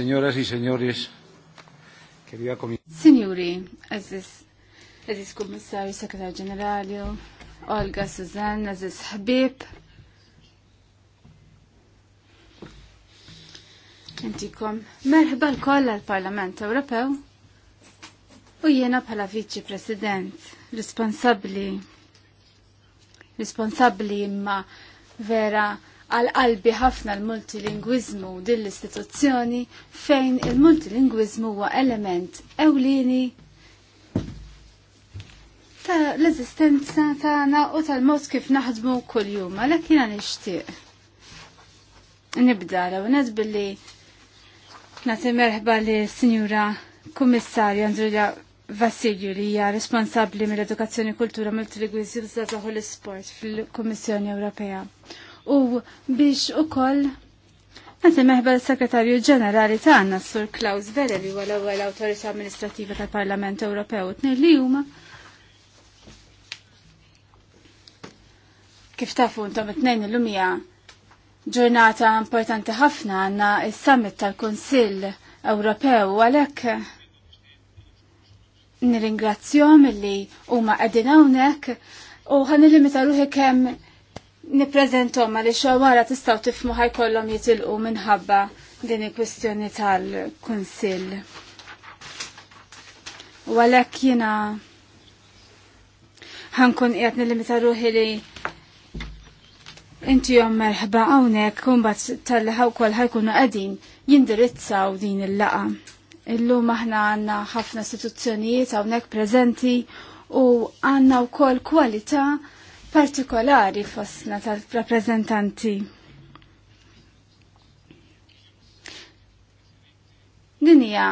Signoras y señores, querida comisaria. Signori, aziz, aziz comisario, secretario general, Olga, Suzanne, aziz Habib. Intikom, merħba l-koll għal-Parlament Ewropew u jiena bħala viċi president, responsabli, responsabli imma vera għal qalbi ħafna l-multilingwizmu din l-istituzzjoni fejn il-multilingwizmu huwa element ewlieni ta' l-eżistenza tagħna u tal-mod kif naħdmu kuljum, għalhekk jiena nixtieq nibda l billi nagħti merħba li sinjura Kummissarju Andrija Vassilju li hija responsabbli mill-edukazzjoni kultura mill-trigwiżi l-sport fil-Kummissjoni Ewropea u biex ukoll Għanti meħbel il-Sekretarju Ġenerali tagħna Sur Klaus Vele li huwa l-ewwel Awtorità Amministrativa tal-Parlament Ewropew tnejn li huma. Kif tafu intom it-tnejn illum hija ġurnata importanti ħafna għandna is-summit tal-Kunsill Ewropew għalhekk nirringrazzjom li huma qegħdin hawnhekk u ħanillimita ruħi kemm niprezentom li xawara tistaw tifmu ħajkollhom jitilqu minħabba din il-kwistjoni tal-Kunsill. U għalhekk jiena ħankun qiegħed nilimita ruħi li inti jom merħba hawnhekk kumbat tal-li ħawkoll ħajkunu qegħdin jindirizzaw din il-laqa. Illum aħna għandna ħafna istituzzjonijiet hawnhekk preżenti u għandna wkoll kwalità partikolari fosna tal-rappresentanti. Din hija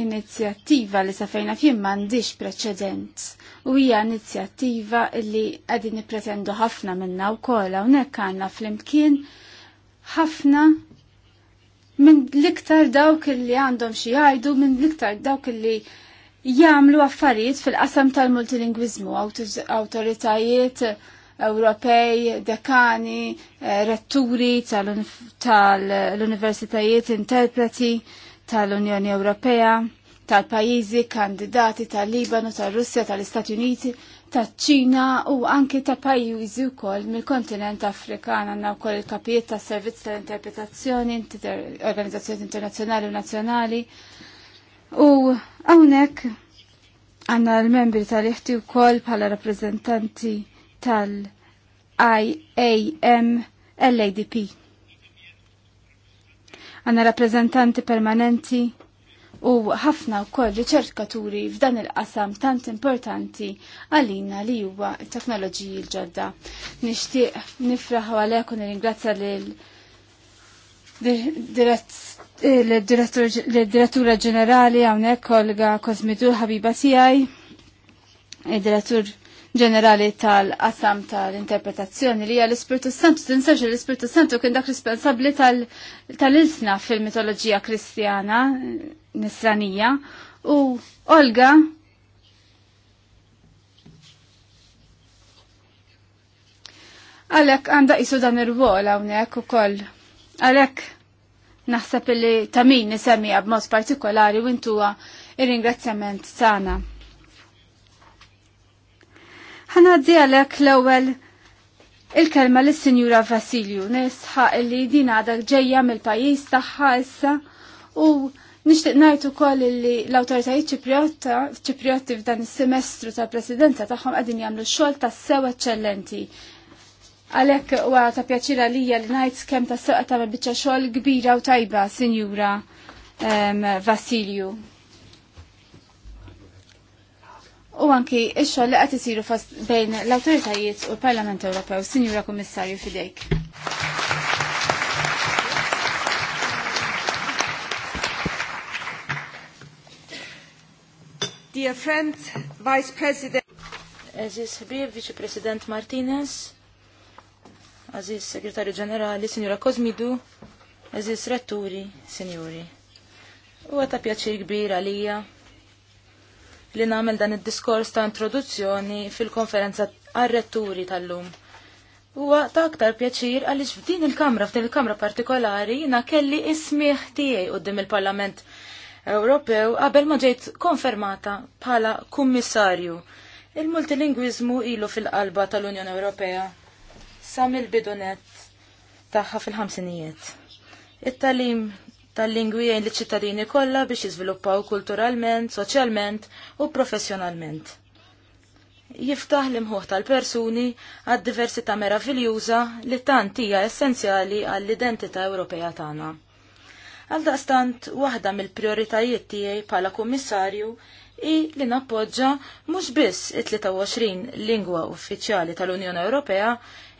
inizjattiva li safejna fjim m'għandix preċedent u hija inizjattiva li qegħdin nippretendu ħafna minna wkoll hawnhekk għandna flimkien ħafna minn l-iktar dawk li għandhom xi jgħidu minn l-iktar dawk li jagħmlu affarijiet fil-qasam tal-multilingwiżmu awtoritajiet Ewropej, dekani, eh, retturi tal-universitajiet, tal interpreti tal-Unjoni Ewropea, tal-pajizi kandidati tal-Libanu, tal-Russja, tal-Istati Uniti, tal-ċina u anki ta' pajizi u koll mill-kontinent Afrikan għanna u koll il-kapijiet ta' servizz tal-interpretazzjoni, organizzazzjoni internazjonali u nazjonali. U għonek għanna l-membri tal-iħti u koll pala rappresentanti tal-IAM LADP. Għanna rappresentanti permanenti u ħafna u koll riċerkaturi f'dan il-qasam tant importanti għalina li huwa t-teknoloġiji l-ġodda. Nishtiq nifraħ għalek u nirringrazzja lil l-direttura ġenerali għawnek kolga Kosmidur ħabiba tijaj, il-direttur ġenerali tal-qasam tal-interpretazzjoni li hija l-Ispirtu Santu. Tinsax l-Ispirtu Santu kien dak responsabbli tal ilsna fil-mitoloġija kristjana nisranija u Olga Għalek għanda jisu dan ir għawnek hawnhekk ukoll. Għalek naħseb li tamin b b'mod partikolari u intuwa ir-ringrazzjament tagħna ħanaddi għalek l-ewel il-kelma l-Sinjura Vasilju nisħaq li din għadak ġejja mill-pajis taħħa issa u Nishtiq najt ukoll li l-awtoritajiet Ċipriotta, Ċipriotti f'dan is-semestru tal-Presidenza tagħhom qegħdin jagħmlu xol xogħol tas-sew eċċellenti. Għalhekk huwa ta' pjaċira lija li ngħid kemm tas-sew qed tagħmel biċċa xogħol kbira u tajba, Sinjura ehm, Vasilju. U anki ix-xogħol li qed isiru bejn l-awtoritajiet u l-Parlament Ewropew, Sinjura Komissarju fidejk. Dear friend, Vice President. Aziz Habib, Vice President Martinez. Aziz Segretarju Ġenerali, Sinjura Kozmidu. Aziz Retturi, Sinjuri. U għata pjaċir kbir għalija li nagħmel dan id-diskors ta' introduzzjoni fil-konferenza għar-retturi tal-lum. Huwa ta' aktar pjaċir għaliex f'din il-kamra, f'din il-kamra partikolari, jiena kelli ismieħ tiegħi qudiem il-Parlament Ewropew qabel ma ġejt konfermata bħala kummissarju. Il-multilingwiżmu ilu fil-qalba tal-Unjoni Ewropea Sam mill-bidunet tagħha fil-ħamsinijiet. It-talim tal-lingwi jgħin li ċittadini kollha biex jiżviluppaw kulturalment, soċjalment u professjonalment. Jiftaħ l-imħuħ tal-persuni għad diversità meraviljuża li tant hija essenzjali għall-identità Ewropea tagħna. Għal daqstant, waħda mill-prioritajiet tiegħi bħala kummissarju i li nappoġġa mhux biss it-23 lingwa uffiċjali tal-Unjoni Ewropea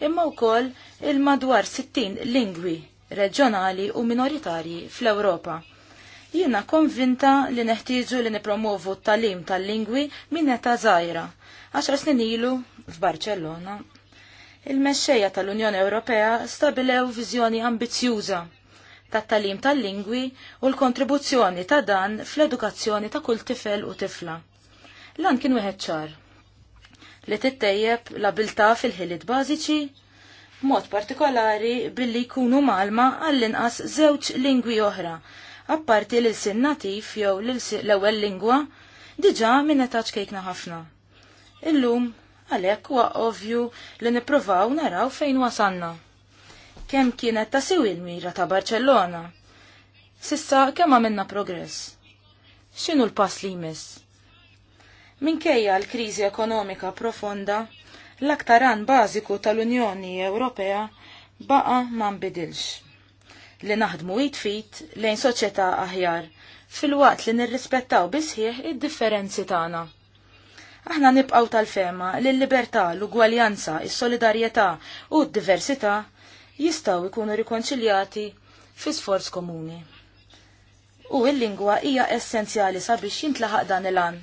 imma wkoll il-madwar 60 lingwi reġjonali u minoritarji fl-Ewropa. Jiena konvinta li neħtieġu li nipromovu t-talim tal-lingwi minn età żgħira. Għaxar snin ilu f'Barċellona. Il-mexxejja tal-Unjoni Ewropea stabilew viżjoni ambizjuża ta talim tal-lingwi u l-kontribuzzjoni ta' dan fl-edukazzjoni ta' kull tifel u tifla. Lan kien wieħed ċar li tittejjeb l-abilta fil-ħiliet bażiċi mod partikolari billi jkunu malma għall-inqas żewġ lingwi oħra, apparti l-sin natif jew l-ewwel lingwa, diġà minn etaġ kejkna ħafna. Illum għalhekk huwa ovvju li nippruvaw naraw fejn wasanna. Kemm kienet ta' siwi mira ta' Barcellona. Sissa kemm għamilna progress. X'inhu l-pass li jmiss? Minkejja l-kriżi ekonomika profonda, l-aktar an bażiku tal-Unjoni Ewropea baqa ma nbidilx. Li naħdmu jitfit lejn soċjetà aħjar fil-waqt li nirrispettaw bisħieħ id-differenzi tagħna. Aħna nibqaw tal-fema li l-libertà, l-ugwaljanza, is-solidarjetà u d-diversità jistgħu jkunu rikonċiljati fi sforz komuni. U l-lingwa hija essenzjali sabiex jintlaħaq dan il-an.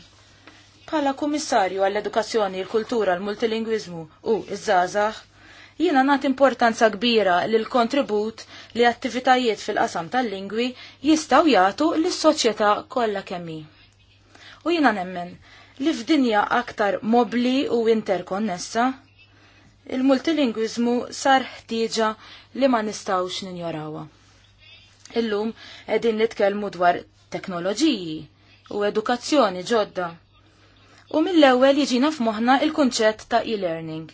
Bħala kummissarju għall-edukazzjoni, l-kultura, l-multilingwizmu u iż-żazax, jiena nat importanza kbira lil kontribut li attivitajiet fil-qasam tal-lingwi jistgħu jagħtu lis-soċjetà kollha kemmi. U jiena nemmen li f'dinja aktar mobli u interkonnessa, il-multilingwizmu sar ħtieġa li ma nistawx ninjorawha. Illum qegħdin nitkellmu dwar teknoloġiji u edukazzjoni ġodda u mill-ewwel jiġina f'moħħna l kunċett ta' e-learning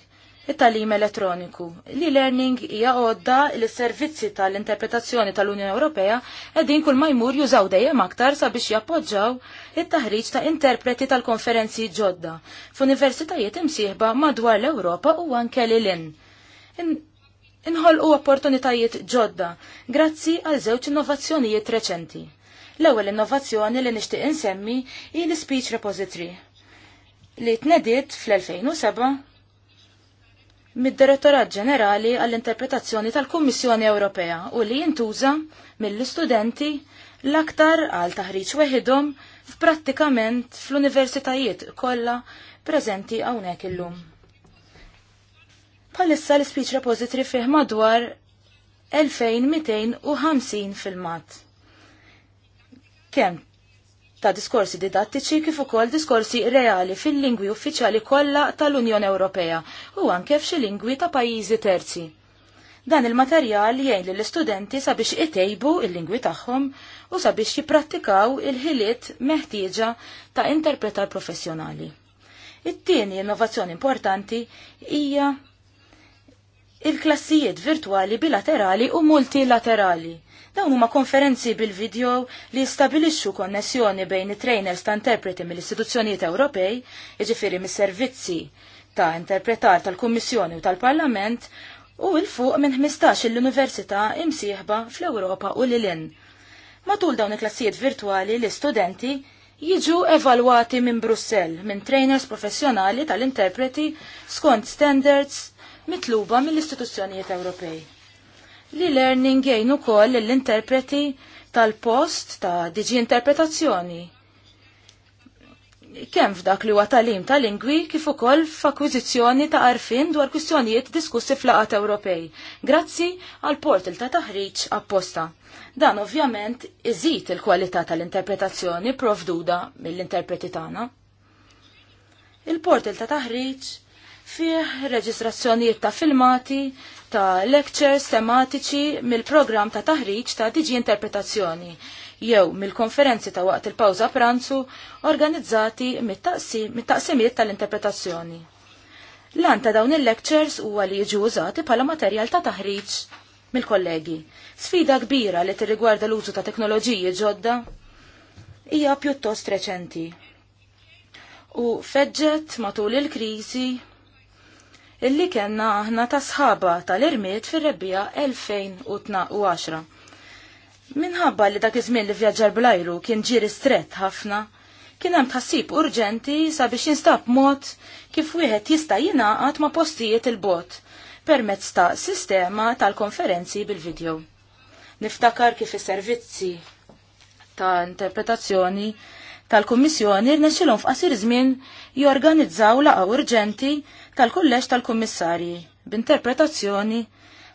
it tagħlim elettroniku. L-e-learning hija għodda l servizzi tal-interpretazzjoni tal-Unjoni Ewropea qegħdin kull ma jmur jużaw dejjem aktar sabiex jappoġġaw it-taħriġ ta' interpreti tal-konferenzi ġodda f'universitajiet imsieħba madwar l-Ewropa u anke lil in Inħolqu opportunitajiet ġodda grazzi għal żewġ innovazzjonijiet reċenti. L-ewwel innovazzjoni li nixtieq insemmi hi l-speech repository li tnedit fl-2007 mid-Direttorat Ġenerali għall-Interpretazzjoni tal-Kummissjoni Ewropea u li jintuża mill-istudenti l-aktar għal taħriġ weħidhom f'prattikament fl-universitajiet kollha preżenti hawnhekk illum. Palissa l-Speech Repository fih madwar 2250 filmat. Kemm ta' diskorsi didattiċi kif ukoll diskorsi reali fil-lingwi uffiċjali kollha tal-Unjoni Ewropea u anke f'xi lingwi ta' pajjiżi terzi. Dan il-materjal jgħin lill istudenti sabiex itejbu il-lingwi tagħhom u sabiex jipprattikaw il-ħiliet meħtieġa ta' interpretar professjonali. It-tieni innovazzjoni importanti hija il-klassijiet virtuali bilaterali u multilaterali Dawn huma konferenzi bil-video li stabilixxu konnessjoni bejn it-trainers ta' interpreti mill-istituzzjonijiet Ewropej, jiġifieri mis-servizzi ta' interpretar tal-Kummissjoni u tal-Parlament, u il-fuq minn 15 l-Università imsieħba fl-Ewropa u l-Lin. Matul dawn il-klassijiet virtuali l-istudenti jiġu evalwati minn Brussell minn trainers professjonali tal-interpreti skont standards mitluba mill-istituzzjonijiet Ewropej li learning jgħin ukoll l-interpreti tal-post ta' diġi interpretazzjoni. Kemm f'dak li huwa talim tal lingwi kif ukoll f'akkwiżizzjoni ta' arfin dwar kwistjonijiet diskussi fl-laqat Ewropej, grazzi għal portal ta' taħriġ apposta. Dan ovvjament iżid il-kwalità tal-interpretazzjoni provduda mill-interpreti tagħna. Il-portal ta' taħriġ fih reġistrazzjonijiet ta' filmati, ta' lectures tematiċi mill-programm ta' taħriġ ta' diġi interpretazzjoni jew mill-konferenzi ta' waqt il-pawza pranzu organizzati mit-taqsimiet tal-interpretazzjoni. Lan ta' dawn il-lectures huwa li jiġu użati bħala materjal ta' taħriġ mill-kollegi. Sfida kbira li tirrigwarda l-użu ta' teknoloġiji ġodda hija pjuttost reċenti. U feġġet matul il-kriżi illi kena aħna ta' sħaba tal-irmiet fir-rebbija 2010. Minħabba li dak iż-żmien li vjaġġar blajru kien ġiri stret ħafna, kien hemm tħassib urġenti sabiex jinstab mod kif wieħed jista' jingħaqad ma' postijiet il-bot permezz ta' sistema tal-konferenzi bil-video. Niftakar kif is-servizzi ta' interpretazzjoni tal-Kummissjoni rnexxilhom f'qasir żmien jorganizzaw laqgħa urġenti tal kullex tal-kummissarji b'interpretazzjoni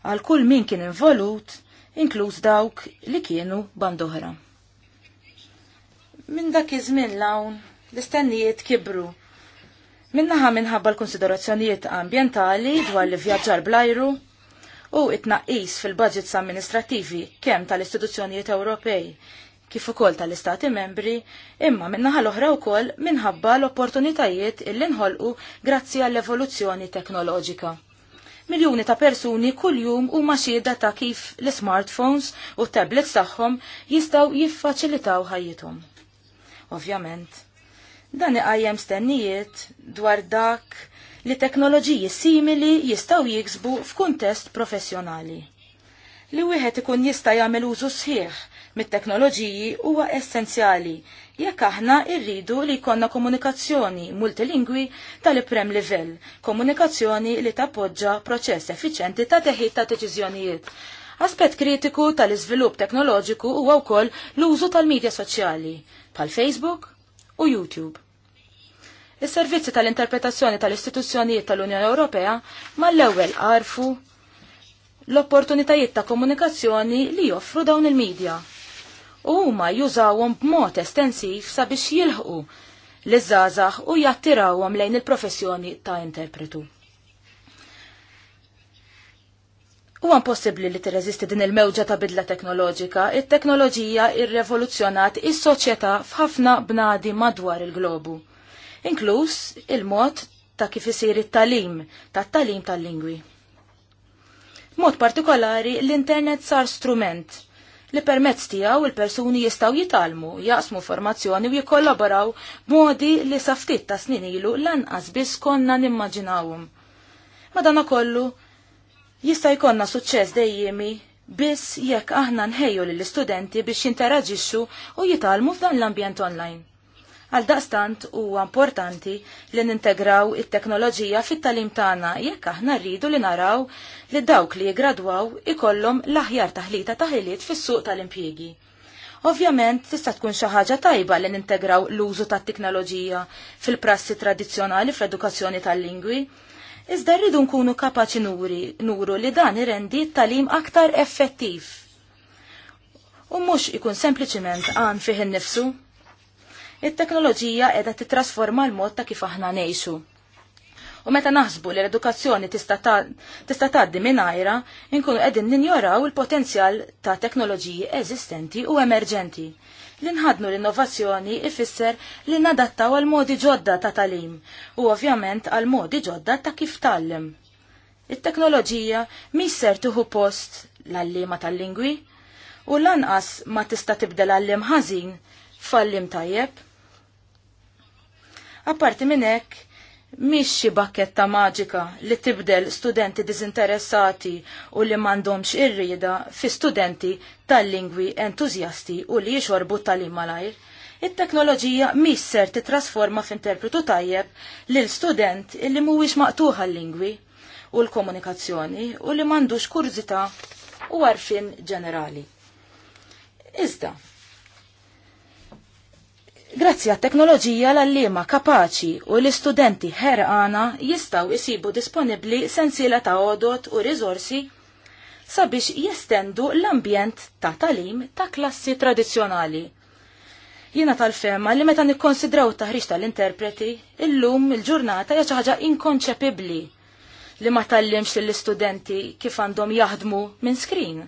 għal kull min kien involut, inkluż dawk li kienu bandoħra. Minn dak iż-żmien l-hawn l-istennijiet kibru. Minnaħa minħabba l-konsiderazzjonijiet ambientali dwar li vjaġġar blajru u it-naqis fil-budgets amministrativi kemm tal-istituzzjonijiet Ewropej kif ukoll tal-Istati membri, imma minnaħal l-oħra wkoll minħabba l-opportunitajiet illi nħolqu grazzi għall-evoluzzjoni teknoloġika. Miljuni ta' persuni kuljum huma xieda ta' kif l-smartphones u tablets tagħhom jistgħu jiffaċilitaw ħajjithom. Ovvjament, dan iqajjem stennijiet dwar dak li teknoloġiji simili jistgħu jiksbu f'kuntest professjonali. Li wieħed ikun jista' jagħmel użu sħiħ mit-teknoloġiji huwa essenzjali jekk aħna rridu li jkollna komunikazzjoni multilingwi tal-iprem livell, komunikazzjoni li tappoġġa proċess effiċenti ta' teħid ta' deċiżjonijiet. Aspett kritiku tal-iżvilupp teknoloġiku huwa wkoll l-użu tal-medja soċjali, bħal Facebook u YouTube. Is-servizzi tal-interpretazzjoni tal-istituzzjonijiet tal-Unjoni Ewropea mal-ewwel arfu l-opportunitajiet ta' komunikazzjoni li joffru dawn il-medja u huma jużawhom b'mod estensiv sabiex jilħqu l-żgħażagħ u jattirawhom lejn il-professjoni ta' interpretu. Huwa impossibbli li tirreżisti din il-mewġa ta' bidla teknoloġika, it-teknoloġija irrevoluzzjonat is-soċjetà f'ħafna bnadi madwar il-globu, inkluż il-mod ta' kif isir it-talim, tat-talim tal-lingwi. Mod partikolari l-internet sar strument li permezz tiegħu il-persuni jistgħu jitalmu, jaqsmu formazzjoni u jikkollaboraw modi li saftit ta' snin ilu lanqas biss konna nimmaġinawhom. Madana kollu jista' jkollna suċċess dejjemi biss jekk aħna nħejju lill-istudenti biex jinteraġixxu u jitalmu f'dan l-ambjent online. Għal daqstant huwa importanti li nintegraw it-teknoloġija fit-talim tagħna jekk aħna rridu li naraw li dawk li jigradwaw ikollhom l-aħjar taħlita taħilit fis-suq tal-impjiegi. Ovvjament tista' tkun xi ħaġa tajba li nintegraw l-użu tat-teknoloġija fil-prassi tradizzjonali fl-edukazzjoni tal-lingwi, iżda rridu nkunu kapaċi nuri nuru li dan irendi t-talim aktar effettiv. U mhux ikun sempliċiment għan fih innifsu. nifsu it-teknoloġija qiegħda titrasforma l-mod ta' kif aħna ngħixu. U meta naħsbu li l-edukazzjoni tista' tgħaddi mingħajra, inkunu qegħdin ninjoraw il-potenzjal ta' teknoloġiji eżistenti u emerġenti. Li nħadnu l-innovazzjoni ifisser li nadattaw għal modi ġodda ta' talim u ovvjament għal modi ġodda ta' kif tallem. It-teknoloġija misser tuħu post l-allima tal-lingwi u lanqas ma tista' tibdel għallim ħażin fallim tajjeb Apparti minn hekk, mhix xi bakketta maġika li tibdel studenti diżinteressati u li m'għandhomx irrida fi studenti tal-lingwi entużjasti u li jxorbu tal-im malajr. It-teknoloġija mhix ser titrasforma f'interpretu tajjeb lil student illi mhuwiex maqtuħa l-lingwi u l-komunikazzjoni u li m'għandux kurzita u għarfin ġenerali. Iżda, Grazzi għat teknoloġija l-allima kapaċi u l-istudenti ħerqana jistaw isibu disponibli sensiela ta' odot u rizorsi sabiex jestendu l-ambjent ta' talim ta' klassi tradizjonali. Jiena tal fema li meta nikkonsidraw taħriġ tal-interpreti, illum il-ġurnata hija inkonċepibli inkonċepibbli li ma tallimx lill-istudenti kif għandhom jaħdmu minn screen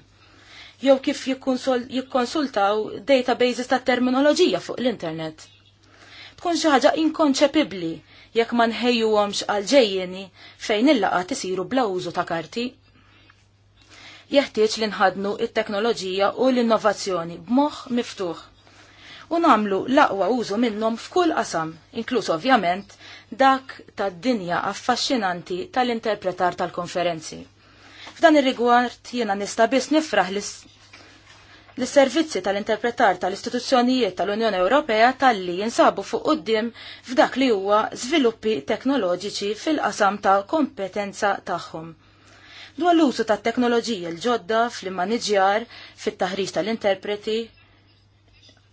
jew kif jikkonsultaw databases ta' terminoloġija fuq l-internet. Tkun xi ħaġa inkonċepibbli jekk ma nħejjuhomx għal ġejjeni fejn il-laqgħat isiru bla użu ta' karti jeħtieġ li nħadnu it-teknoloġija u l-innovazzjoni b'moħħ miftuħ. U namlu l-aqwa użu minnhom f'kull qasam, inkluż ovvjament dak tad-dinja affaxxinanti tal-interpretar tal-konferenzi. F'dan ir-rigward jiena nista' biss nifraħ l-servizzi tal-interpretar tal-istituzzjonijiet tal-Unjoni Ewropea tal-li jinsabu fuq qudiem f'dak li huwa żviluppi teknoloġiċi fil-qasam ta' kompetenza tagħhom. Dwar l-użu ta' teknoloġija l-ġodda fl-immaniġjar, fit-taħriġ tal-interpreti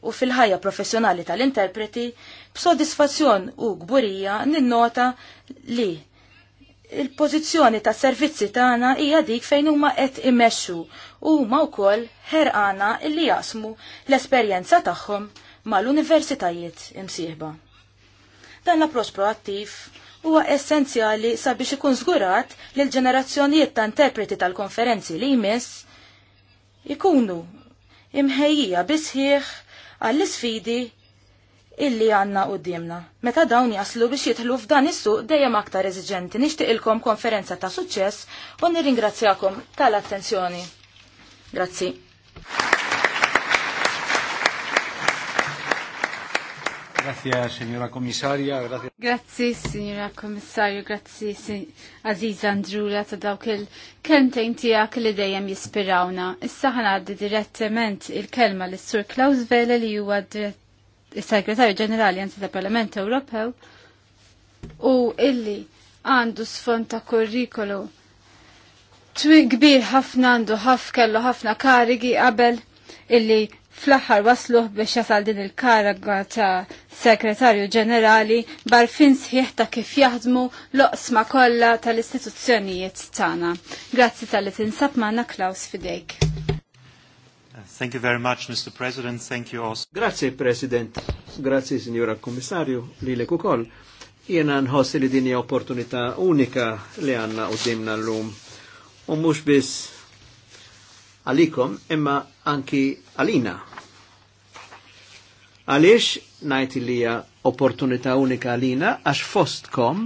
u fil-ħajja professjonali tal-interpreti, b'sodisfazzjon u gburija ninnota li il-pożizzjoni ta' servizzi tagħna hija dik fejn huma qed imexxu u huma wkoll ħerqana illi jasmu l-esperjenza tagħhom mal-universitajiet imsieħba. Dan l-approċċ proattiv huwa essenzjali sabiex ikun żgurat li l-ġenerazzjonijiet ta' interpreti tal-konferenzi li jmiss ikunu imħejjija bisħieħ għall-isfidi illi għanna u dimna. Meta dawn jaslu biex jitħlu f'dan is-suq dejjem aktar eżiġenti nixtieq ilkom konferenza ta' suċċess u nirringrazzjakom tal-attenzjoni. Grazzi. Grazie signora commissaria. Grazie, grazie signora commissario, grazie si, Aziz Andrula ta' dawk il-kentejn tiegħek li dejjem jispirawna. Issa ħanaddi direttament il-kelma lis sur Klaus Vele li huwa dirett il-Segretarju Ġenerali anzi tal-Parlament Ewropew u illi għandu sfond ta' kurrikolu kbir ħafna għandu ħaf kellu ħafna karigi qabel illi fl-aħħar wasluh biex jasal din il karga ta' Segretarju Ġenerali barfin sħiħ ta' kif jaħdmu loqsma kollha tal-istituzzjonijiet tagħna. Grazzi tal-li tinsab magħna Klaus fidejk. Thank you very much, Mr. President. Thank you also. Grazie, President. Grazie, Signora Kommissarju, Lile Kukol. Jena nħossi li dinja opportunità unika li għanna u dimna l-lum. U mux bis għalikom, imma anki għalina. Għalix, najt li opportunità unika għalina, għax fostkom,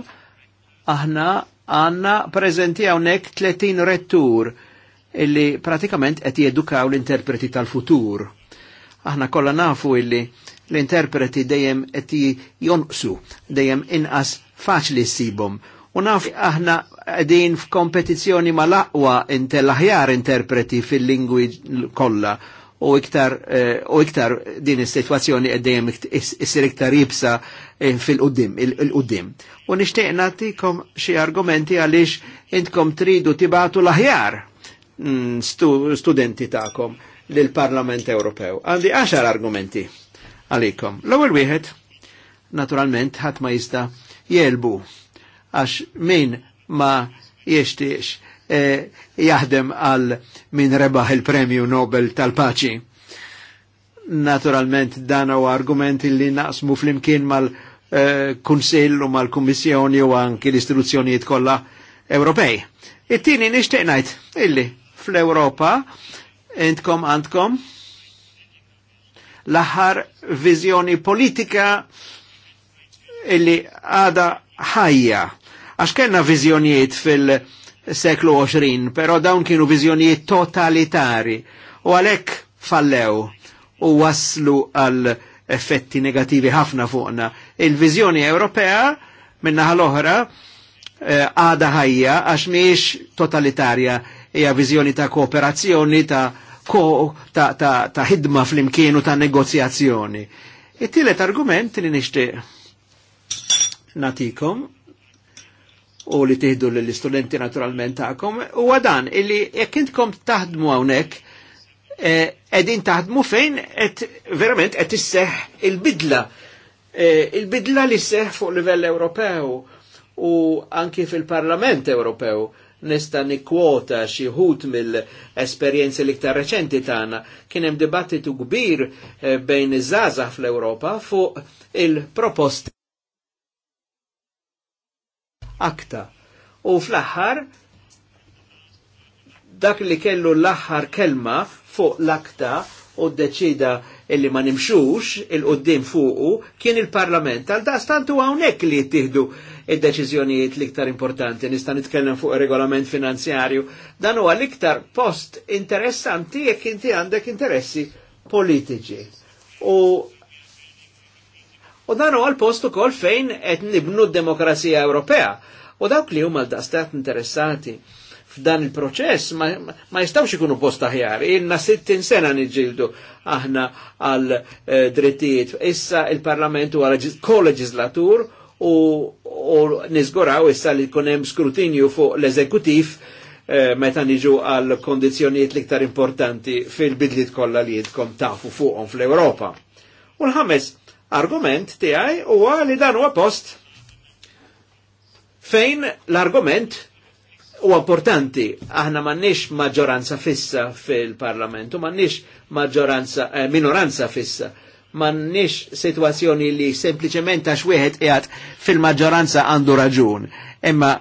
aħna għanna prezenti għonek 30 rettur illi pratikament qed jedukaw l-interpreti tal-futur. Aħna kollha nafu illi l-interpreti dejjem qed jonqsu, dejjem inqas faċli ssibhom. U naf aħna qegħdin f'kompetizzjoni mal-aqwa intel aħjar interpreti fil-lingwi kollha u iktar, eh, u iktar din is-sitwazzjoni qegħdejjem issir iktar jibsa eh, fil-qudiem, il-qudiem. U nixtieq nagħtikom xi argumenti għaliex intkom tridu tibatu l-aħjar Mm, studenti ta'kom l-Parlament Ewropew. Għandi 10 argumenti għalikom. L-ewwel wieħed, naturalment, ħadd ma jista' jelbu għax min ma jiextiex e, jaħdem għal min rebaħ il-Premju Nobel tal-Paċi. Naturalment dan u argumenti li naqsmu fl-imkien mal-Kunsill e, u mal-Kummissjoni u anki l-istituzzjonijiet kollha Ewropej. It-tieni nixtieq ngħid illi fl-Europa, entkom għandkom l-aħħar viżjoni politika illi għada ħajja. Għax kellna viżjonijiet fil-seklu 20, pero dawn kienu viżjonijiet totalitari u għalek fallew u waslu għal effetti negativi ħafna fuqna. Il-viżjoni Ewropea minnaħal oħra eh, għada ħajja għax miex totalitarja hija viżjoni ta' kooperazzjoni, ta' ko, ta', ta, ta ħidma fl imkienu u ta' negozjazzjoni. It-tielet argument li nixtieq natikom u li tiħdu l-istudenti naturalment ta'kom u għadan illi jekk intkom taħdmu hawnhekk edin eh, taħdmu fejn et verament et isseħ il-bidla. Eh, il-bidla li seħ fuq livell Ewropew u anki fil-Parlament Ewropew nista' nikkwota xi ħut mill-esperjenzi l-iktar reċenti tagħna kien hemm dibattitu kbir eh, bejn iż-żgħażagħ fl-Ewropa fuq il-proposti akta. U fl-aħħar dak li kellu l-aħħar kelma fuq l-akta u d-deċida illi ma nimxux il-qoddim fuqu kien il-Parlament. Għal da stantu għawnek li jittihdu il deċizjonijiet l-iktar importanti. Nista' nitkellem fuq regolament finanzjarju. Dan huwa l-iktar post interessanti jekk inti għandek interessi politiċi. U U dan huwa l-post ukoll fejn qed nibnu d-demokrazija Ewropea. U dawk li huma l-daqstat interessati f'dan il-proċess ma, ma jistawx ikunu posta ħjar. Inna 60 sena niġildu aħna għal eh, drittijiet. Issa il-Parlament huwa koleġislatur u, u nizguraw issa li kunem skrutinju fuq l-eżekutif eh, meta niġu għal kondizjonijiet liktar importanti fil-bidliet kollha li jitkom tafu fuqhom fl-Ewropa. U l-ħames argument tiegħi huwa li dan huwa post fejn l-argument u importanti, aħna mannix maġġoranza fissa fil-parlamentu, mannix maġġoranza, eh, minoranza fissa, mannix situazzjoni li sempliciment għax wieħed qiegħed fil-maġġoranza għandu raġun. Imma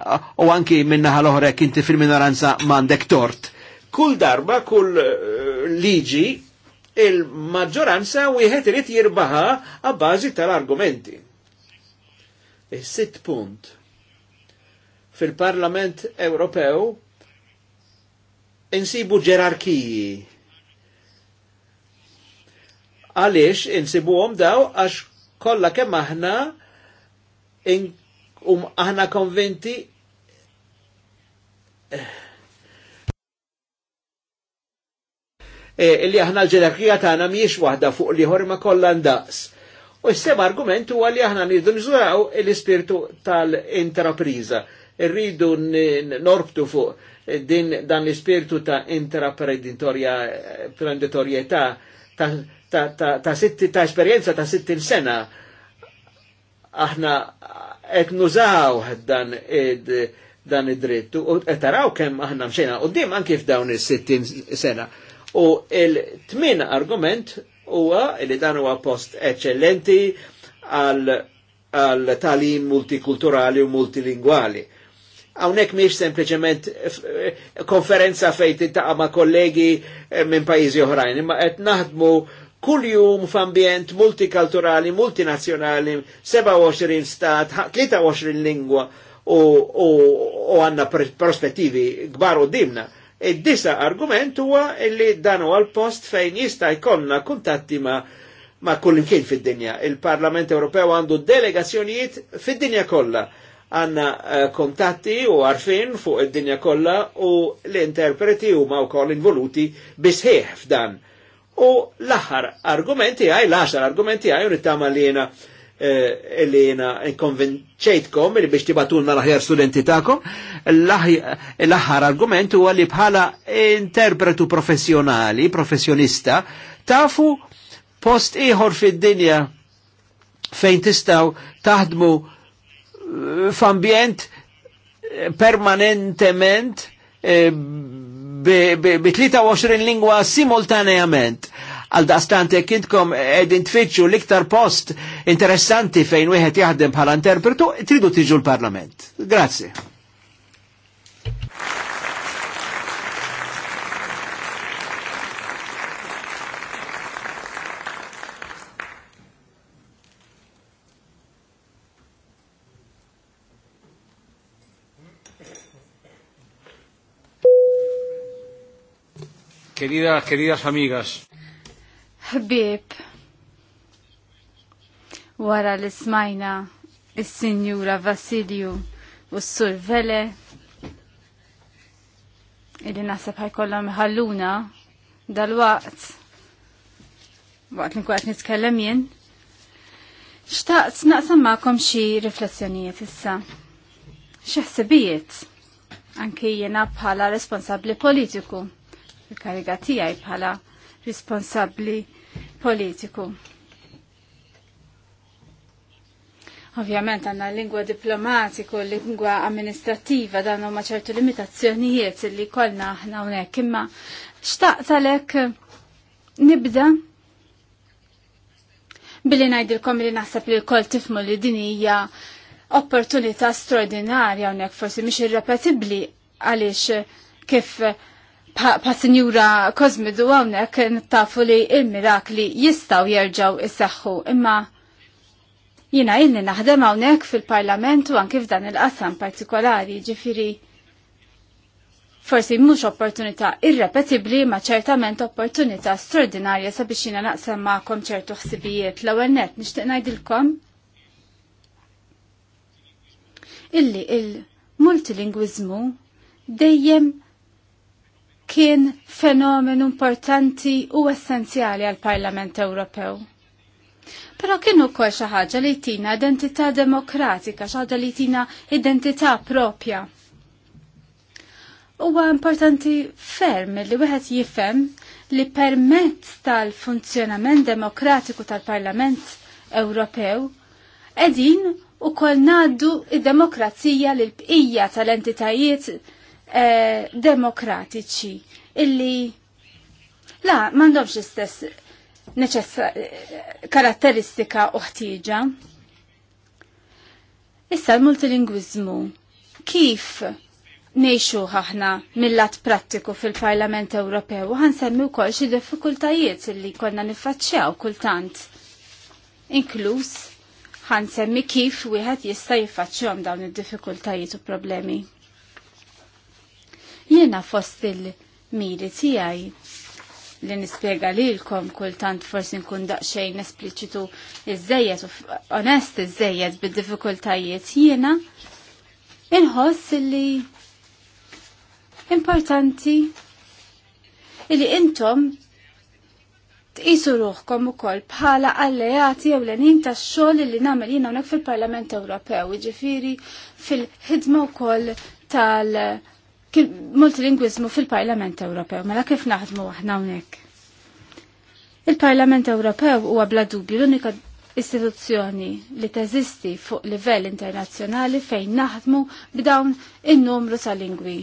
u anki minnaħa l-oħra kinti fil-minoranza m'għandek tort. Kull darba, kull eh, liġi, il-maġġoranza wieħed irid jirbaħa għabbażi tal-argumenti. Is-sitt e punt fil-Parlament Ewropew insibu ġerarkiji. Għaliex insibuhom daw għax kollha kemm aħna um aħna konventi e, eh, illi aħna l-ġerarkija tagħna mhijiex waħda fuq li ma kollha ndaqs. U s-seba argument huwa li aħna nirdu nżuraw l-ispirtu tal-intrapriża rridu norbtu fuq din dan l-ispirtu ta' intraprenditorjetà ta' ta', ta, ta, sitti, ta esperienza ta' sittin sena aħna qed nużaw dan id dan id drittu u qed taraw kemm aħna mxejna dim anke f'dawn is-sittin sena. U il-tmin argument huwa li dan huwa post eccellenti għal għal talim multikulturali u multilingwali. Hawnhekk mhix sempliċement eh, konferenza fejn ta' ma' kollegi eh, minn pajjiżi oħrajn, imma qed naħdmu kuljum f'ambjent multikulturali, multinazzjonali, 27 stat, 23 lingwa u għanna prospettivi gbar u dimna. Id-disa argument huwa li danu għal post fejn jista' jkollna kuntatti ma' ma' kullimkien fid-dinja. Il-Parlament Ewropew għandu delegazzjonijiet fid-dinja kollha għanna eh, kontatti u għarfin fuq id-dinja kollha u l-interpreti huma wkoll involuti bisħieħ f'dan. U l-aħħar argumenti għaj, l axar argumenti għaj, unittama li jena eh, li jena konvinċejtkom li biex tibatunna l-aħjar studenti ta'kom, l-aħħar argumenti u għalli bħala interpretu professjonali, professjonista, tafu post iħor fid-dinja fejn tistaw taħdmu f'ambjent permanentement eh, bi 23 lingwa simultaneament. Għal dastante kintkom intkom edin tfittxu l-iktar post interessanti fejn wieħed jaħdem bħala interpretu, tridu tiġu l-Parlament. Grazie. Querida, queridas amigas. Habib. wara li smajna il-Sinjura Vasilju u s-Sur Vele, illi naħseb ħajkollha mħalluna dal-waqt, waqt li kwaqt nitkellem jien, xtaqt naqsam ma'kom xi riflessjonijiet issa. X'ħsibijiet, ħsibijiet anki jiena bħala responsabbli politiku il-kariga tiegħi bħala responsabbli politiku. Ovvjament għanna lingwa diplomatiku, lingwa amministrativa, dan huma ċertu limitazzjonijiet li kollna aħna hawnhekk, imma xtaqt għalhekk nibda billi ngħidilkom li naħseb li l-koll tifmu li din hija opportunità straordinarja hawnhekk forsi mhix irrepetibbli għaliex kif pa, sinjura Kozmidu għawnek tafu li il-mirakli jistaw jerġaw isseħħu imma jina illi naħdem għawnek fil-parlament u anki f'dan il-qasam partikolari ġifiri forsi mhux opportunità irrepetibbli ma ċertament opportunità straordinarja sabiex jina naqsam ma'kom ċertu ħsibijiet l-ewwel nett nixtieq ngħidilkom illi il-multilingwiżmu dejjem kien fenomenu importanti u essenzjali għal Parlament Ewropew. Pero kien u xi ħaġa li tina identità demokratika, xaħġa li tina identità propja. Huwa importanti ferm li wieħed jifhem li permezz tal-funzjonament demokratiku tal-Parlament Ewropew edin u kol naddu id-demokrazija l-bqija tal-entitajiet eh, demokratiċi illi la m'għandhomx istess eh, karatteristika u ħtieġa. Issa l-multilingwiżmu kif nejxu ħahna mill-lat prattiku fil-Parlament Ewropew u ħansemmi wkoll xi diffikultajiet li konna niffaċċjaw kultant. Inkluż ħansemmi kif wieħed jista' jiffaċċjahom dawn id-diffikultajiet u problemi. Jiena fost il-miri tiegħi li nispjega lilkom kultant forsi nkun daqsxejn espliċitu iż-żejjed u onest iż-żejjed bid-diffikultajiet jiena inħoss li importanti li intom tqisu ruħkom ukoll bħala alleati jew lenin tax-xogħol li nagħmel jien hawnhekk fil-Parlament Ewropew, jiġifieri fil-ħidma wkoll tal- multilingwizmu fil-Parlament Ewropew, mela kif naħdmu aħna hawnhekk. Il-Parlament Ewropew huwa bla dubju l-unika istituzzjoni li teżisti fuq livell internazzjonali fejn naħdmu b'dawn in-numru ta' lingwi.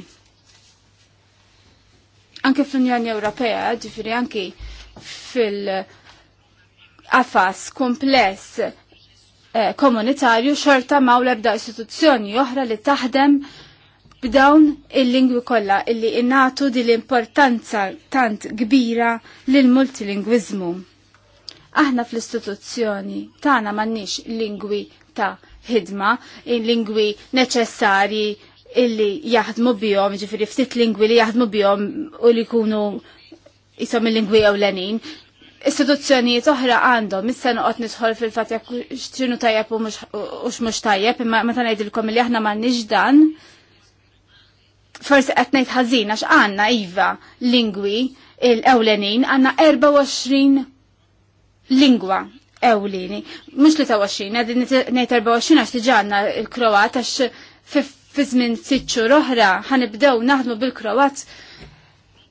Anke fl-Unjoni Ewropea, ġifieri anki fil afas kompless eh, komunitarju xorta mawla l-ebda istituzzjoni oħra li taħdem b'dawn il-lingwi kollha illi innatu di l-importanza tant kbira lill multilingwiżmu Aħna fl-istituzzjoni tagħna m'għandniex lingwi ta' ħidma, lingwi neċessari illi jaħdmu bihom, jiġifieri ftit lingwi li jaħdmu bihom u li jkunu jisom il-lingwi ewlenin. Istituzzjonijiet oħra għandhom, issa noqgħod nidħol fil-fatt jekk x'tinu tajjeb u mhux tajjeb, imma meta ngħidilkom li aħna m'għandniex dan, forse qed ħażin għax għandna iva lingwi l-ewlenin għandna 24 lingwa ewlini. Mhux li ta' 20, għadin ngħid 24 għax diġà għandna l-Kroat għax fi żmien sitt oħra ħanibdew naħdmu bil-Kroat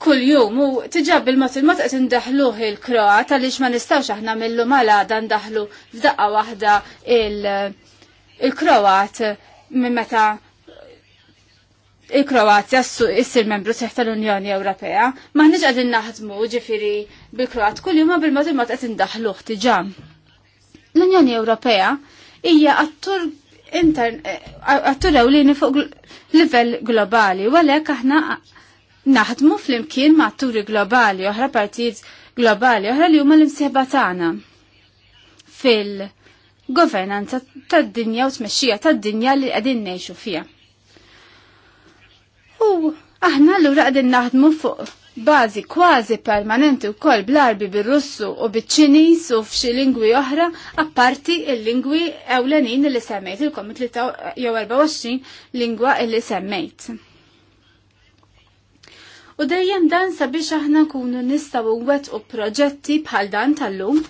kull jum u tiġab bil-mot il-mot qed indaħluh il-Kroat għaliex ma nistgħux aħna millu mala dan daħlu f'daqqa waħda il-Kroat minn meta il-Kroazja issir membru seħ tal-Unjoni Ewropea, maħniġ għadin naħdmu ġifiri bil-Kroat kull jumma bil-mod ma t qed indaħlu ħtiġa. L-Unjoni Ewropea hija għattur eh, attur ewlieni fuq livell globali, u għalhekk aħna naħdmu fl-imkien ma' atturi globali, oħra partijiet globali, oħra li huma l-imsieħba tagħna fil-governanza tad-dinja u tmexxija tad-dinja li qegħdin ngħixu fiha. U aħna l-ura għadin naħdmu fuq bazi kważi permanenti u koll bl-arbi bil-russu u bil-ċinis u f'xi lingwi oħra, apparti il-lingwi ewlenin li semmejt, il-kom 24 lingwa li semmejt. U dejjem dan sabiex aħna kunu nistaw wet u proġetti bħal dan tal-lum.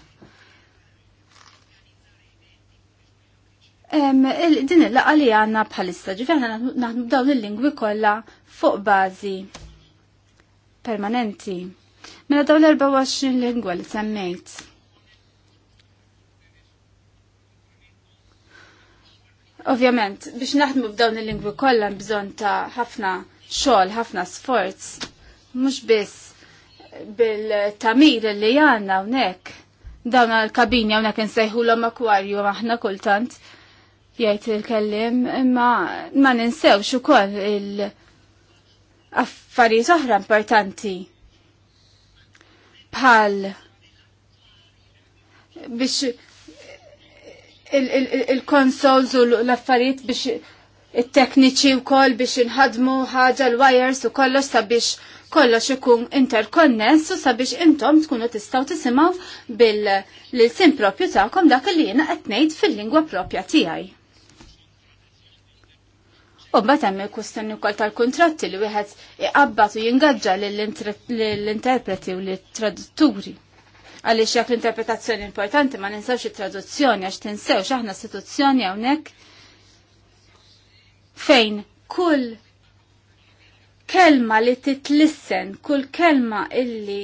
Din il-laqa li għanna bħalissa, ġifjana naħnu dawn il-lingwi kolla fuq bazi permanenti. Mela dawn l-24 lingwa li semmejt. Ovvjament, biex naħdmu b'dawn il-lingwi kollha bżonn ta' ħafna xogħol, ħafna sforz, mhux biss bil-tamir li għandna hawnhekk dawn għal-kabini għonek nsejħu l-om akwarju maħna kultant, jgħid il-kellim, imma ma ninsewx ukoll il-affarijiet oħra importanti bħal biex il-consoles u l-affarijiet biex il-tekniċi u koll biex inħadmu ħaġa l-wires u kollox sabiex kollox ikun interkonness u sabiex intom tkunu tistaw tisimaw bil-sim propju ta'kom dak li jena etnejt fil-lingwa propja tijaj. U mbagħad hemm il-kwistjoni wkoll tal-kuntratti li wieħed iqabbad u jingaġġa lill-interpreti u lit-tradutturi. Għaliex jekk l-interpretazzjoni importanti ma ninsewx it-traduzzjoni għax tinsewx aħna situazzjoni hawnhekk fejn kull kelma li titlissen, kull kelma illi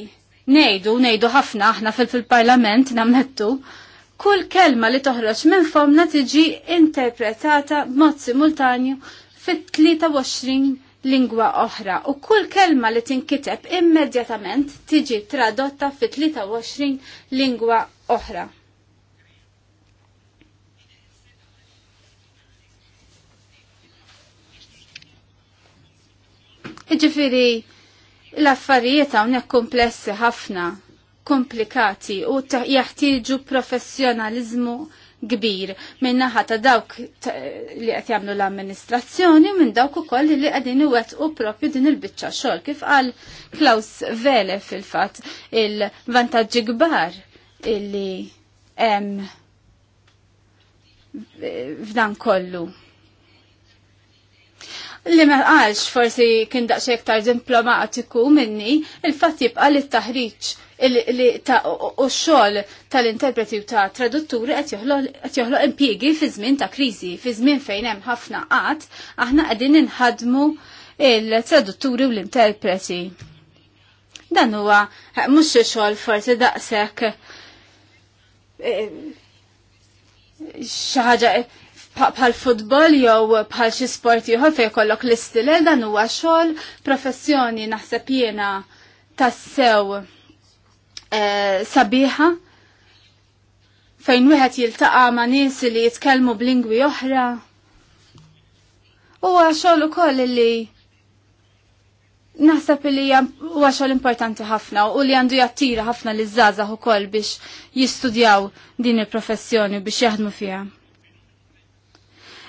nejdu, nejdu ħafna aħna fil-parlament namnettu, kull kelma li toħroġ minn fomna tiġi interpretata b'mod simultanju fit-23 lingwa oħra u kull kelma li tinkiteb immedjatament tiġi tradotta fit 23 lingwa oħra. Iġifiri, l-affarijiet hawnhekk komplessi ħafna, komplikati u jaħtieġu professjonaliżmu kbir minn naħa ta' dawk li qed jagħmlu l-amministrazzjoni minn dawk ukoll li qegħdin iwettqu propju din il-biċċa xogħol kif qal Klaus Vele fil-fatt il-vantaġġi kbar illi hemm f'dan kollu. Li ma għalx forsi kien daqsxejn iktar diplomatiku minni, il-fatt jibqa' li t-taħriġ li ta' u xogħol tal-interpreti u ta' tradutturi qed joħloq impjiegi fi żmien ta' kriżi, fi żmien fejn hemm ħafna qatt, aħna qegħdin inħadmu il-tradutturi u l-interpreti. Dan huwa eh, mhux xi xogħol forsi daqshekk eh, xi ħaġa eh, bħal futbol jew bħal xi sport ieħor fejn jkollok l-istilel dan huwa xogħol professjoni naħseb jiena tassew Eh, sabiħa fejn wieħed jiltaqa' ma' nies li jitkellmu b'lingwi oħra. Huwa xogħol ukoll li naħseb li huwa xogħol importanti ħafna u li għandu jattira ħafna li żgħażagħ ukoll biex jistudjaw din il-professjoni biex jaħdmu fiha.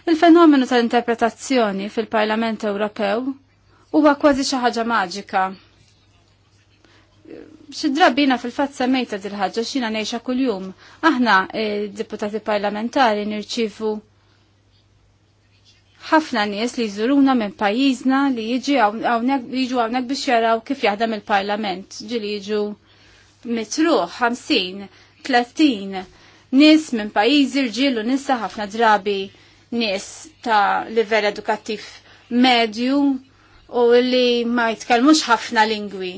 Il-fenomenu tal-interpretazzjoni fil-Parlament Ewropew huwa kważi xi ħaġa maġika xi drabina fil-fatt semmejta dil ħaġa xina ngħixha kuljum. Aħna eh, deputati parlamentari nirċivu ħafna nies li jżuruna minn pajjiżna li jiġi jiġu hawnhekk biex jaraw kif jaħdem il-Parlament. Ġili jiġu mitruħ 50, 30 nies minn pajjiżi rġielu u nisa ħafna drabi nies ta' livell edukattiv medju u li ma jitkellmux ħafna lingwi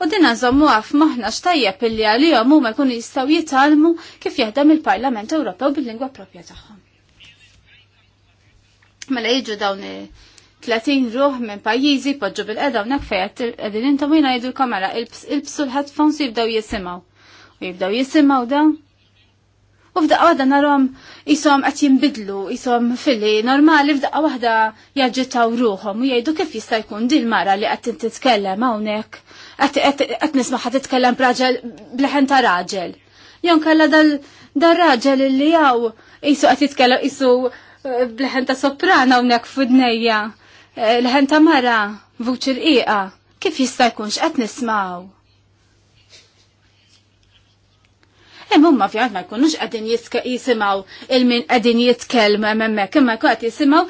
U dinna għazommu għaf maħna pilli illi għalihom huma jkunu jistgħu jitalmu kif jaħdem il-Parlament Ewropew bil-lingwa propja tagħhom. Mela jiġu dawn 30 ruħ minn pajjiżi poġġu bil-qeda hawnhekk fejn qegħdin intom jina jgħidu l-kamera ilbsu l-headphones jibdew jisimgħu. U jibdew jisimgħu dawn. U f'daqqa għada narom jisom qed jinbidlu, jisom fili normali f'daqqa waħda jagġitaw ruħom u jgħidu kif jista' jkun din mara li qed titkellem hawnhekk qed nisma' ħad titkellem b'raġel bleħen ta' raġel. Jon kalla dal-raġel li jaw isu qed jitkellem jisu eh, bleħen ta' soprana hawnhekk fudnija, eh, leħen ta' mara, vuċi iqa kif jista' jkunx qed nismaw? Imma huma ovvjament ma jkunux qegħdin jisimgħu il-min qegħdin jitkellmu hemmhekk imma jkun qed jisimgħu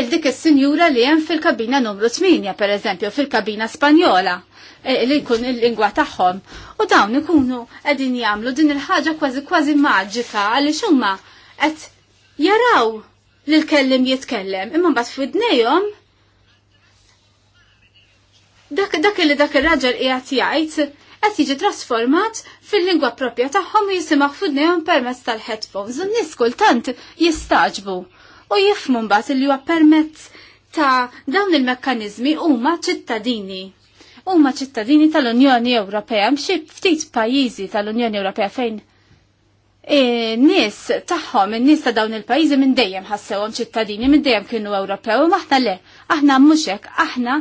il dik is-sinjura li hemm fil-kabina numru 8 pereżempju fil-kabina Spanjola eh, li jkun il-lingwa tagħhom. U dawn ikunu qegħdin jagħmlu din il-ħaġa kważi kważi maġika għaliex huma qed jaraw li l-kellim jitkellem, imma mbagħad f'idnejhom dak dak li dak ir-raġel qiegħed jgħid qed jiġi trasformat fil-lingwa proprja tagħhom u jisimgħu f'udnejhom permezz tal-headphones. U n-nies kultant jistaġbu u jifmu mbagħad li huwa permezz ta' dawn il-mekkaniżmi huma ċittadini. Huma ċittadini tal-Unjoni Ewropea, mxi ftit pajjiżi tal-Unjoni Ewropea fejn nis taħħom, nis ta' dawn il-pajizi minn dejjem ħassewhom ċittadini, minn dejjem kienu Ewropew, u maħna le, aħna mhux aħna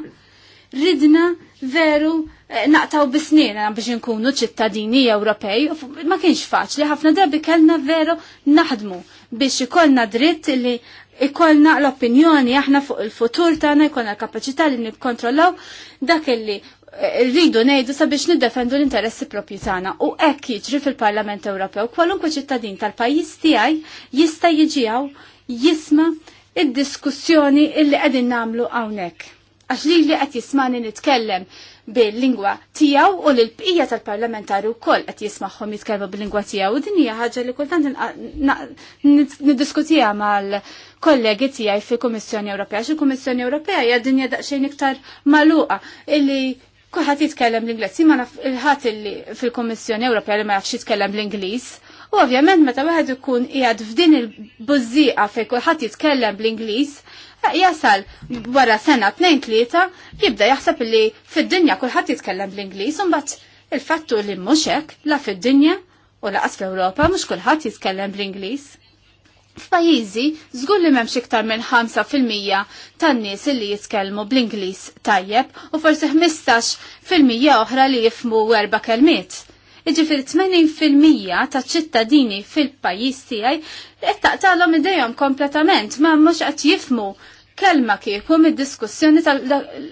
ridna veru Eh, naqtaw bisnina eh, biex nkunu ċittadini Ewropej, ma kienx faċli, ħafna drabi kellna veru naħdmu biex ikollna dritt li ikollna l-opinjoni aħna fuq il-futur tagħna, jkollna l-kapaċità li nikkontrollaw dak li eh, rridu ngħidu sabiex niddefendu l-interessi propri tagħna. U hekk jiġri fil-Parlament Ewropew, kwalunkwe ċittadin tal-pajjiż tiegħi jista' jiġi jisma' id-diskussjoni illi qegħdin nagħmlu hawnhekk għax li li qed jismani nitkellem bil-lingwa tiegħu u l bqija tal-parlamentari wkoll qed jismaxħom jitkellmu bil-lingwa tiegħu u din hija ħaġa li kultant niddiskutija mal-kollegi tiegħi fil-Kummissjoni Ewropea xi Kummissjoni Ewropea hija dinja daqsxejn iktar magħluqa illi kulħadd jitkellem l-Ingliż, ma naf il-ħadd illi fil-Kummissjoni Ewropea li ma jafx jitkellem l-Ingliż. U ovvjament meta waħed ikun qiegħed f'din il-bużieqa fejn kulħadd jitkellem bl-Ingliż, jasal wara sena tnejn tlieta jibda jaħseb li fid-dinja kulħadd jitkellem bl-Ingliż imbagħad il-fattu li mhux hekk la fid-dinja u laqas fl-Ewropa mhux kulħadd jitkellem bl-Ingliż. F'pajjiżi żgur li m'hemmx iktar minn 5% tan-nies li jitkellmu bl-Ingliż tajjeb u forsi 15% oħra li jifmu erba' kelmiet Iġifir 80% ta' ċittadini fil-pajis tijaj qed taqtalhom idejhom kompletament ma mhux qed jifmu kelma kieku mid-diskussjoni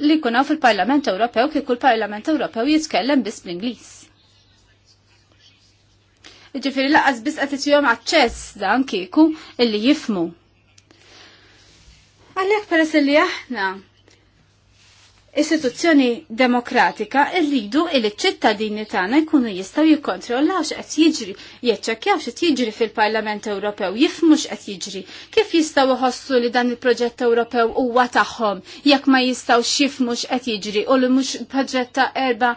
li kunaw fil-Parlament Ewropew kieku l-Parlament Ewropew jitkellem biss bl-Ingliż. Ġifiri laqas biss qed itihom aċċess dan kieku illi jifmu. Għalhekk peress li aħna istituzzjoni demokratika rridu il ċittadini tagħna jkunu jistgħu jikkontrollaw x'qed jiġri, jeċċekkjaw x'qed jiġri fil-Parlament Ewropew, jifhmu x'qed jiġri, kif jistgħu ħossu li dan il-proġett Ewropew huwa tagħhom jekk ma jistgħu jifhmu x'qed jiġri u li mhux proġetta erba'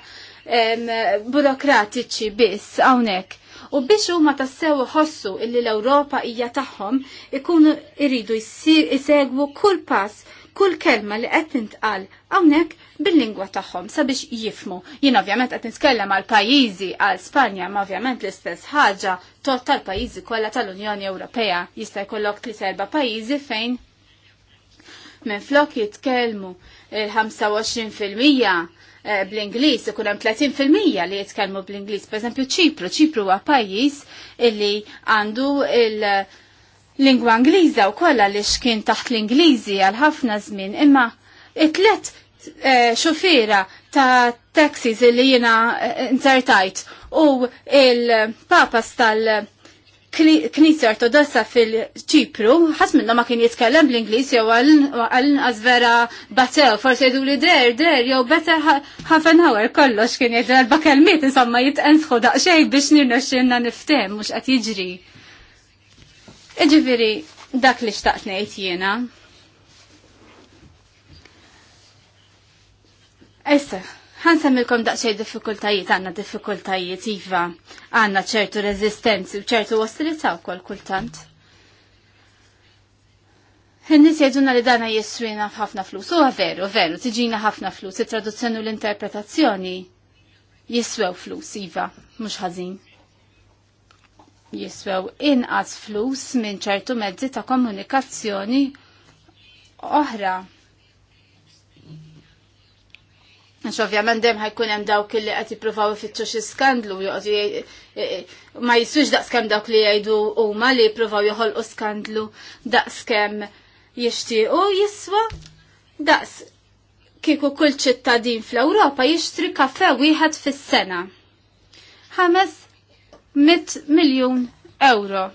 burokratiċi biss hawnhekk. U biex huma tassew ħossu illi l-Ewropa hija tagħhom ikunu jridu jsegwu kull pass kull kelma li qed tintqal hawnhekk bil-lingwa tagħhom sabiex jifmu. Jien ovvjament qed nitkellem għal pajjiżi għal Spanja ma ovvjament l-istess ħaġa tot tal-pajjiżi kollha tal-Unjoni Ewropea jista' jkollok tliet serba pajjiżi fejn minn flok jitkellmu il-25 bl ingliż ikun hemm 30% li jitkellmu bl-Inglis. Per ċipru, ċipru huwa pajjiż illi għandu il- lingwa Ingliża u kolla li xkien taħt l-Ingliżi għal ħafna żmien, imma it-tlet eh, xufira ta' taxis li jina eh, insertajt u il-papas tal- Knisja Ortodossa fil-ċipru, ħas minna ma kien jitkellem l inglis jew għallin għazvera batew, forse jdu li der, der, jew better half an hour kollox kien jitkellem l kelmiet, insomma jitqensħu daqxej biex nirna xinna niftem, mux għat jiġri. Iġifiri, dak li xtaqt ngħid jiena. Issa, ħan semmilkom daqxej diffikultajiet, għanna diffikultajiet, iva, għanna ċertu rezistenzi u ċertu ostilità u kol kultant. Hennis jeduna li dana jiswina ħafna flus, u veru, veru, tiġina ħafna flus, it-traduzzjoni u l-interpretazzjoni jiswew flus, iva, mux ħazin jiswew inqas flus minn ċertu mezzi ta' komunikazzjoni oħra. Għax ovvjament dem ħajkun hemm dawk li qed jippruvaw ifittxu xi skandlu eh, eh, ma jiswix daqskemm dawk li jgħidu huma li jippruvaw joħolqu skandlu daqskemm jixtiequ jiswa daqs kieku kull ċittadin fl-Ewropa jixtri kafe wieħed fis-sena. Ħames 100 miljun euro.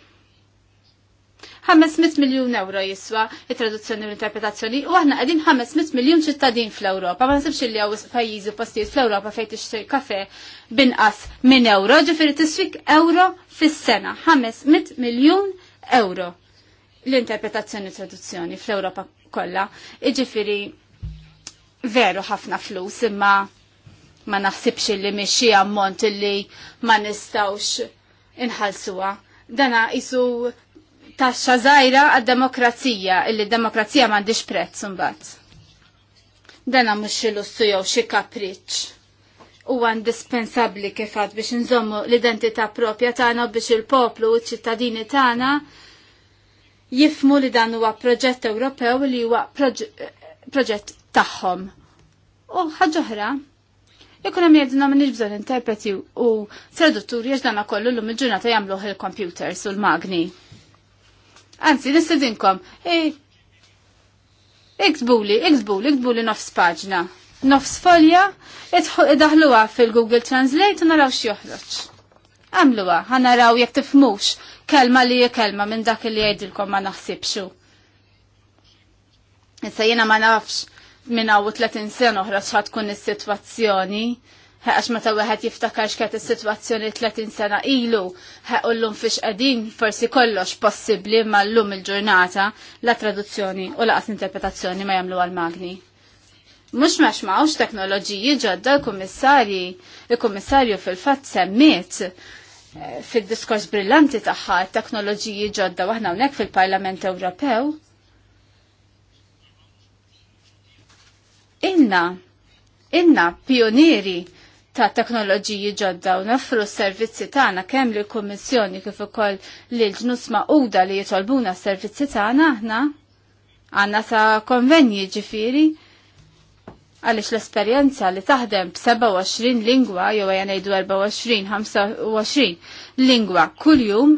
500 miljun euro jiswa it-traduzzjoni u l-interpretazzjoni u aħna qegħdin 500 miljun ċittadin fl-Ewropa. Ma nasibx li hawn pajjiżi postijiet fl-Ewropa fejn tixtri kafe binqas minn euro, ġifieri tisfik euro fis-sena, 500 miljun euro l-interpretazzjoni u traduzzjoni fl-Ewropa kollha. Iġifieri veru ħafna flus imma ma naħsibx li mixi ammont li ma nistawx inħalsuwa. Dana isu taxxa żgħira għad-demokrazija, illi d-demokrazija m'għandix prezz imbagħad. Dana mhux xi lussu jew xi kapriċċ huwa indispensabbli kif għad biex nżommu l-identità propja tagħna biex il-poplu u ċittadini tagħna jifmu li dan huwa proġett Ewropew li huwa proġett tagħhom. U ħaġa oħra, Ekonomija dinna minn bżon interpreti u tradutturi għax dana kollu l-lum il-ġurnata jamluħ il-computers u l-magni. Anzi, nistedinkom, e, iksbuli, iksbuli, iksbuli nofs paġna, nofs folja, daħluwa fil-Google Translate u naraw xjoħroċ. Għamluwa, għanaraw jek tifmux kelma li kelma minn dak li jgħidilkom ma naħsibxu. Issa jena ma nafx minn u 30 sena uħra xħat tkun is-sitwazzjoni. Għax meta wieħed jiftakar x'kienet is-sitwazzjoni 30 sena ilu, l-lum fiex qegħdin forsi kollox possibbli ma llum il-ġurnata la traduzzjoni u laqas interpretazzjoni ma jagħmlu għal-magni. Mux maċ mawx teknoloġiji ġodda l-kummissarji, il-kummissarju fil-fat semmiet eh, fil-diskors brillanti taħħa teknoloġiji ġodda waħna unek fil-Parlament Ewropew Inna, inna pionieri ta' teknoloġiji ġodda u naffru s-servizzi tagħna kemm l kummissjoni kif ukoll lil ġnus maquda li jitolbuna s-servizzi tagħna aħna għandna ta' konvenji ġifieri għalix l-esperienza li taħdem b-27 lingwa, jew jgħanajdu 24-25 lingwa kull-jum,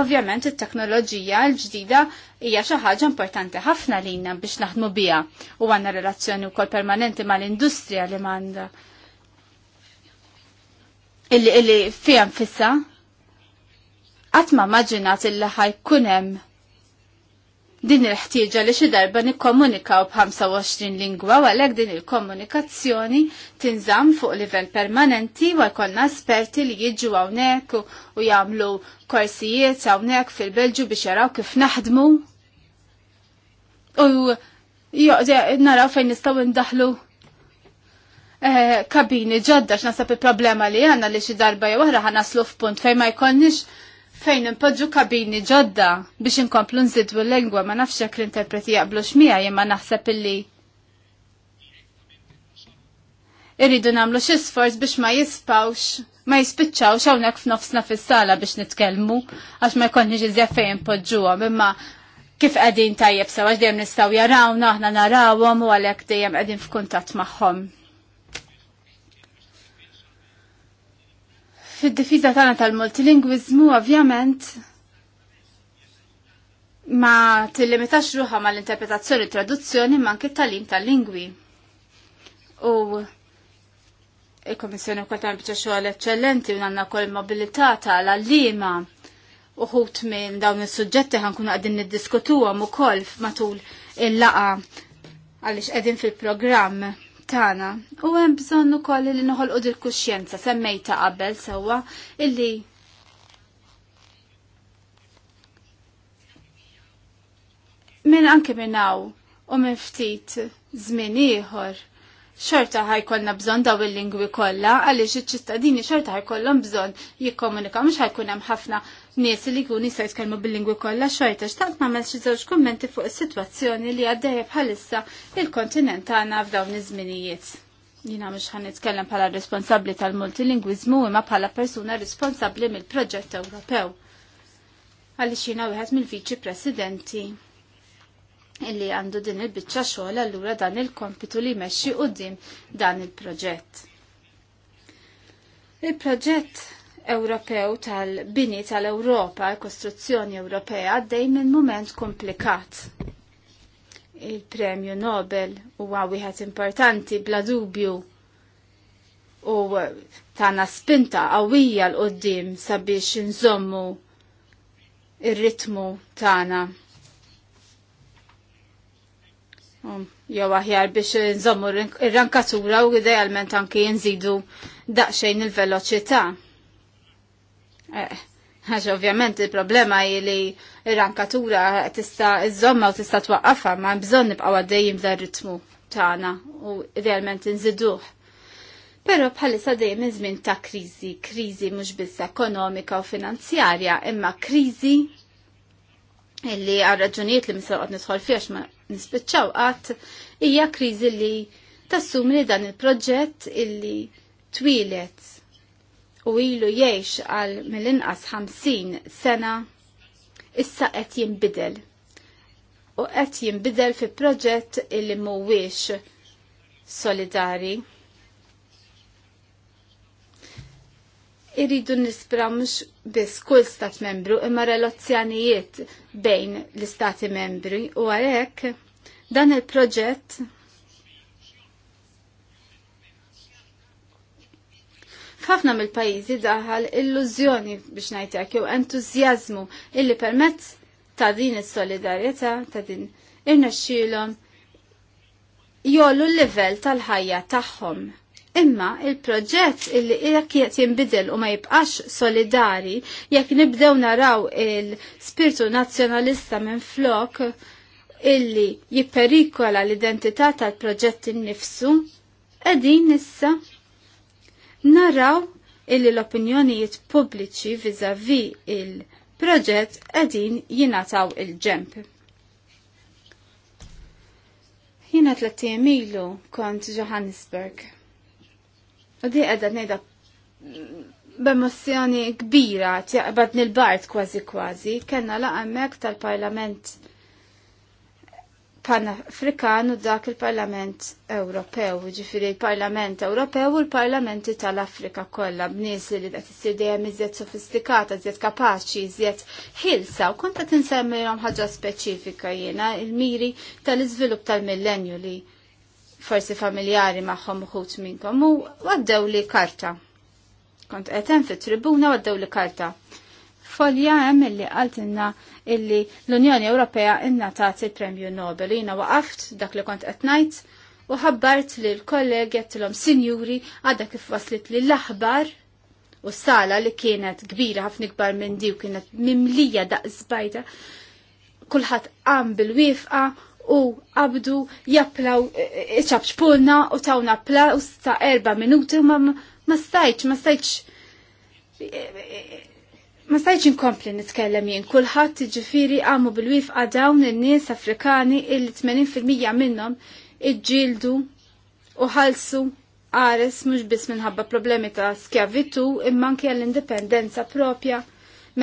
ovvjament il-teknoloġija l-ġdida hija xi ħaġa importanti ħafna lilna biex naħdmu biha u għandna relazzjoni wkoll permanenti mal-industrija li m'għandha. Illi illi fija nfissa qatt ma maġinat illi ħajkun hemm din il-ħtieġa li xi darba nikkomunikaw b'25 lingwa u għalhekk din il-komunikazzjoni tinżamm fuq livell permanenti u jkollna esperti li jiġu hawnhekk u jagħmlu korsijiet hawnhekk fil-Belġu biex jaraw kif naħdmu. U naraw fejn nistgħu ndaħlu eh, kabini ġodda x'nasab il-problema li għandna li xi darba jew oħra ħanaslu f'punt fejn ma jkollniex fejn impoġġu kabini ġodda biex inkomplu nżidwu l-lingwa ma nafx jekk l-interpreti jaqblu xmija jimma naħseb illi irridu namlu xisforz biex ma jispawx ma jispiċċawx hawnhekk f'nofsna fis-sala biex nitkellmu għax ma jkunx iżjed fejn poġġuhom imma kif qegħdin tajjeb sewa għax dejjem nistgħu jarawna aħna narawhom u għalhekk dejjem qegħdin f'kuntatt magħhom. fid-difiża tagħna tal-multilingwiżmu ovvjament ma tillimitax ruħa ma l-interpretazzjoni traduzzjoni ma anke tal-lim tal-lingwi. U il-Komissjoni wkoll tagħmel bieċaxu xogħol eċċellenti u għandna kol mobilità tal-għalliema uħut minn dawn is-suġġetti ħankunu qegħdin niddiskutuhom ukoll matul il-laqa għaliex qegħdin fil-programm Tana U hemm bżonn ukoll li noħolqu dil kuxjenza semmejta qabel sewwa illi minn anke minn hawn u minn ftit żmien ieħor xorta ħajkollna bżon daw il-lingwi kollha għaliex iċ-ċittadini xorta ħajkollhom bżonn jikkomunikaw mhux ħajkun hemm ħafna nies li jkunu jista' jitkellmu bil-lingwi kollha xorta x'tant nagħmel xi żewġ kummenti fuq is-sitwazzjoni li għaddejja bħalissa il-kontinent tagħna f'dawn iż-żminijiet. Jina mhux ħan nitkellem bħala responsabbli tal-multilingwiżmu imma bħala persuna responsabbli mill-proġett Ewropew. Għaliex jiena wieħed mill-viċi presidenti illi għandu din il-biċċa xogħol allura dan il-kompitu li jmexxi quddiem dan il-proġett. Il-proġett Ewropew tal-bini tal-Ewropa, l-kostruzzjoni Ewropea għaddej minn moment komplikat. Il-premju Nobel huwa wieħed importanti bla dubju u tana spinta qawwija l qoddim sabiex nżommu ir-ritmu tana. Jew aħjar biex nżommu r rankatura u idealment anke jinżidu daqsxejn il-veloċità. Eh, għax ovvjament il-problema jili il rankatura tista' iżomma u tista' twaqqafa ma bżonn nibqgħu għaddejjin b'dan ritmu tagħna u realment inżiduh. Pero bħalissa dejjem iż-żmien ta' kriżi, kriżi mhux biss ekonomika u finanzjarja, imma kriżi illi għal raġunijiet li għad nisħol fiex ma nispiċċaw qatt hija kriżi li tassum li dan il-proġett illi twilet u ilu jiex għal mill-inqas 50 sena issa qed jinbidel u qed jinbidel fi proġett illi mhuwiex solidari. Iridu nispraw mhux biss kull stat membru imma relazzjonijiet bejn l-istati membri u għalhekk dan il-proġett Ħafna mill-pajjiżi daħal illużjoni biex ngħidlek jew entużjażmu illi permezz ta' din is-solidarjetà ta' din irnexxielhom jollu l-livell tal-ħajja tagħhom. Imma il-proġett illi jekk qed jinbidel u ma jibqax solidari jekk nibdew naraw il-spirtu nazzjonalista minn flok illi jipperikola l-identità tal-proġett innifsu, edin issa naraw illi l-opinjonijiet pubbliċi vizavi il-proġett qegħdin jingħataw il-ġemp. Jiena lattijem ilu kont Johannesburg. U di qiegħda ngħidha b'emozzjoni kbira t-jaqbad nil-bart kważi kważi, kellna laqamek tal-Parlament pan Afrikanu dak il-Parlament Ewropew, ġifiri il-Parlament Ewropew u l-Parlamenti tal-Afrika kollha b'nies li qed issir dejjem iżjed sofistikata, iżjed kapaċi, iżjed ħilsa u kont qed insemmihom ħaġa speċifika jiena il-miri tal-iżvilupp tal-millenju li forsi familjari magħhom uħut minnkom u għaddew li karta. Kont qed hemm fit-tribuna għaddew li karta folja hemm illi qaltilna illi l-Unjoni Ewropea innatat il-Premju Nobel. Jina waqaft dak li kont qed ngħid u ħabbart li l kolleg jettilom sinjuri għadha kif waslit li l-aħbar u s-sala li kienet kbira ħafna kbar minn di u kienet mimlija daqsbajda kulħadd qam bil-wifqa u qabdu japplaw xpulna e, e, e, u tawna applaw sta erba minuti ma ma stajċ, ma stajċ Ma stajġ inkompli nitkellem jien, kulħadd ġifiri għamu bil-wifqa dawn in-nies Afrikani il 80% minnhom iġġieldu u ħalsu għares mhux biss minħabba problemi ta' skjavitu imma anke l-indipendenza propja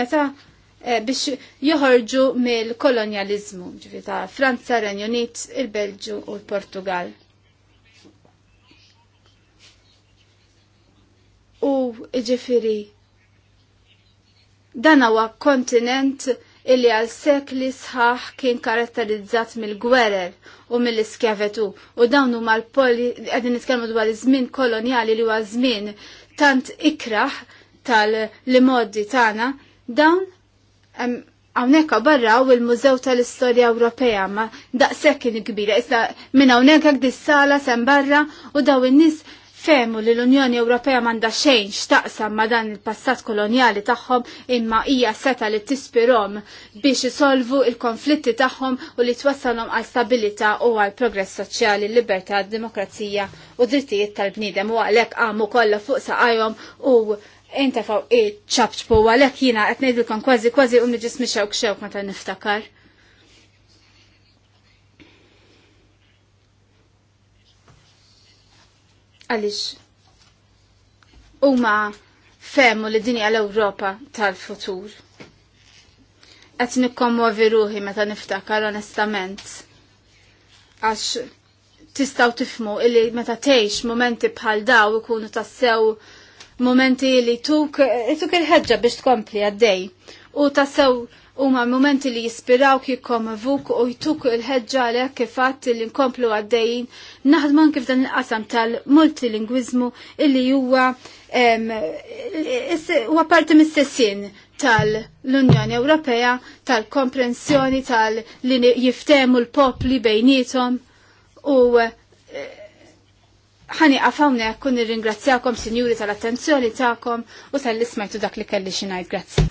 meta eh, biex joħorġu mill kolonializmu ġifi ta' Franza, Renju Unit, il-Belġu u l-Portugal. U ġifiri Dan huwa kontinent illi għal sekli sħaħ kien karatterizzat mill-gwerer u mill-iskjavetu u dawn huma l-poli qegħdin nitkellmu dwar iż-żmien kolonjali li huwa żmien tant ikraħ tal-limoddi tagħna dawn hawnhekk barraw il-Mużew tal-Istorja Ewropea ma daqshekk kien kbira issa minn hawnhekk hekk dis-sala sem barra u daw in-nies femu li l-Unjoni Ewropea manda xejn xtaqsam ma dan il-passat koloniali tagħhom imma hija seta li tispirom biex isolvu il-konflitti tagħhom u li twassalhom għal stabilità u għal progress soċjali, libertà, demokrazija u drittijiet tal-bniedem u għalhekk għamu kollha fuq saqajhom u inta fuq iċ-ċabċbu għalhekk jiena qed ngħidilkom kważi kważi u niġis xewk xewk meta niftakar. Għalix huma femmu li dinja l-Ewropa tal-futur. Qed nikkommovi ruħi meta niftakar onestament. Għax tistaw tifmu illi meta tgħix momenti bħal daw ikunu tassew momenti illi tuk, tuk il-ħedġa biex tkompli għaddej. U tassew u ma' momenti li jispiraw jikkomavuk u jtuk il-ħedġa li kifat li nkomplu għaddejjin naħdmu kif dan il-qasam tal-multilingwizmu illi huwa u parti mistessin tal-Unjoni Ewropea, tal-komprensjoni tal-li jiftemu l-popli bejnietom u ħani għafawne kun nir-ringrazzjakom, sinjuri, tal-attenzjoni ta'kom u tal lismajtu dak li kelli xinajt. Grazzi.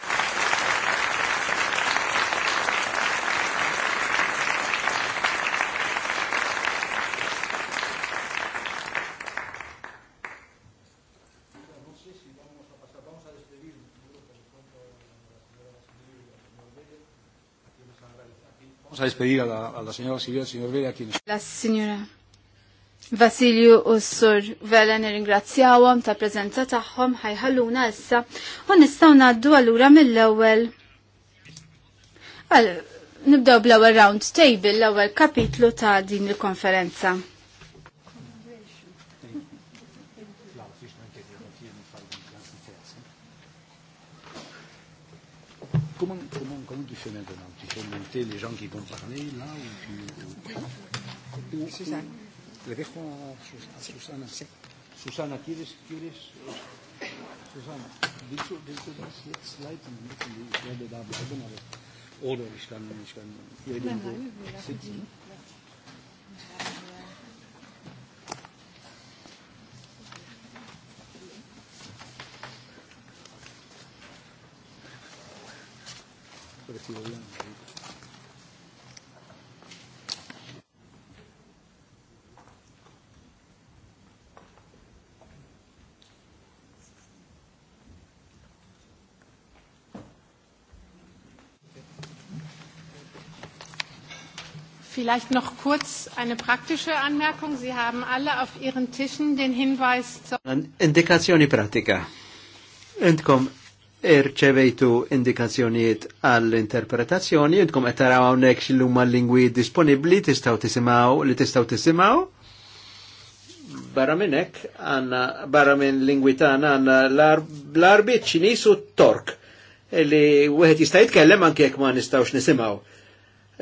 a despedir a la, a la señora Basilio, al señor Vera, quien... La signora Vasilju u s-sur Vela nirringrazzjawhom ta' preżenza tagħhom ħajħalluna issa u nistgħu ngħaddu allura mill-ewwel. Nibdew bl-ewwel round table l-ewwel kapitlu ta' din il-konferenza. Comunque, comunque, differente écouter les gens qui vont parler là ou, ou, ou, Susanne. Le dejo a, Susana. Sí. Susana, ¿quieres, quieres? Susana, willst du, willst du das jetzt leiten? Ich werde da bleiben, aber oder ich kann, ich kann hier irgendwo nein, nein, sitzen. Gracias. Vielleicht noch kurz eine praktische Anmerkung. Sie haben alle auf Ihren Tischen den Hinweis zur... Indikationi pratica. Entkom irċevejtu indikazzjonijiet għall-interpretazzjoni, intkom qed taraw hawnhekk x'illuma l-lingwi disponibbli tistgħu tisimgħu li tistgħu tisimgħu. Barra minn hekk għandna barra minn lingwi tagħna għandna l-arbit Ċiniż u Tork li wieħed jista' jitkellem anke jekk ma nistgħux nisimgħu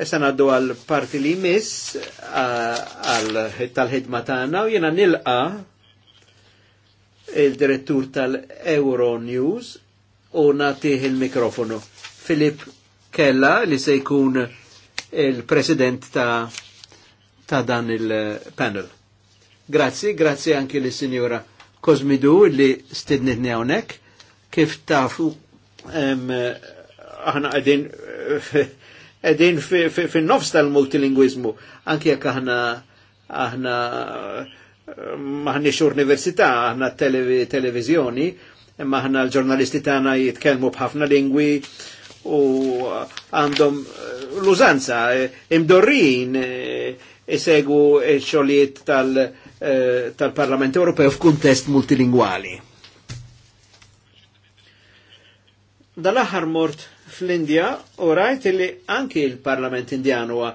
Issa naddu għal parti li miss għal tal-ħidma tagħna u jiena nilqa il-direttur tal euronews u natih il-mikrofonu. Filip Kella li se jkun il-president ta', ta dan il-panel. Grazzi, grazzi anki li sinjora Kozmidu li stidnitni hawnhekk kif tafu aħna għedin edin fin-nofs tal-multilingwizmu, anki jekk aħna aħna maħniex università, aħna televizjoni, imma aħna l-ġurnalisti tagħna jitkellmu b'ħafna lingwi u għandhom eh, l-użanza eh, imdorrin eh, isegwu xogħlijiet tal-Parlament Ewropew f'kuntest multilingwali. Dal-aħħar mort fl-Indja u rajt li anki il-Parlament Indjan huwa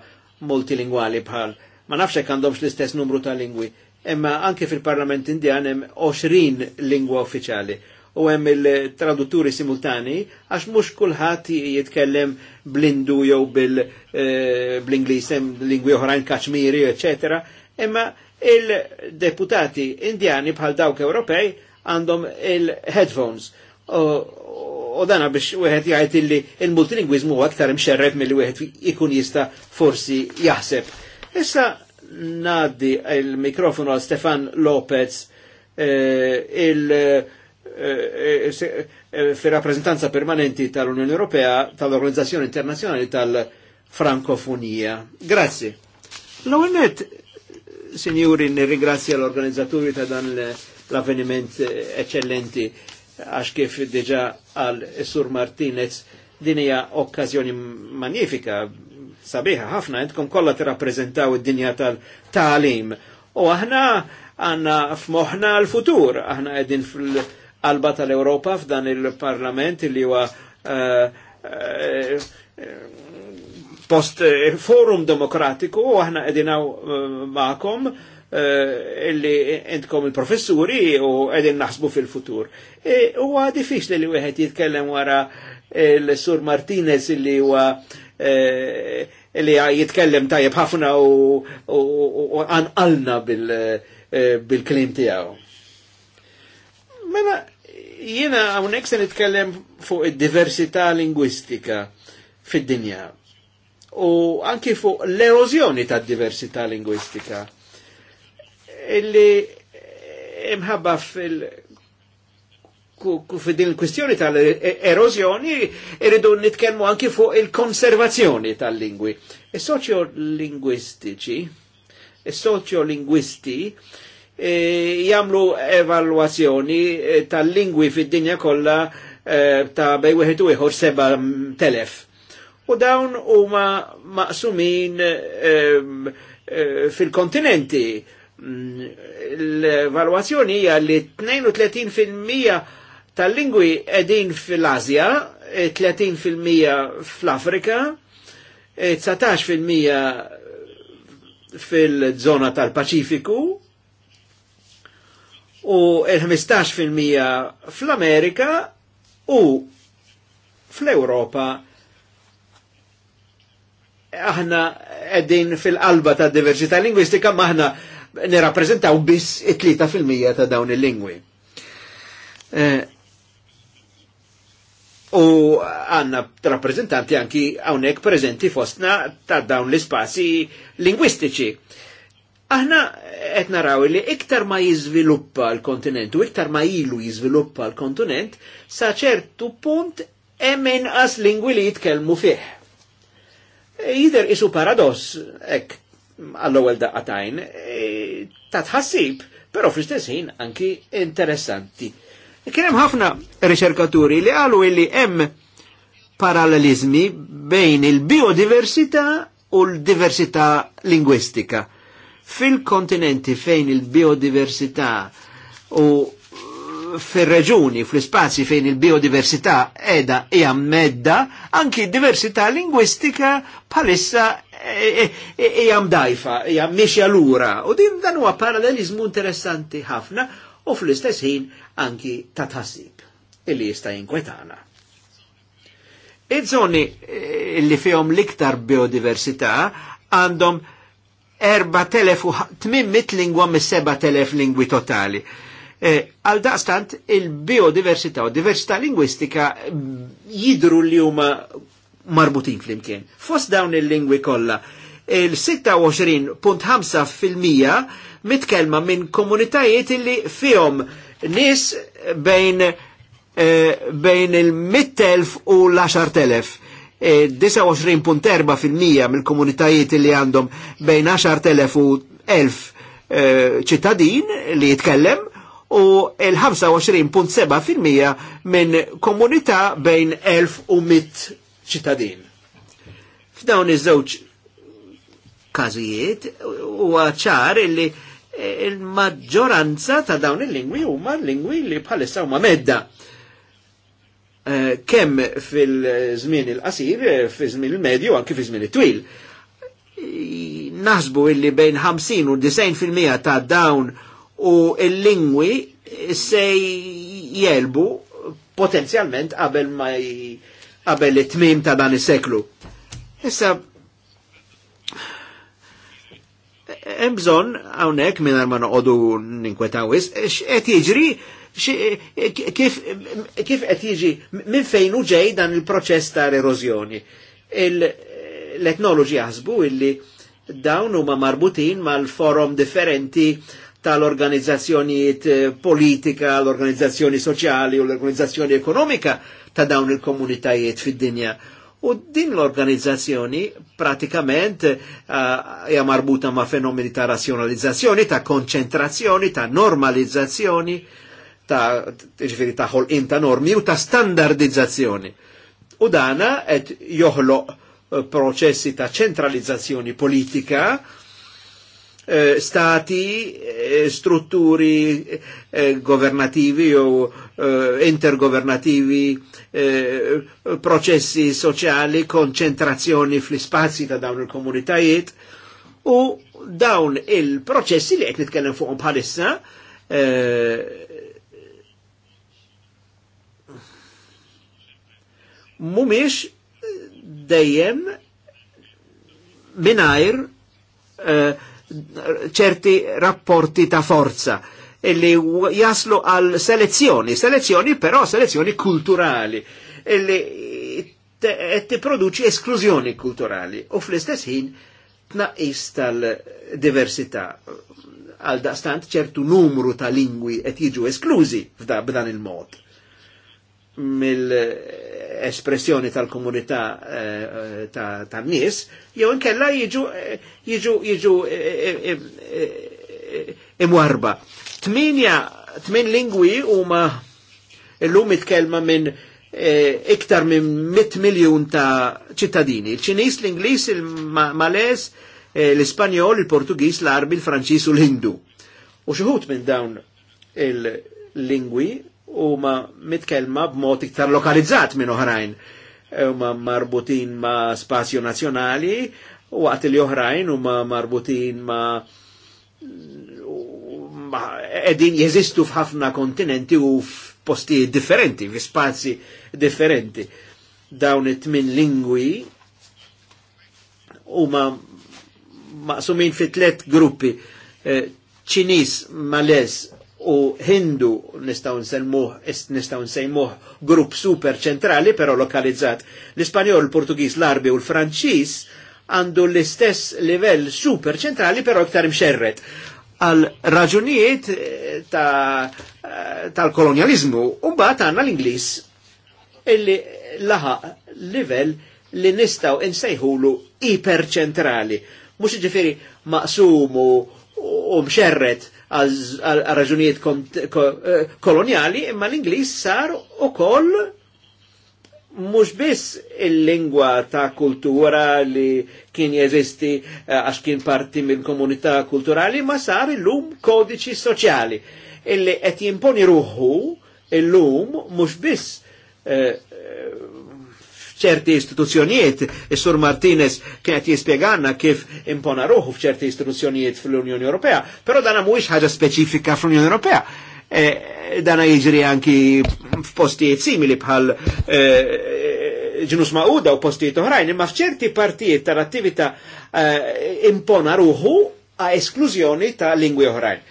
multilingwali bħal. Ma nafx hekk għandhomx l-istess numru ta' lingwi, Emma anki fil-Parlament Indjan hemm 20 lingwa uffiċjali u hemm il-tradutturi simultani għax mhux kulħadd jitkellem blindu jew eh, bl-Ingliż hemm lingwi oħrajn kaċmiri, eċetera. Imma il-deputati indjani bħal dawk Ewropej għandhom il-headphones. U dana biex u għed jgħajt illi il-multilingwizmu għaktar imxerref mill li wieħed ikun jista' forsi jaħseb. Issa naddi il-mikrofonu għal Stefan Lopez eh, il- eh, eh, fi rappresentanza permanenti tal-Unjoni Ewropea tal-Organizzazzjoni Internazzjonali tal-Frankofonija. Grazie. L-ewwel signori, sinjuri, nirringrazzja l-organizzaturi ta' dan l-avveniment eccellenti għax kif diġa għal Sur Martinez din hija magnifika sabiħa ħafna kolla t-rapprezentaw id-dinja tal-talim. U aħna għandna f'moħħna l-futur, aħna qegħdin fil alba tal europa f'dan il-Parlament li huwa eh, eh, post forum demokratiku u aħna qegħdin eh, ma'kom. Uh, Eh, illi intkom il-professuri u għedin naħsbu fil-futur. E, huwa diffiċli li wieħed jitkellem wara l-Sur Martinez illi huwa eh, illi jitkellem tajjeb ħafna u għanqalna eh, bil-klim tiegħu. Mela jiena hawnhekk se nitkellem fuq id-diversità lingwistika fid-dinja u anki fuq l erozjoni tad-diversità lingwistika illi imħabba fil din il-kwistjoni tal-erosjoni irridu nitkellmu anki fuq il-konservazzjoni tal-lingwi. Is-soċjolingwistiċi, e is-soċjolingwisti e e jamlu jagħmlu evalwazzjoni tal-lingwi fid-dinja kollha ta' bej wieħed ieħor seba' telef. U dawn huma maqsumin fil-kontinenti l-evaluazzjoni hija li 32% tal-lingwi edin fil-Azja, 30% e fl-Afrika, 19% e fil-zona tal-Paċifiku u e il-15% fl-Amerika u fl-Europa aħna edin fil-qalba ta' diversità lingwistika maħna ma nirrappreżentaw biss it-3 fil-mija ta' dawn il-lingwi. E, u għanna rappresentanti anki għawnek prezenti fostna ta' dawn l-ispazji lingwistiċi. Aħna qed naraw li iktar ma jiżviluppa l-kontinent u iktar ma ilu jiżviluppa l-kontinent sa ċertu punt hemm inqas lingwi li jitkellmu fih. Jider isu paradoss hekk għall-ewwel daqqatajn e, ta' tħassib, però fl-istess ħin anki interessanti. E, kien hemm ħafna riċerkaturi li qalu li hemm parallelizmi bejn il-biodiversità u l-diversità lingwistika. Fil-kontinenti fejn il-biodiversità u fil-reġuni, fil-spazi fejn il-biodiversità edha hija medda, anki diversità lingwistika palissa Eh, eh, eh, hija jam hija l lura. U din dan huwa parallelizmu interessanti ħafna u fl-istess ħin anki ta' tħassib illi jista' jinkwetana. id żoni li fihom l-iktar biodiversità għandhom 4.800 lingwa mis 7.000 lingwi totali. Għal daqstant il-biodiversità u diversità lingwistika jidru li huma marbutin flimkien. Fost dawn il-lingwi kollha, il-26.5 fil mitkelma minn komunitajiet illi fihom nis bejn eh, bejn il-100.000 u l-10.000. 29.4 mill-komunitajiet li għandhom bejn 10.000 u 1.000 eh, ċittadin li jitkellem u il-25.7 fil minn komunità bejn 1.000 u ċittadin. F'dawn iż-żewġ każijiet huwa ċar illi eh, il-maġġoranza ta' dawn il-lingwi huma lingwi li bħalissa huma medda. Eh, kemm fil-żmien il-qasir, eh, fil-żmien il-medju, anki fil-żmien it-twil. Naħsbu illi bejn 50 u 90% ta' dawn u il-lingwi se jelbu potenzjalment qabel ma' qabel it-tmim ta' dan is-seklu. Issa hemm bżonn hawnhekk mingħajr ma noqogħdu ninkwetaw is qed jiġri kif qed jiġi minn fejn hu ġej dan il-proċess ta' erożjoni. L-etnoloġi jaħsbu illi dawn huma marbutin mal-forum differenti tal-organizzazzjonijiet eh, politika, l-organizzazzjoni soċjali u l-organizzazzjoni ekonomika ta' dawn il-komunitajiet fid-dinja. U din l-organizzazzjoni pratikament eh, hija uh, marbuta ma' fenomeni ta' razzjonalizzazzjoni, ta' konċentrazzjoni, ta' normalizzazzjoni, ta' ġifiri ta' ħolqin ta' normi u ta' standardizzazzjoni. U dana qed joħloq eh, proċessi ta' ċentralizzazzjoni politika Eh, stati, eh, strutturi eh, governativi o intergovernativi, processi soċjali, konċentrazzjoni fl-spazi ta' dawn il-komunitajiet u dawn il-proċessi li t-kellem fuqhom bħalissa mumiex dejjem minajr uh, ċerti rapporti ta' forza illi jaslu għal selezzjoni, selezzjoni però selezzjoni kulturali, illi e ti produċi esklużjoni kulturali u fl-istess ħin tnaqis tal-diversità għal daqstant ċertu numru ta' lingwi qed jiġu esklużi f'dan il-mod espressjoni tal-komunità eh, ta' nies jew inkella jiġu eh, jiġu jiġu eh, imwarba. Tminja, tmin lingwi huma illum itkellma minn iktar minn 100 miljun ta' ċittadini. Il-Ċinis, l ingliż il malez l-Ispanjol, il-Portugis, l-Arbi, il franċiż u l-Hindu. U xuħut minn dawn il-lingwi huma mitkelma b'mod iktar lokalizzat minn oħrajn. Huma marbutin ma' spazju nazzjonali, waqt li oħrajn huma marbutin ma' edin jeżistu f'ħafna kontinenti u f'posti differenti, f'spazi differenti. Dawn it-tmin lingwi huma maqsumin fi tliet gruppi eh, ċinis, males u Hindu nistaw nsemmuh, nistaw nsemmuh grupp super ċentrali pero lokalizzat. L-Ispanjol, l-Portugis, l-Arbi u l-Franċis għandu l-istess livell super ċentrali pero iktar imxerret għal raġunijiet eh, eh, tal-kolonializmu. Ta Umbat għanna l-Inglis illi laħa livell li nistaw insejħulu iperċentrali. Mux ġifiri maqsumu u mxerret għal raġunijiet koloniali, imma l-Inglis sar u koll mux biss il-lingwa ta' kultura li kien jeżisti eh, għax kien parti minn komunità kulturali, ma sar il-lum kodiċi soċjali. Illi qed jimponi ruħu il-lum mux biss eh, ċerti istituzzjonijiet. sur Martinez kienet jispjeganna kif impona ruħu f'ċerti istituzzjonijiet fl-Unjoni Ewropea, però dana mhuwiex ħaġa speċifika fl-Unjoni Ewropea. E, dana jiġri anki f'postijiet simili bħal e, ġnus maquda u postijiet oħrajn, imma f'ċerti partijiet tal-attività e, impona ruħu a esklużjoni ta' lingwi oħrajn.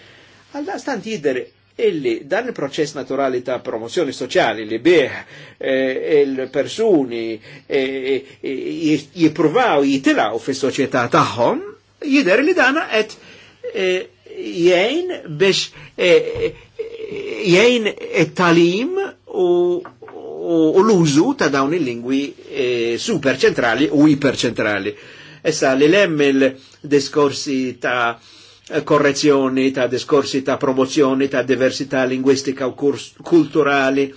Għalda stant jider illi dan il-proċess naturali ta' promozzjoni soċjali li bih eh, il-persuni eh, eh jipruvaw jitilaw fis soċjetà tagħhom, jider li dana qed eh, jgħin biex eh, jgħin it-talim u u l-użu ta' dawn il-lingwi superċentrali u iperċentrali. Essa li lemm il-diskorsi ta' korrezzjoni eh, ta' diskorsi ta' promozzjoni ta' diversità lingwistika u kulturali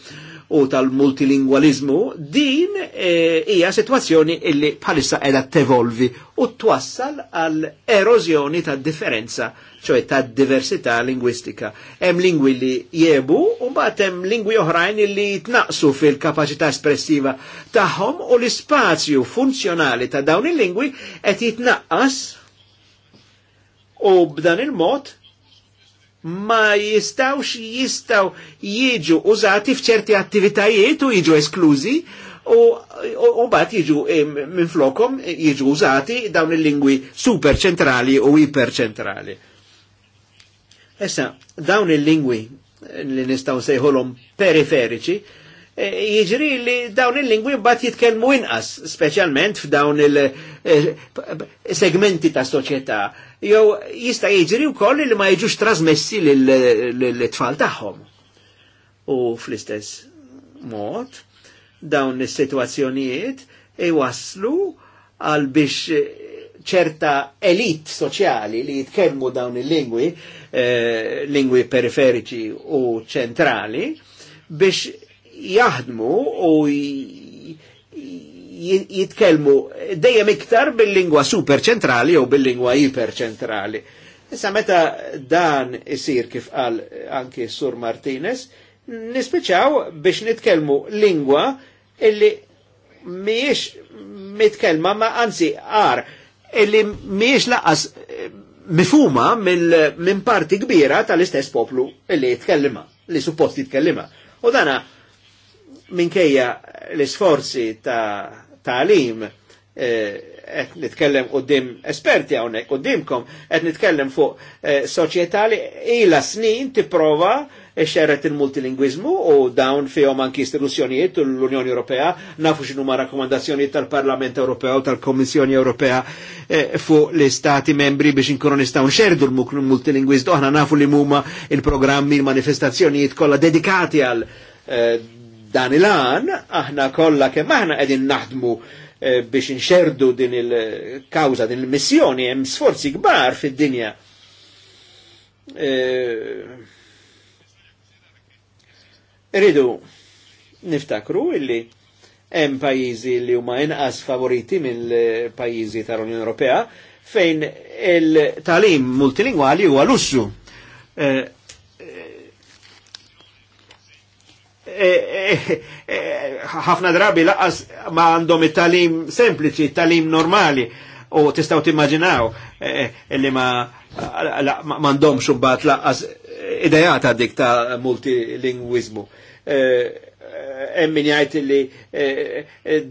u tal-multilingualizmu, din eh, hija e, situazzjoni illi bħalissa edha tevolvi u twassal għal erosjoni ta' differenza, ċoħi ta' diversità lingwistika. Hemm lingwi li jebu u mbagħad hemm lingwi oħrajn li jitnaqsu fil-kapaċità espressiva tagħhom u l-ispazju funzjonali ta' dawn il-lingwi qed jitnaqqas u b'dan il-mod ma jistawx jistaw jiġu użati f'ċerti attivitajiet u jiġu esklużi u bat jiġu e, minn flokom jiġu użati dawn il-lingwi superċentrali u iperċentrali. Issa, dawn il-lingwi li nistaw sejħolom periferiċi, e, jiġri li dawn il-lingwi bat jitkellmu inqas, specialment f'dawn il-segmenti e, ta' soċjetà jew jista' jiġri wkoll li ma jiġux trasmessi lill-tfal tagħhom. U fl-istess mod dawn is-sitwazzjonijiet iwaslu għal biex ċerta elit soċjali li jitkellmu dawn il-lingwi, eh, lingwi periferiċi u ċentrali, biex jaħdmu u jitkelmu dejjem iktar bil-lingwa superċentrali jew bil-lingwa iperċentrali. Issa meta dan isir kif qal anki Sur Martinez, nispiċaw biex nitkelmu lingwa illi miex mitkelma ma anzi ar illi miex laqas eh, mifuma minn parti kbira tal-istess poplu illi jitkellima, li suppost jitkellima. U dana minkejja l-isforzi ta' talim eh, Qed nitkellem qudiem esperti hawnhekk qudiemkom et nitkellem fuq eh, soċieta li ila snin tipprova xerret il-multilingwizmu u dawn fihom anki istituzzjonijiet u l-Unjoni Ewropea nafu x'inhu ma' rakkomandazzjonijiet tal-Parlament Ewropea u tal-Kommissjoni Ewropea eh, fuq l-istati membri biex inkunu nistgħu nxerdu l-multilingwiżmu aħna nafu li muma il-programmi il-manifestazzjonijiet kollha dedikati għal dan il-għan, aħna kollha kemm aħna qegħdin naħdmu eh, biex inxerdu din il-kawza, din il-missjoni, hemm sforzi kbar fid-dinja. Eh, Ridu niftakru illi hemm pajjiżi li huma inqas favoriti mill-pajjiżi tal-Unjoni Ewropea fejn il-talim multilingwali huwa lussu. Eh, Eh, eh, eh, ħafna drabi laqas ma għandhom it-talim sempliċi, it-talim normali u tistaw timmaġinaw illi ma mandom xubbat laqas idejata dik ta' multilingwizmu. Emmin jgħajt li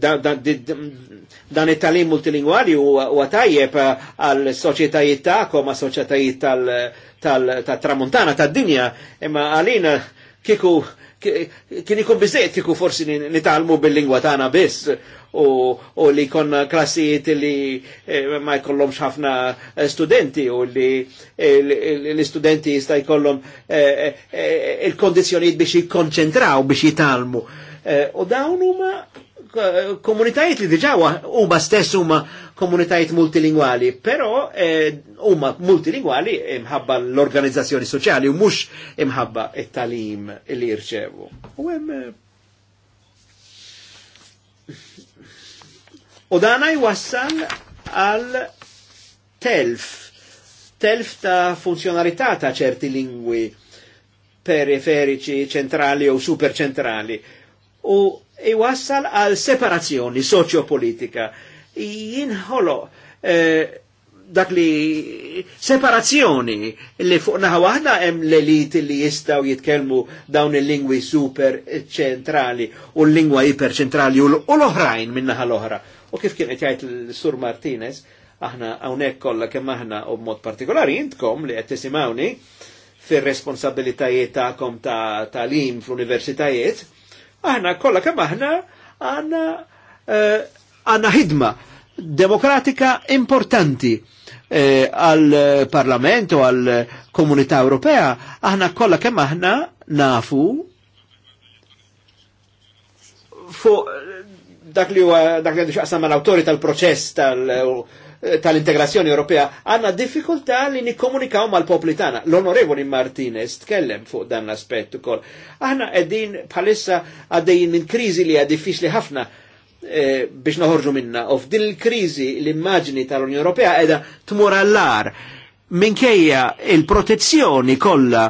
dan it-talim multilingwali u għatajjeb għal soċietajiet ta'kom, għal soċietajiet tal-tramuntana, tal dinja imma għalina kiku kien ikun bizzejt kiku forsi nitalmu bil-lingwa tagħna biss u li konna klassijiet li eh, ma jkollhomx ħafna eh, studenti u li eh, l-istudenti jista' jkollhom il-kondizzjonijiet biex jikkonċentraw biex jitalmu. U dawn huma komunitajiet li diġa huma stess huma komunitajiet multilingwali, però eh, huma eh, multilingwali imħabba l-organizzazzjoni soċjali u mhux imħabba it-talim li jirċevu. U hemm eh, U dana jwassal għal telf, telf ta' funzjonalità ta' ċerti lingwi periferiċi, ċentrali u superċentrali. U iwassal għal separazzjoni soċjopolitika. Jinħolo eh, dak li separazzjoni li fuq naħa hemm l-elit li jistaw jitkellmu dawn il-lingwi super ċentrali u l-lingwa iperċentrali u l-oħrajn minn naħa l-oħra. U kif kien qed jgħid l-Sur Martinez, aħna hawnhekk kollha kemm aħna u mod partikolari intkom li qed tisimgħuni fir-responsabilitajiet tagħkom ta' talim fl-universitajiet, Aħna kollha kemm aħna għandna eh, għandna ħidma demokratika importanti eh, għal-Parlament u għal-Komunità Ewropea, aħna kollha kemm aħna nafu fuq dak li huwa dak li għandu xaqsam mal-awtori tal-proċess tal-, -proċess, tal tal-integrazzjoni Ewropea għandna diffikultà li nikkomunikaw mal-popli tagħna. L-Onorevoli Martinez tkellem fuq dan l-aspett ukoll. Aħna qegħdin bħalissa għaddejjin minn kriżi li hija diffiċli ħafna E, biex noħorġu minna. U f'din il kriżi l-immaġni tal-Unjoni Ewropea qiegħda tmur ar minkejja il-protezzjoni kollha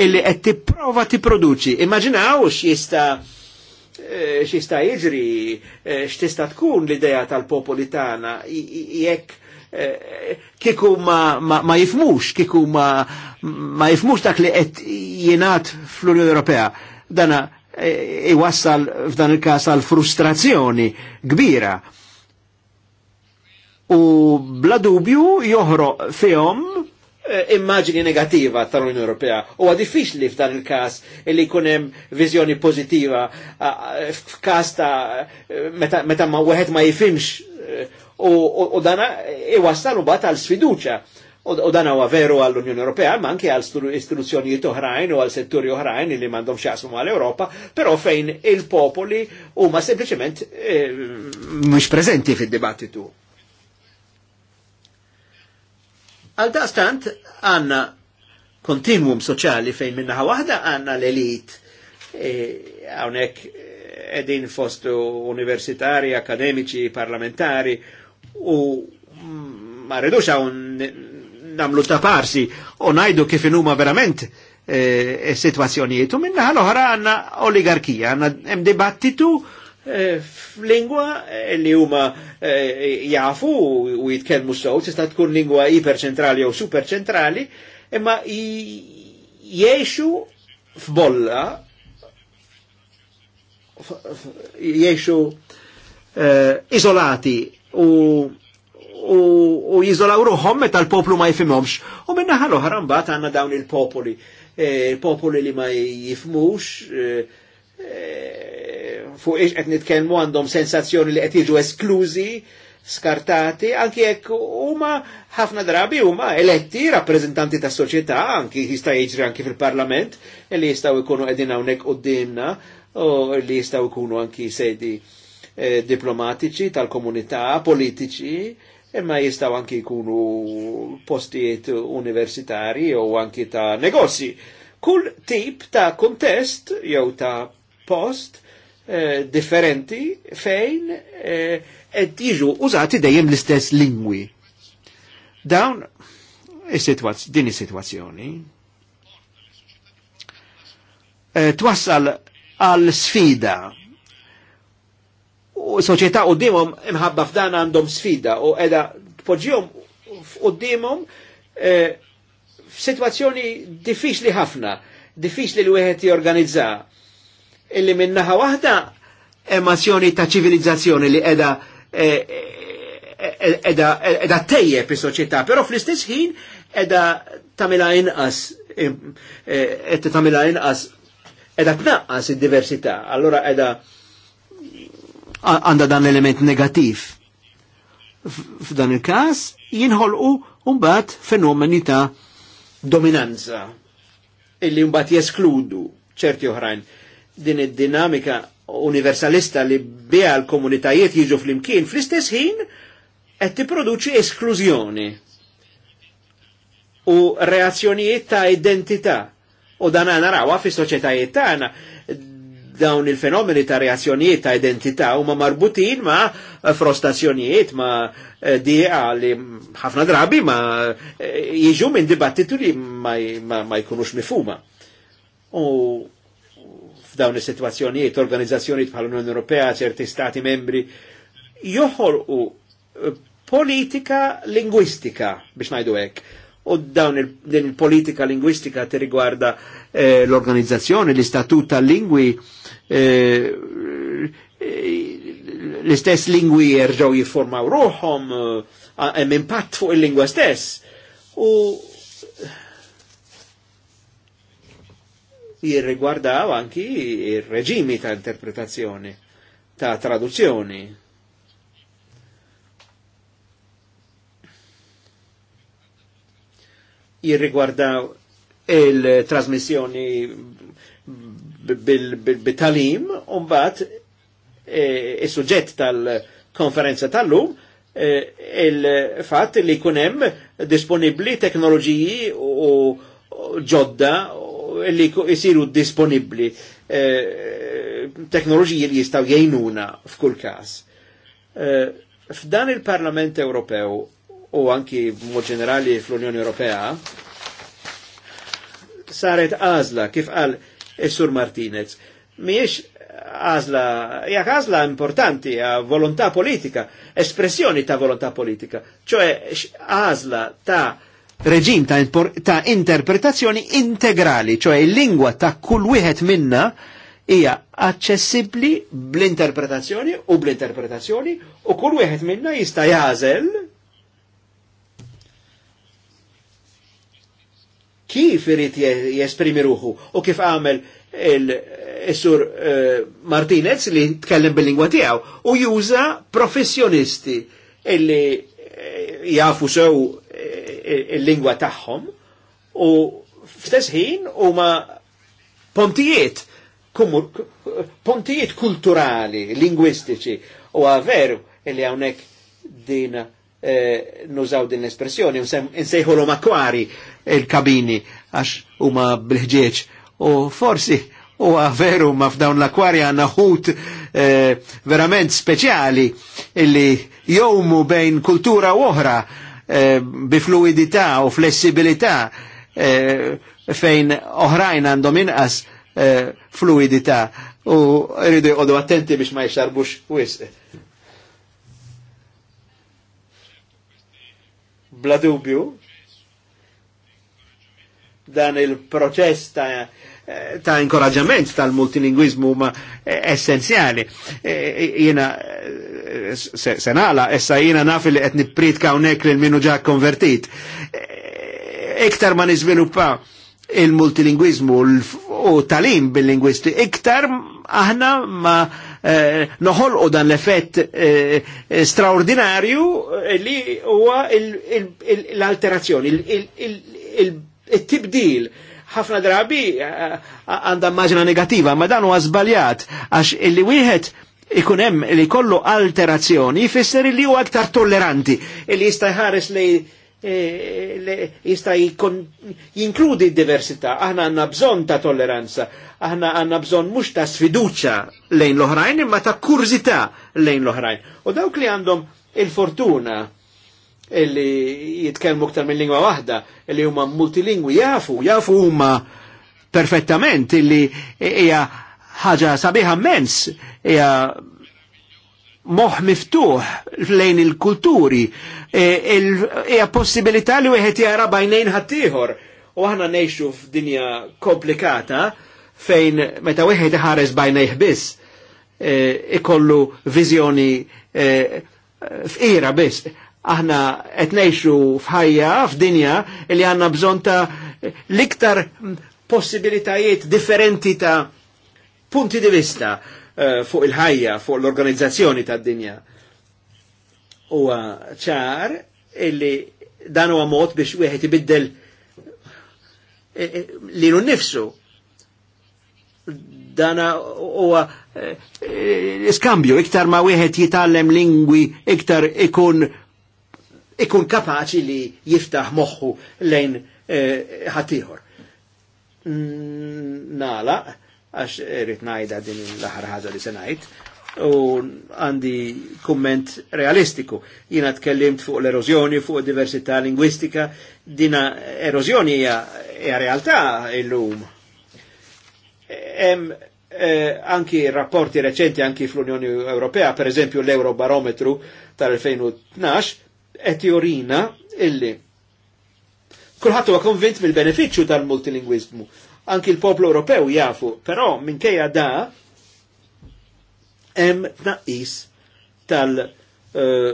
illi qed tipprova tipproduċi. Immaġinaw x'jista' E, xista jiġri, e, xtista tkun l-ideja tal-popoli tana jekk e, kiku ma, jifmux, kiku ma, jifmux dak li qed jenat fl-Unjoni Ewropea. Dana jwassal f'dan il-kas għal frustrazzjoni kbira. U bla dubju joħroq fihom Eh, immaġini negativa tal-Unjoni Ewropea. U għadifix li f'dan il-kas li kunem vizjoni pozitiva f'kas ta' eh, meta, ma' wieħed ma' jifimx eh, u dana iwassalu bat għal sfiduċa. U dan huwa veru għall-Unjoni Ewropea, ma anke għal istituzzjonijiet oħrajn u għal setturi oħrajn li mandom xasmu għal ewropa però fejn il-popoli huma sempliciment mhux preżenti fid-dibattitu. Għal daqstant għanna kontinuum soċali fejn minnaħa waħda għanna l-elit e, għawnek e, edin fost universitari, akademiċi, parlamentari u ma redux għaw namlu ta' parsi u najdu kif inuma verament e, e situazzjonijiet u minnaħa l-oħra għanna oligarkija, għanna dibattitu Eh, f'lingwa eh, li huma eh, jafu u jitkellmu sew, tista' tkun lingwa iperċentrali jew superċentrali, imma jiexu f'bolla jiexu izolati u u jizolaw ruħom meta l-poplu ma jifimomx. U minna ħalu ħarambat għanna dawn il-popoli. Il-popoli li ma jifmux, fuq ix qed nitkellmu għandhom sensazzjoni li qed jiġu esklużi, skartati, anki jekk huma ħafna drabi huma eletti rappreżentanti ta' soċjetà, anki jista' jiġri anki fil-Parlament, e li jistgħu jkunu qegħdin hawnhekk qudiemna u li jistgħu jkunu anki sedi eh, diplomatiċi tal-komunità, politiċi, imma jistgħu anki jkunu postijiet universitari u anki ta' negozji. Kull tip ta' kontest jew ta' post Eh, differenti fejn eh, qed jiġu użati dejjem l-istess lingwi. Dawn din is-sitwazzjoni eh, twassal għal sfida u soċjetà qudiemhom imħabba f'dan għandhom sfida u qiegħda tpoġġihom qudiemhom f'sitwazzjoni diffiċli ħafna, diffiċli li wieħed jorganizza illi minnaħa waħda emazzjoni ta' ċivilizzazzjoni li edha e, e, e, edha edha tejjeb is-soċjetà, però fl-istess ħin edha tamila inqas edha tamila inqas edha tnaqqas id-diversità, allora edha għanda dan element negativ. F'dan il-kas jinħolqu mbagħad fenomeni ta' dominanza illi mbagħad jeskludu ċerti oħrajn din id-dinamika universalista li bija l-komunitajiet jiġu fl-imkien, fl-istess ħin qed tipproduċi esklużjoni u reazzjonijiet ta' identità. U dan narawa fi soċetajiet tagħna dawn il-fenomeni ta' reazzjonijiet ta' identità huma marbutin ma' frostazzjonijiet ma' eh, diqa li ħafna drabi ma' eh, jiġu minn dibattitu li ma', ma jkunux mifuma. U f'dawn is-sitwazzjonijiet, organizzazzjonijiet bħal unjoni Ewropea, ċerti stati membri, joħolqu eh, politika lingwistika biex ngħidu hekk. U dawn din il-politika lingwistika ti eh, l-organizzazzjoni, l-istatut tal-lingwi, eh, eh, l-istess lingwi jerġgħu jiffurmaw ruħhom, hemm impatt fuq il-lingwa stess. U jirrigwardaw anki il-reġimi ta' interpretazzjoni, ta' traduzzjoni. Jirrigwardaw il-trasmissjoni bil-talim, bat e, il-sujġett tal-konferenza tal-lum, e, il-fat li kunem disponibli teknoloġiji u ġodda li jisiru disponibli eh, teknoloġiji li jistaw jajnuna f'kull kas. Eh, f'dan il-Parlament Ewropew u anki mod ġenerali fl-Unjoni Ewropea saret għazla, kif għal Essur Martinez. Miex għazla, jgħak għazla importanti, volontà politika, espressjoni ta' volontà politika, ċoħe għazla ta' reġim ta', ta interpretazzjoni integrali, ċoħe il-lingwa ta' kull wieħed minna hija aċċessibbli bl-interpretazzjoni u bl-interpretazzjoni u kull wieħed minna jista' jażel kif irid jesprimi ruħu u kif għamel il-sur uh, Martinez li tkellem bil-lingwa tiegħu u juża professjonisti illi eh, jafu sew il-lingwa tagħhom u f'stess ħin huma pontijiet pontijiet kulturali, lingwistiċi u għaveru li hawnhekk din eh, nużaw din l-espressjoni, nsejħolhom akwari il-kabini għax huma bil ħġieċ u forsi u għaveru ma f'dawn l-akwari għanna ħut eh, verament speċjali illi jowmu bejn kultura u oħra eh, bi fluidità u flessibilità eh, fejn oħrajn għandhom inqas eh, fluidità u rridu jqodu attenti biex ma jxarbux wisq. Bla dubju, dan il-proċess ta' ta' inkoraġġament tal-multilingwizmu ma essenzjali. Jena senala, essa jena naf li qed nippritka li l-minu ġa konvertit. Iktar ma niżviluppa il-multilingwizmu u talim bil-lingwisti, iktar aħna ma noħolqu dan l-effett straordinarju li huwa l-alterazzjoni, il-tibdil. il ħafna drabi eh, eh, għandha maġna negativa, ma dan huwa żbaljat għax illi wieħed ikun hemm li kollu alterazzjoni jfisser li huwa aktar tolleranti, illi jista' jħares li eh, jista jinkludi diversità, aħna għandna bżonn ta' tolleranza, aħna għandna bżonn mhux ta' sfiduċa lejn l-oħrajn, imma ta' kurzita lejn l-oħrajn. U dawk li għandhom il-fortuna illi jitkellmu ktar minn lingwa waħda, illi huma multilingwi jafu, jafu huma perfettament illi hija ħaġa sabiħa mens, hija moħ miftuħ lejn il-kulturi, e, hija possibilità li wieħed jara bajnejn ħaddieħor. U aħna ngħixu f'dinja komplikata fejn meta wieħed iħares bajnejh biss e, ikollu viżjoni e, f'qira biss aħna qed f'ħajja f'dinja li għandna bżonn ta' l-iktar possibilitajiet differenti ta' punti di vista uh, fuq il-ħajja, fuq l-organizzazzjoni tad dinja U ċar illi dan huwa mod biex wieħed ibiddel eh, eh, lilu nifsu. Dan huwa iskambju iktar ma wieħed jitgħallem lingwi iktar ikun ikun kapaċi li jiftaħ moħħu lejn eh, ħatiħor. Mm, nala, għax rrit najda din l-ħar ħaġa li senajt, u għandi komment realistiku. Jina tkellimt fuq l-erozjoni, fuq diversità lingwistika, dina erozjoni hija realtà illum. Hemm eh, anki rapporti reċenti anki fl-Unjoni Ewropea, per eżempju l-Eurobarometru tal-2012, etiorina jorina illi kulħadd huwa konvint mill-benefiċċju tal-multilingwiżmu. Anki l-poplu Ewropew jafu, però minkejja da hemm tnaqqis tal eh,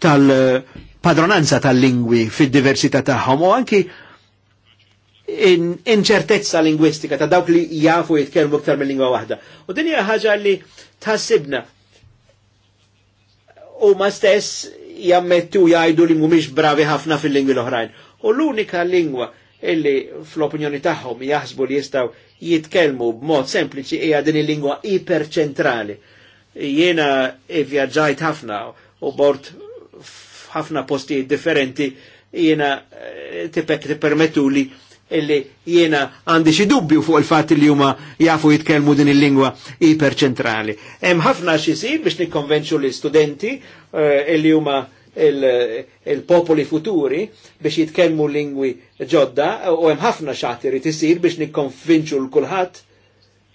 tal-padronanza tal-lingwi fid-diversità tagħhom u anki inċertezza lingwistika ta' dawk li jafu jitkellmu iktar minn lingwa waħda. U din hija ħaġa li tħassibna u ma stess jammettu jajdu li mhumiex bravi ħafna fil-lingwi l-oħrajn. U l-unika lingwa illi fl-opinjoni tagħhom jaħsbu li jistgħu jitkellmu b'mod sempliċi hija din il-lingwa iperċentrali. Jiena ivvjaġġajt ħafna u bort f'ħafna postijiet differenti jiena eh, tipek tippermettu li illi jiena għandi xi dubbju fuq il-fatt li huma jafu jitkellmu din il-lingwa iperċentrali. Hemm ħafna xi jsir biex nikkonvenċu li studenti uh, illi huma il-popoli futuri biex jitkellmu lingwi ġodda u hemm ħafna xagħti rid isir biex nikkonvinċu l kulħadd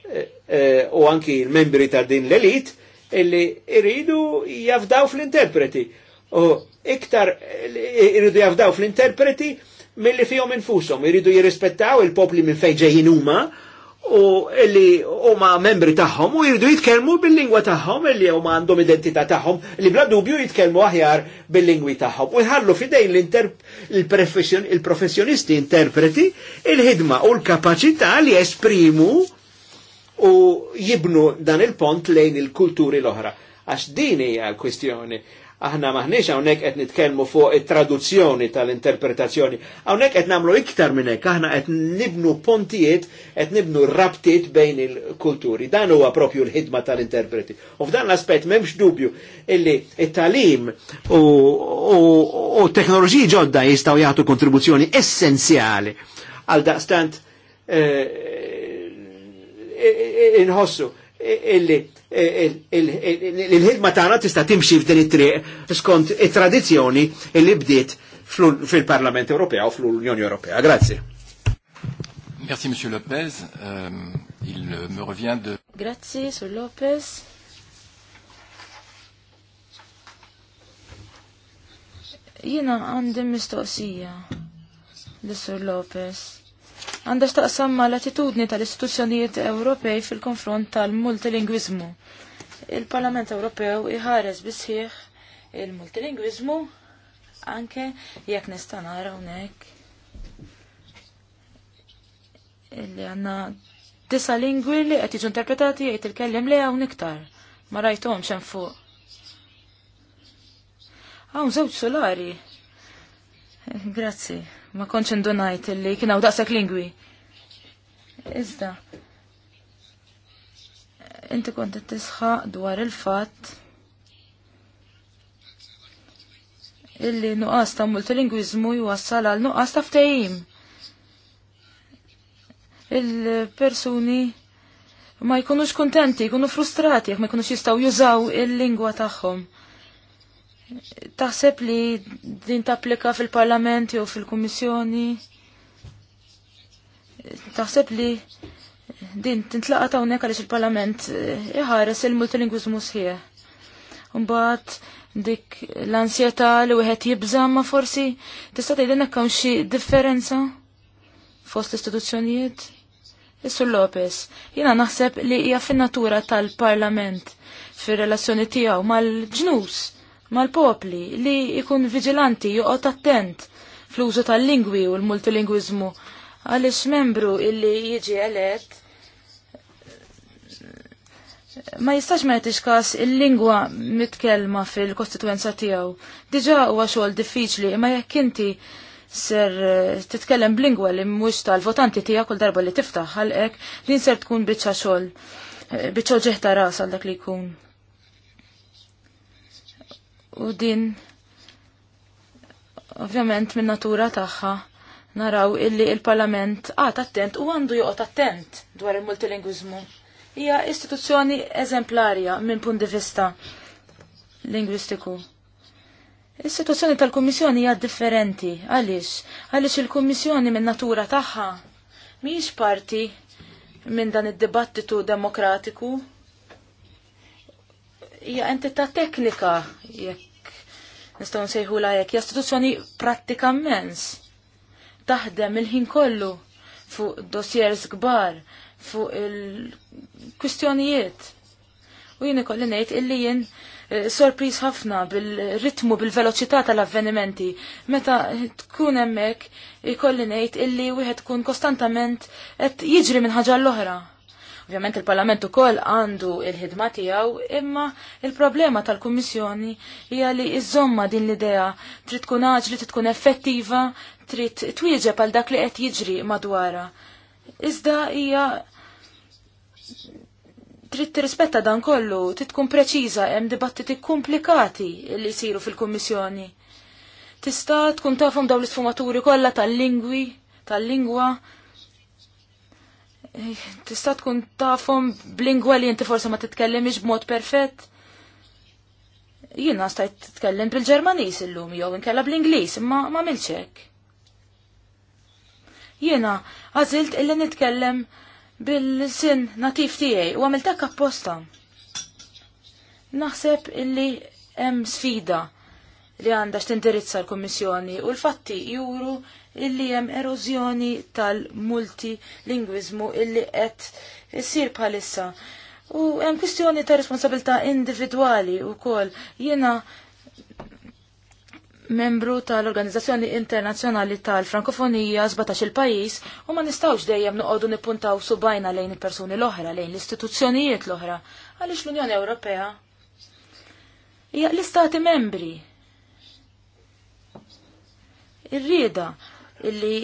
eh, eh, u anki l-membri ta' din l-elit illi iridu jafdaw fl-interpreti. U iktar iridu jafdaw fl-interpreti mill-li fihom infushom iridu jirrispettaw il-popli minn fejn huma u li huma membri tagħhom u jiridu jitkellmu bil-lingwa tagħhom li huma għandhom identità tagħhom li bla dubju jitkellmu aħjar bil-lingwi tagħhom. U jħallu fidejn il-professjonisti interpreti il-ħidma u l-kapaċità li esprimu u jibnu dan il-pont lejn il-kulturi l-oħra. Għax din hija l-kwestjoni Aħna maħniex hawnhekk qed nitkellmu fuq it-traduzzjoni tal-interpretazzjoni. Hawnhekk qed nagħmlu iktar minnek, aħna qed nibnu pontijiet, qed nibnu rabtiet bejn il-kulturi. Dan huwa propju l-ħidma tal-interpreti. U f'dan l-aspett m'hemmx dubju illi il talim u teknoloġiji ġodda jistgħu jagħtu kontribuzzjoni essenzjali għal daqstant eh, eh, eh, inħossu illi il-ħidma tagħna tista' timxi f'din it-triq skont it-tradizzjoni li bdiet fil-Parlament Ewropew u fl-Unjoni Ewropea. Grazzi. Merci, Monsieur Lopez. Euh, il me revient de... Grazie, Sir Lopez. Jena għandim mistoqsija l-Sur Lopez għandha x'taqsam mal-attitudni tal-istituzzjonijiet Ewropej fil-konfront tal-multilingwiżmu. Il-Parlament Ewropew iħares bisħiħ il-multilingwiżmu anke jekk nista' nara hawnhekk illi għandna disa lingwi li qed jiġu interpretati jgħid il-kellem li hawn iktar. Ma rajthomx hemm fuq. Hawn żewġ solari. Grazzi ma konċ indunajt li kienaw daqsak lingwi. Iżda, inti kont tisħa dwar il-fat illi nuqqas ta' multilingwizmu jwassal għal nuqas ta' ftejim. Il-persuni ma jkunux kontenti, jkunu frustrati jekk ma jkunux jistaw jużaw il-lingwa tagħhom. Taħseb li din tapplika fil-parlament jew fil-kummissjoni? Taħseb li din tintlaqa ta' hawnhekk għaliex il-parlament eh, iħares il-multilingwiżmu sħie. Mbagħad dik l-ansjetà li wieħed jibżam ma forsi tista' hekk hawn xi differenza fost istituzzjonijiet? Issu Lopez, jiena naħseb li hija fin-natura tal-parlament fir-relazzjoni tiegħu mal-ġnus mal-popli li jkun vigilanti joqgħod attent fl-użu tal-lingwi u l-multilingwiżmu għaliex membru illi jiġi elett ma jistax ma jtix kas il-lingwa mitkelma fil-kostituenza tijaw. Diġa huwa xogħol diffiċli, imma jekk inti ser eh, titkellem b'lingwa li mhux tal-votanti tiegħek kull darba li tiftaħ għal-ek li ser tkun biċċa xogħol eh, biċċa ġeħta ras għal dak li jkun. U din ovvjament minn natura tagħha naraw illi il-Parlament għad attent u għandu joqgħod attent dwar il-multilingwiżmu. Hija istituzzjoni eżemplarja minn punt di vista lingwistiku. Is-sitwazzjoni tal-Kummissjoni hija differenti. Għaliex? Għaliex il-Kummissjoni minn natura tagħha mhijiex parti minn dan id-dibattitu demokratiku hija entità teknika jekk nistgħu nsejħula la jekk istituzzjoni prattikament Taħdem il-ħin kollu fuq dossiers kbar, fuq il-kwistjonijiet. U jien ikolli ngħid illi jien eh, sorpriż ħafna bil-ritmu, bil-veloċità tal-avvenimenti. Meta tkun hemmhekk ikolli ngħid illi wieħed tkun kostantament qed jiġri minn ħaġa l-oħra. Ovvjament il-Parlament ukoll għandu il-ħidma tiegħu, imma il-problema tal-Kummissjoni hija li iżomma din l-idea trid tkun aġli, trid tkun effettiva, trid twieġeb għal dak li qed jiġri madwarha. Iżda hija trid tirrispetta dan kollu, trid tkun preċiża hemm dibattiti komplikati li jsiru fil-Kummissjoni. Tista' tkun tafhom dawn l-isfumaturi kollha tal-lingwi, tal-lingwa, tista' tkun tafhom b'lingwa li inti forsi ma titkellimx b'mod perfett. Jiena stajt titkellem bil-Ġermaniż illum jew inkella bl-Ingliż, imma ma hekk. Jiena għażilt illi nitkellem bil-sin natif tiegħi u għamilt hekk apposta. Naħseb illi hemm sfida li għandha x'tindirizza l-Kummissjoni u l-fatti juru illi hemm erożjoni tal-multilingwiżmu illi qed issir bħalissa. U hemm kwistjoni ta' responsabilità individwali wkoll. Jiena membru tal-Organizzazzjoni Internazzjonali tal-Frankofonija 17 il-pajis u ma nistawx dejjem noqogħdu nippuntaw subajna lejn il-persuni l-oħra, lejn l-istituzzjonijiet l-oħra. Għaliex l-Unjoni Ewropea hija l-istati membri. Ir-rieda illi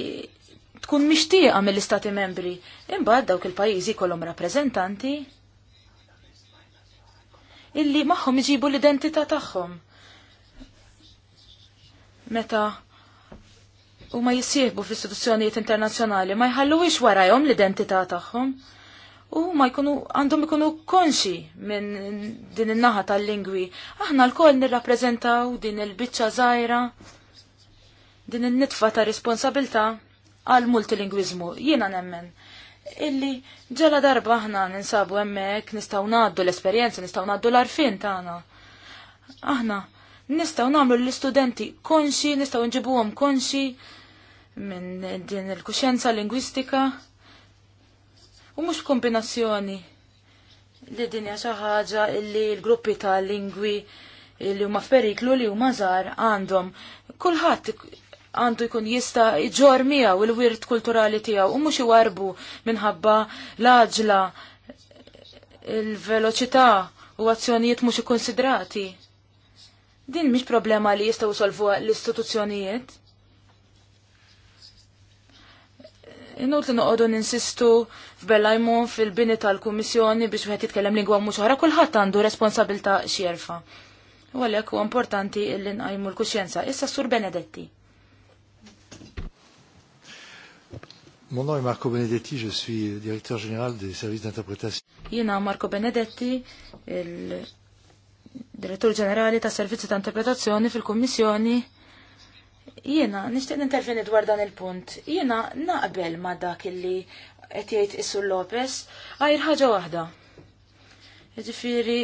tkun mixtieqa mill-istati membri. Imbagħad dawk il-pajjiżi kollhom rappreżentanti illi magħhom iġibu l-identità tagħhom. Meta u ma jissieħbu f'istituzzjonijiet internazzjonali ma jħalluwix warajhom l-identità tagħhom u ma jkunu għandhom ikunu konxi minn din in-naħa tal-lingwi. Aħna l-koll nirrappreżentaw din il-biċċa żgħira din in-nitfa ta' responsabilta għal multilingwiżmu jiena nemmen illi ġala darba aħna ninsabu hemmhekk nistgħu naddu l-esperjenza, nistgħu naddu l-arfin tagħna. Aħna nistgħu nagħmlu l-istudenti konxi, nistgħu nġibuhom konxi minn din il-kuxenza lingwistika u mhux kombinazzjoni li din hija xi ħaġa li l-gruppi ta' lingwi li huma f'periklu li huma żgħar għandhom. Kulħadd għandu jkun jista iġor miegħu il-wirt kulturali tiegħu u mhux iwarbu minħabba l il-veloċità u azzjonijiet mhux ikkonsidrati. Din mhix problema li jistgħu solvuha l-istituzzjonijiet. Inut li noqogħdu ninsistu f'Bellajmon fil-bini tal-Kummissjoni biex wieħed jitkellem lingwa mhux oħra kulħadd għandu responsabilta xjerfa. U għalhekk huwa importanti li nqajmu l-kuxjenza. Issa Sur Benedetti. Mon nom est Marco Benedetti, je suis directeur général des services d'interprétation. Jina Marco Benedetti, il-direttur ġenerali ta' servizzi ta' interpretazzjoni fil-Kommissjoni. Jina, nishtiq nintervjeni dwar dan il-punt. Jina naqbel ma dak illi qed jgħid Issu Lopez għajr ħaġa waħda. Ġifiri,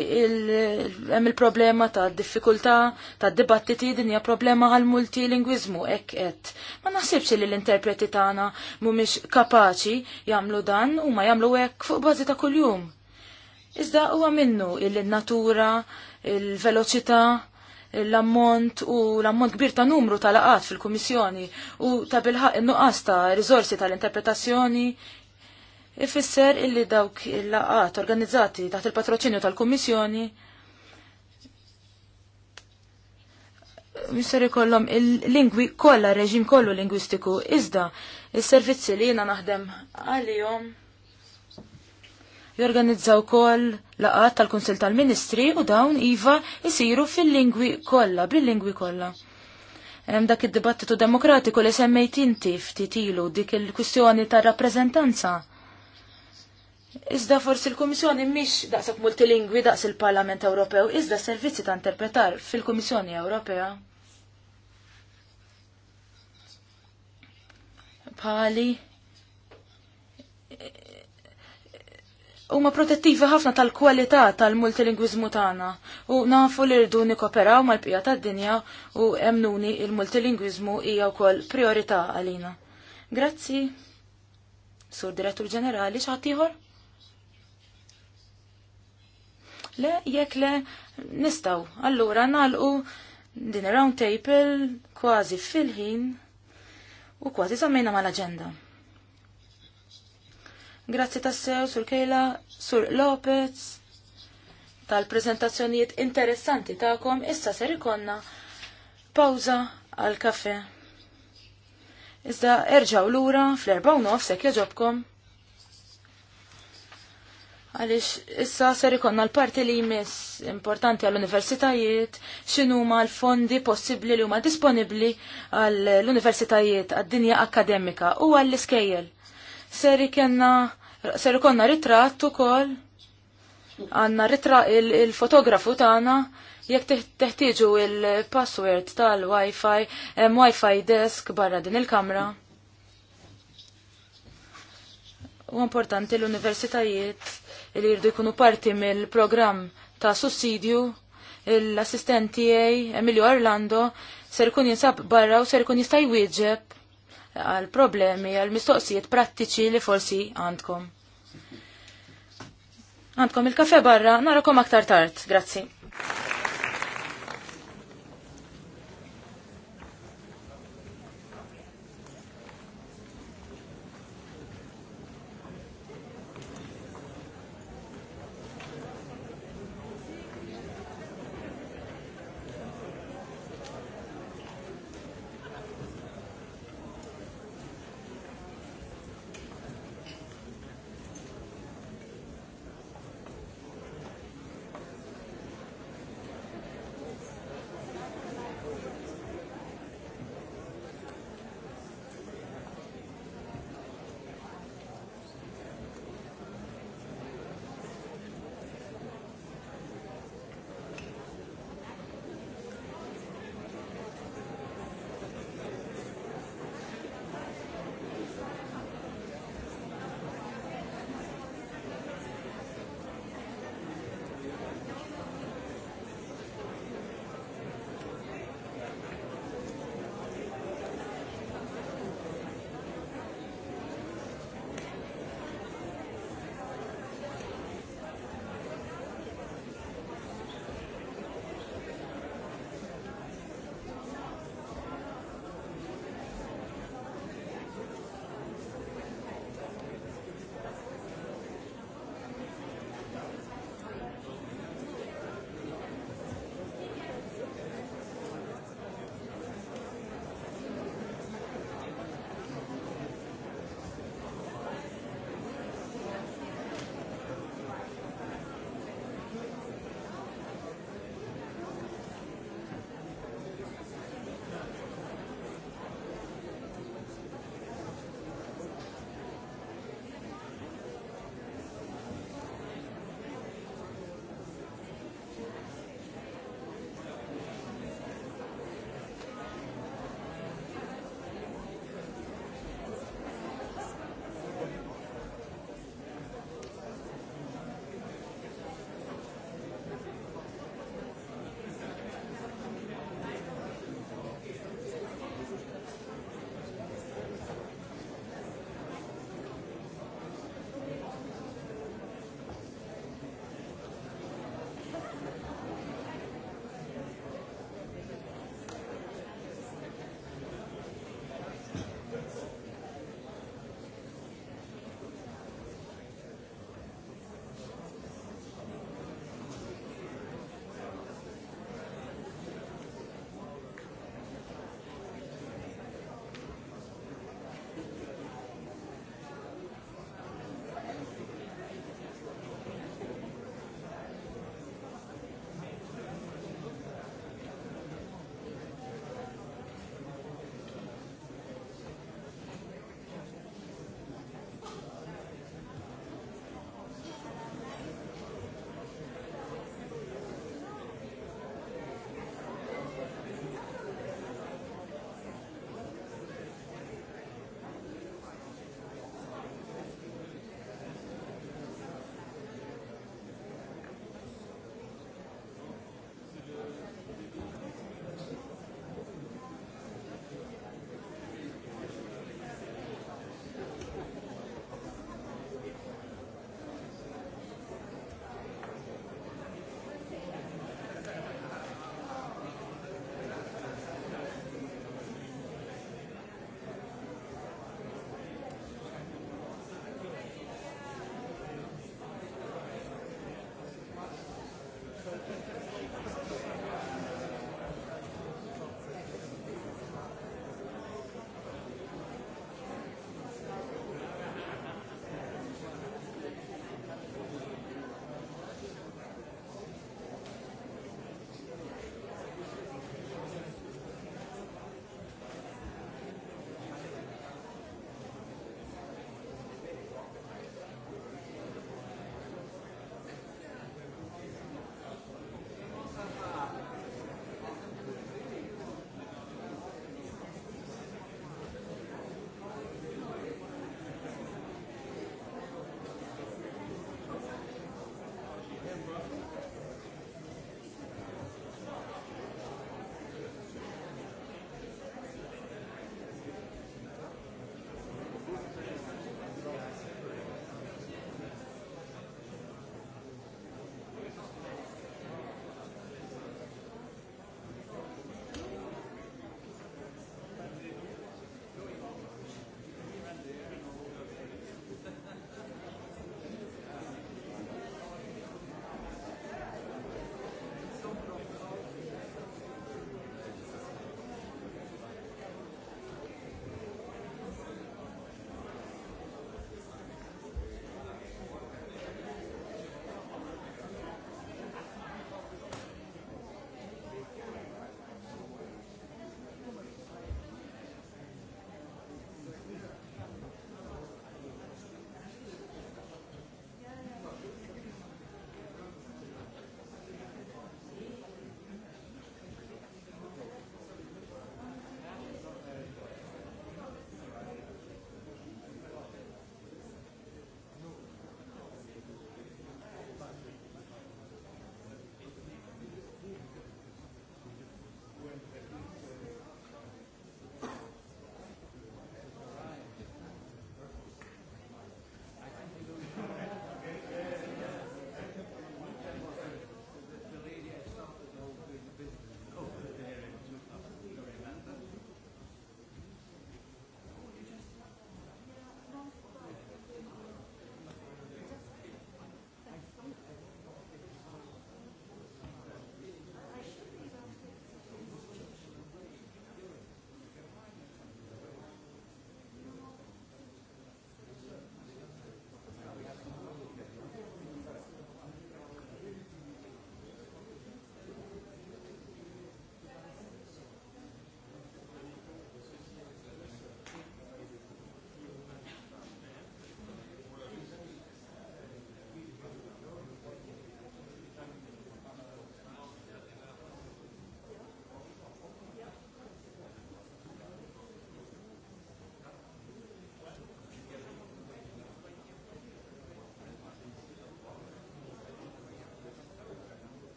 hemm il-problema ta' diffikultà ta' dibattiti din hija problema għal multilingwiżmu hekk qed. Ma naħsibx li l-interpreti tagħna mhumiex kapaċi jagħmlu dan u ma jagħmlu hekk fuq bażi ta' kuljum. Iżda huwa minnu il-natura, il-veloċità, l-ammont u l-ammont kbir ta' numru ta' laqat fil-Kummissjoni u ta' bilħaq in-nuqqas ta' riżorsi tal-interpretazzjoni ifisser illi dawk il-laqat organizzati taħt il-patroċinju tal-Kummissjoni Mister kollom il-lingwi kollha reġim kollu lingwistiku iżda il servizzi li jiena naħdem għalihom jorganizzaw koll laqat tal-Kunsil tal-Ministri u dawn iva jisiru fil-lingwi kollha, bil-lingwi kollha. Hemm dak id-dibattitu demokratiku li semmejt inti ftit dik il-kwistjoni tar-rappreżentanza Iżda forsi l-Kummissjoni mhix daqshekk multilingwi daqs il-Parlament Ewropew, iżda servizzi ta' interpretar fil-Kummissjoni Ewropea. Pali huma protettivi ħafna tal-kwalità tal-multilingwiżmu tagħna u nafu li rridu nikoperaw mal-bqija tad-dinja u emnuni il-multilingwiżmu hija wkoll priorità għalina. Grazzi, Sur Direttur Ġenerali, x'ħadd ieħor? Le, jekk le, nistaw. Allura nalqu din round table kważi fil-ħin u kważi sammejna mal-agenda. Grazzi tassew, sur Kejla, sur Lopez, tal-prezentazzjonijiet interessanti ta'kom, issa ser ikonna pawza għal kafe. Iżda erġaw lura fl-erba' u nofsek jaġobkom. Għalix, issa ser ikonna l-parti li jmiss importanti għall-universitajiet, xinu ma l-fondi possibli li huma disponibli għall-universitajiet għad-dinja akademika u għall-iskejjel. Ser ikenna, ser ikonna ritratt ukoll, għanna ritra il-fotografu il tagħna jekk teħtieġu il-password tal-Wi-Fi, Wi-Fi desk barra din il-kamra. U importanti l-universitajiet li jirdu jkunu parti mill-programm ta' sussidju l assistenti tiegħi Emilio Orlando ser ikun jinsab barra u ser ikun jista' jwieġeb għal problemi għal mistoqsijiet prattiċi li forsi għandkom. Għandkom il-kafe barra, narakom aktar tard. Grazzi.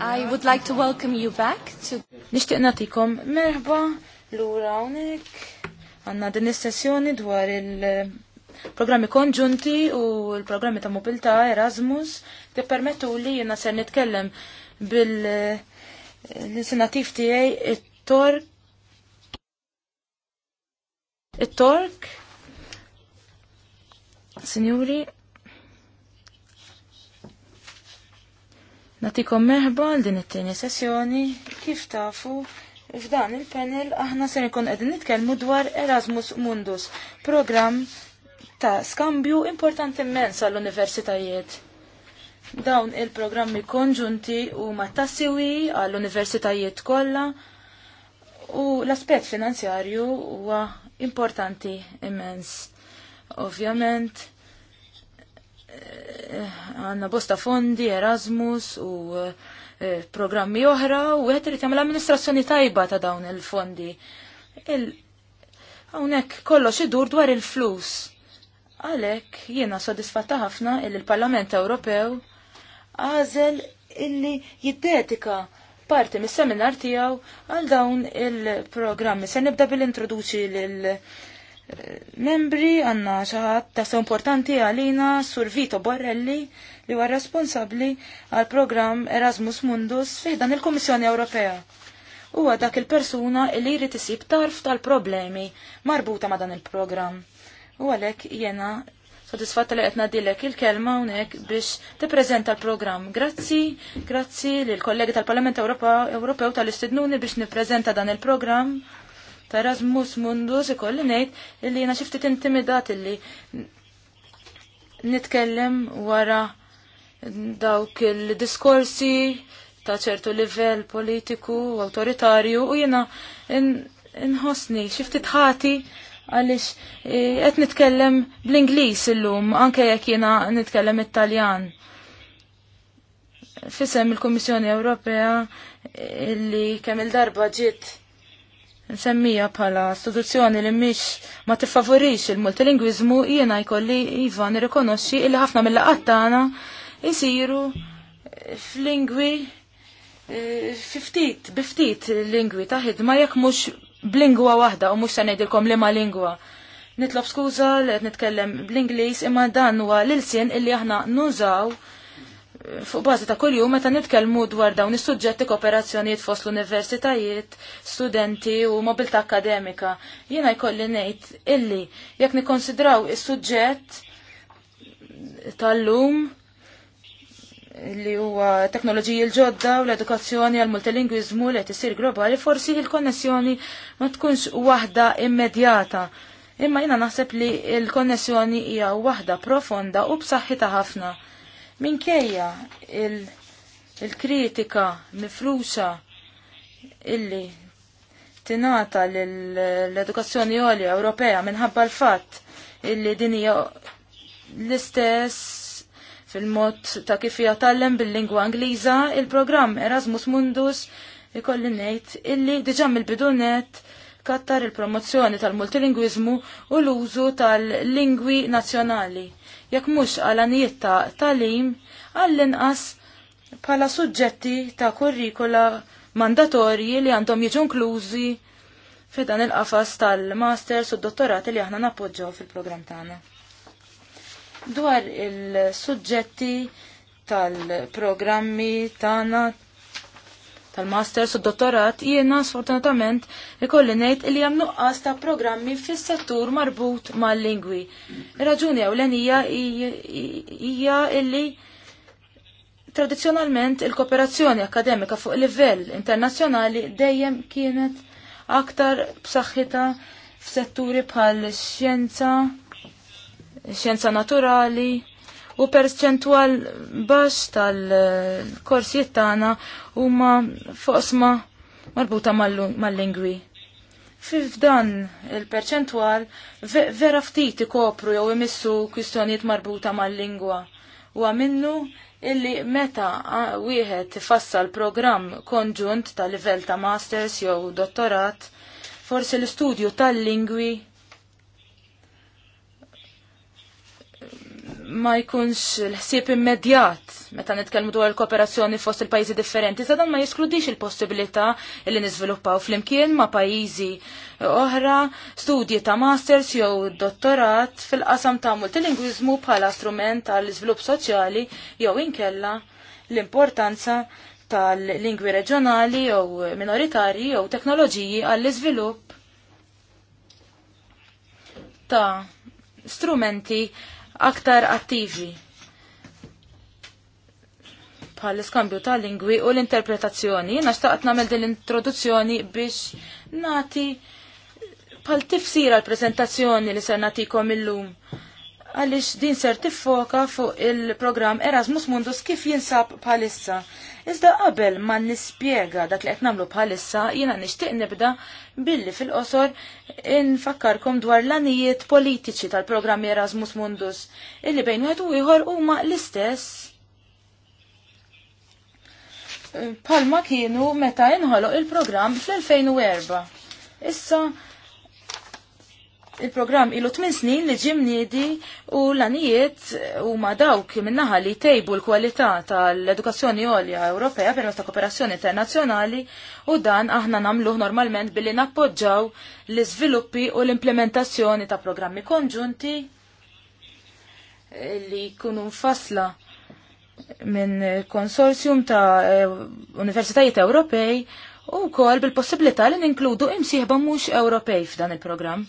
I would like to welcome you back to... Nishtiq natikom merħba lura unik għanna din is-sessjoni dwar il-programmi konġunti u l-programmi ta' mobilta Erasmus ti permettu li jena ser nitkellem bil-sinatif tijaj it-tork it-tork Signori, Natikom meħba din it-tieni sessjoni kif tafu f'dan il-panel aħna se nkun qegħdin nitkellmu dwar Erasmus Mundus, programm ta' skambju importanti immens għall-universitajiet. Dawn il-programmi konġunti huma tassiwi għall-universitajiet kollha u l-aspett finanzjarju huwa importanti immens. Ovvjament, għanna bosta fondi, Erasmus u eh, programmi oħra u għet li jagħmel amministrazzjoni tajba ta' dawn il-fondi. Hawnhekk il kollox idur dwar il-flus. Għalhekk jiena sodisfatta ħafna il l parlament Ewropew għażel illi jiddetika parti mis-seminar tiegħu għal dawn il-programmi. Se nibda bil-introduċi lil membri għanna xaħat so importanti għalina Sur Vito Borrelli li huwa responsabli għal program Erasmus Mundus dan il-Komissjoni Ewropea. Huwa dak il-persuna li jrid isib tarf tal-problemi marbuta ma' dan il-program. U għalhekk jena sodisfatta li qed ngħaddilek il-kelma hawnhekk biex tippreżenta l-programm. Grazzi, grazzi lill kollegi tal-Parlament Ewropew tal-istednuni biex nippreżenta dan il-programm ta' Erasmus Mundus ikolli ngħid illi jina xi ftit intimidat illi nitkellem wara dawk il-diskorsi ta' ċertu livell politiku u autoritarju u jiena inħossni xi ftit ħati għalix e, qed nitkellem bl-Ingliż illum anke jekk jiena nitkellem Italjan. Fisem il-Kummissjoni Ewropea illi kemm il-darba ġiet Nsemmija bħala istituzzjoni li mhix ma tiffavorix il-multilingwiżmu jiena jkolli iva nirrikonoxxi illi ħafna mill-laqgħat tagħna jsiru f'lingwi eh, fiftit, biftit lingwi ta' ħidma jekk mhux b'lingwa waħda u mhux se ngħidilkom liema lingwa. Nitlob skuża li qed nitkellem bl-Ingliż imma dan huwa l sien illi aħna nużaw fuq bażi ta' kuljum meta nitkellmu dwar dawn is-suġġetti kooperazzjonijiet fost l-universitajiet, studenti u mobilità akademika. Jiena jkolli ngħid illi jekk nikkonsidraw is-suġġett tal-lum li huwa teknoloġiji l-ġodda u l-edukazzjoni għal multilingwiżmu li qed isir globali, forsi il-konnessjoni ma tkunx waħda immedjata. Imma jiena naħseb li l-konnessjoni hija waħda profonda u b'saħħitha ħafna. Minkejja il-kritika il illi tinata l-edukazzjoni għoli Ewropea minħabba l-fatt illi hija l-istess fil-mod ta' kif tallem bil-lingwa Angliża il-programm Erasmus Mundus ikolli ngħid illi diġà mill-bidunet kattar il-promozzjoni tal-multilingwiżmu u l-użu tal-lingwi nazzjonali jekk mhux għal anijiet ta' talim għall-inqas bħala suġġetti ta' kurrikula mandatorji li għandhom jiġu inklużi fi dan il-qafas tal-masters u d-dottorati li aħna nappoġġaw fil-programm tagħna. Dwar il-suġġetti tal-programmi tagħna tal-masters u dottorat jiena sfortunatament ikolli ngħid li hemm nuqqas ta' programmi fis-settur marbut mal-lingwi. Ir-raġuni ewlenija hija illi tradizzjonalment il-kooperazzjoni akademika fuq livell internazzjonali dejjem kienet aktar b'saħħitha f'setturi bħal xjenza, xjenza naturali, u perċentwal baxx tal-korsijiet tagħna huma fosma marbuta mal-lingwi. dan il-perċentwal vera ftit ikopru jew imissu kwistjonijiet marbuta mal-lingwa. U minnu illi meta wieħed ifassal programm konġunt tal livell ta' masters jew dottorat, forsi l-istudju tal-lingwi ma jkunx l-ħsieb immedjat meta nitkellmu dwar il-kooperazzjoni fost il-pajjiżi differenti, sa dan ma jiskludix il-possibilità li niżviluppaw flimkien ma' pajjiżi oħra studji ta' masters jew dottorat fil-qasam ta' multilingwiżmu bħala strument tal-iżvilupp soċjali jew inkella l-importanza tal-lingwi reġjonali jew minoritarji jew teknoloġiji għall-iżvilupp ta' strumenti aktar attivi bħal l-iskambju ta' lingwi u l-interpretazzjoni. Jena xtaqt namel din l-introduzzjoni biex nati bħal tifsira l-prezentazzjoni li ser natikom illum. Għalix din ser tiffoka fuq il-program Erasmus Mundus kif jinsab bħalissa. Iżda qabel ma nispjega dak li qed nagħmlu bħalissa jiena nixtieq nibda billi fil-qosor infakkarkom dwar l-anijiet politiċi tal-programm Erasmus Mundus illi bejn wieħed u ieħor huma l-istess palma kienu meta inħoloq il-programm fl-2004. Issa Il-programm ilu 8 snin li ġimniedi u l-anijiet u ma dawk minnaħa li tejbu l-kualità tal-edukazzjoni għolja Ewropea permezz ta' kooperazzjoni internazzjonali u dan aħna namluħ normalment billi nappoġġaw l-iżviluppi u l-implementazzjoni ta' programmi konġunti li kunu fasla minn konsorzjum ta' eh, universitajiet Ewropej u kol bil-possibilità li ninkludu imsieħba mhux Ewropej f'dan il-programm.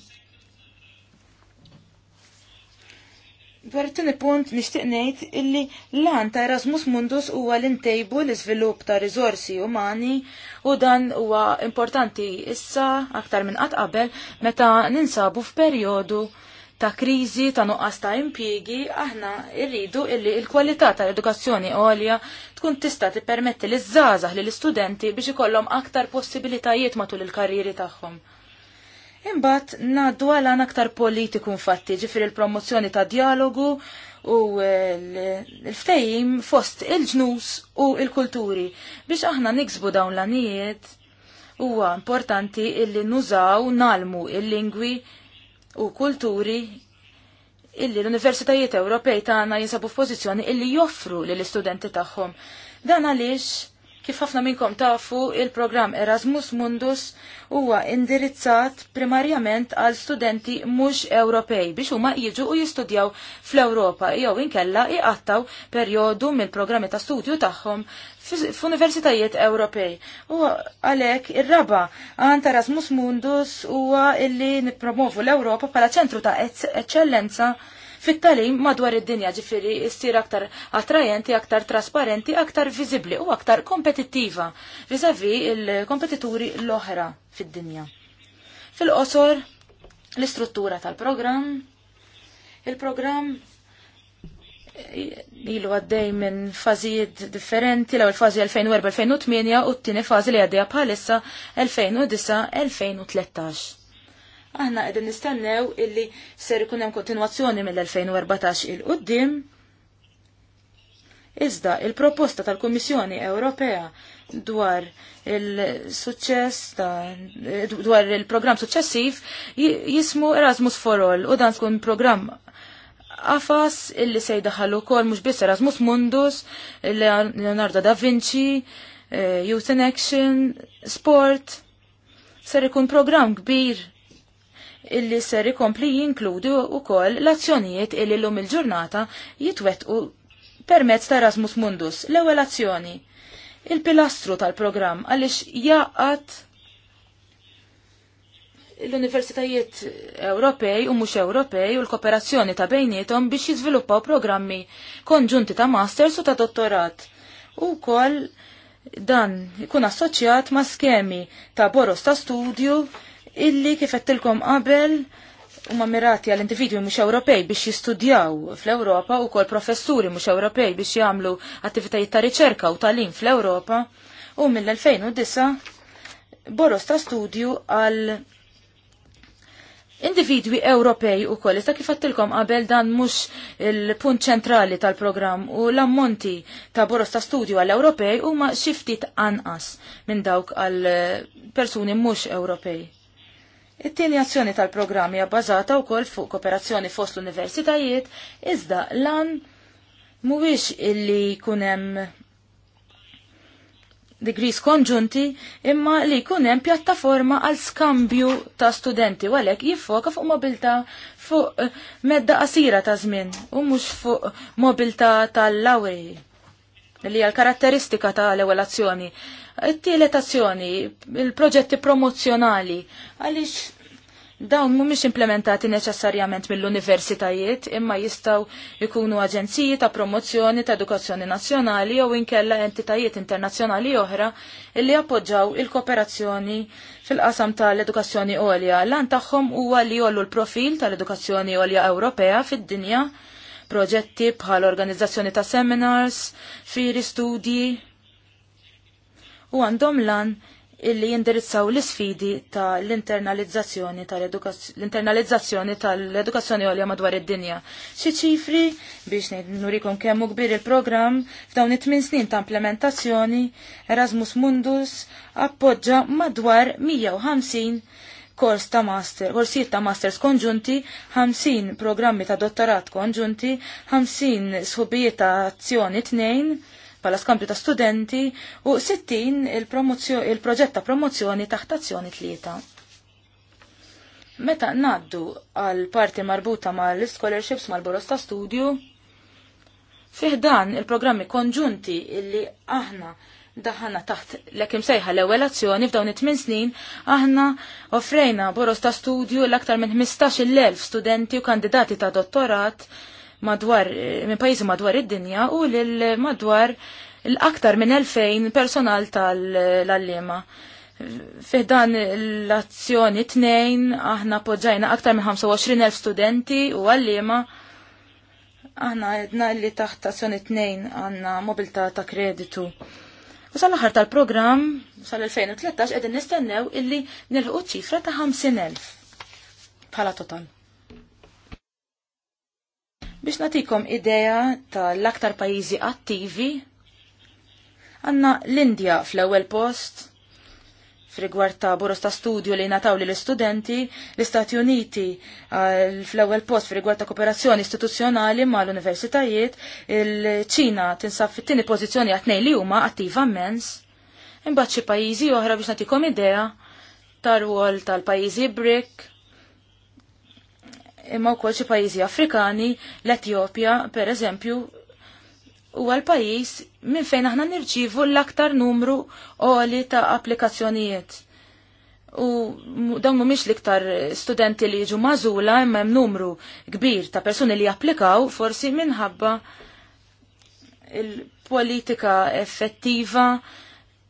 Dwar it-tieni punt nixtieq ngħid illi l-għan ta' Erasmus Mundus huwa l-intejbu l-iżvilupp ta' riżorsi umani u dan huwa importanti issa aktar minn qatt qabel meta ninsabu f'perjodu ta' kriżi ta' nuqqas ta' impjiegi aħna rridu illi l-kwalità tal-edukazzjoni għolja tkun tista' tippermetti l żgħażagħ lill-istudenti biex ikollhom aktar possibilitajiet matul il-karriri tagħhom. Imbat naddu għan aktar politiku infatti ġifir il-promozzjoni ta' dialogu u l-ftejim fost il-ġnus u il-kulturi biex aħna niksbu dawn l-anijiet huwa importanti illi nużaw nalmu il-lingwi u kulturi illi l-Universitajiet Ewropej tagħna jinsabu f'pożizzjoni illi joffru lill-istudenti tagħhom. Dan għaliex Kif ħafna minnkom tafu, il-programm Erasmus Mundus huwa indirizzat primarjament għal studenti mhux Ewropej biex huma jiġu u jistudjaw fl-Ewropa jew inkella iqattaw perjodu mill-programmi ta' studju tagħhom f'universitajiet Ewropej. U għalhekk ir-raba għand ta' Erasmus Mundus huwa illi nippromovu l-Ewropa bħala ċentru ta' eċċellenza fit-talim madwar id-dinja ġifiri issir aktar attrajenti, aktar trasparenti, aktar viżibli u aktar kompetittiva vizavi il-kompetituri l-oħra fid-dinja. Fil-qosor, l-istruttura tal-programm, il-programm eh, ilu għaddej minn fażijiet differenti, l-ewwel fażi 2004-2008 u t-tieni fażi li għaddej bħalissa 2009-2013. Aħna qegħdin nistennew illi ser ikun hemm kontinwazzjoni mill-2014 il qoddim Iżda il-proposta tal-Kummissjoni Ewropea dwar il-suċċess dwar il-programm suċċessiv jismu Erasmus for All u dan tkun programm Afas illi se jdaħħal ukoll mhux biss Erasmus Mundus, Leonardo da Vinci, eh, Youth in Action, Sport. Ser ikun programm kbir illi ser ikompli jinkludi wkoll l-azzjonijiet illi lum il-ġurnata jitwettqu permezz ta' Erasmus Mundus. L-ewwel azzjoni il-pilastru tal-programm għaliex jaqat l-Universitajiet Ewropej u mhux Ewropej u l-kooperazzjoni ta' bejnietom biex jiżviluppaw programmi konġunti ta' masters u ta' dottorat. U kol dan ikun assoċjat ma' skemi ta' boros ta' studju illi kif qedtilkom qabel huma mirati għal individwi mhux Ewropej biex jistudjaw fl-Ewropa u kol professuri mhux Ewropej biex jagħmlu attivitajiet ta' riċerka u talim fl-Ewropa u mill-2009 boros ta' studju għal individwi Ewropej u koll. Ista kif għattilkom qabel dan mhux il-punt ċentrali tal-programm u l-ammonti ta' boros ta' studju għal Ewropej huma xi ftit anqas minn dawk għal persuni mhux Ewropej. It-tieni azzjoni tal-programm hija bbażata wkoll fuq kooperazzjoni fost l-universitajiet iżda lan mhuwiex illi jkun hemm degrees konġunti imma li jkun hemm pjattaforma għal skambju ta' studenti u għalhekk jiffoka fuq mobilità fuq eh, medda qasira ta' żmien u mhux fuq mobilità tal-lawri li hija l-karatteristika tal-ewwel azzjoni. It-tielet azzjoni, il-proġetti promozzjonali, għaliex Dawn mhumiex implementati neċessarjament mill-universitajiet imma jistgħu jkunu aġenziji ta' promozzjoni ta' edukazzjoni nazzjonali jew inkella entitajiet internazzjonali oħra li appoġġaw il-kooperazzjoni fil-qasam tal-edukazzjoni għolja. Lan tagħhom huwa li jollu l-profil tal-edukazzjoni għolja Ewropea fid-dinja proġetti bħal organizzazzjoni ta' seminars, firi studji u għandhom lan illi jindirizzaw l-isfidi ta' l-internalizzazzjoni tal-edukazzjoni edukazzjoni għolja madwar id-dinja. Xi ċifri biex nurikom kemm kbir il-programm f'dawn it-tmien snin ta' implementazzjoni Erasmus Mundus appoġġa madwar 150 kors ta' master, korsijiet ta' masters konġunti, 50 programmi ta' dottorat konġunti, 50 sħubijiet ta' azzjoni 2, pala skambju ta' studenti u 60 il-proġett ta' promozzjoni taħt azzjoni tlieta. Meta naddu għal parti marbuta mal-scholarships mal-boros ta' studju, fiħdan il-programmi konġunti illi aħna daħna taħt l-ekim sejħa l-ewel azzjoni f'dawn it-tmin snin, aħna offrejna boros ta' studju l-aktar minn 15.000 studenti u kandidati ta' dottorat madwar minn pajjiżi madwar id-dinja u lil madwar l-aktar minn 2000 personal tal-allima. Fiħdan l-azzjoni tnejn aħna poġġajna aktar minn 25.000 studenti u għallima aħna għedna li taħt azzjoni tnejn għanna mobilta ta' kreditu. U sal-aħħar tal-programm sal-2013 qegħdin nistennew illi nilħu ċifra ta' 50.000 bħala total. Biex natikom idea tal-aktar pajizi attivi, għanna l-Indja fl-ewel post, frigwar ta' boros ta' studju li nataw li l-studenti, l-Istati Uniti fl-ewwel post frigwar ta' kooperazzjoni istituzzjonali ma' l-universitajiet, il-Ċina tinsab fit-tieni pożizzjoni għatnej li huma attiva mens, imbagħad xi pajjiżi oħra biex nagħtikom idea tar-rwol tal-pajjiżi BRICK imma wkoll xi pajjiżi Afrikani, l-Etjopja pereżempju huwa l-pajjiż minn fejn aħna nirċivu l-aktar numru għoli ta' applikazzjonijiet. U dawn mhumiex l-iktar studenti li jiġu mażula imma hemm numru kbir ta' persuni li japplikaw forsi minħabba il-politika effettiva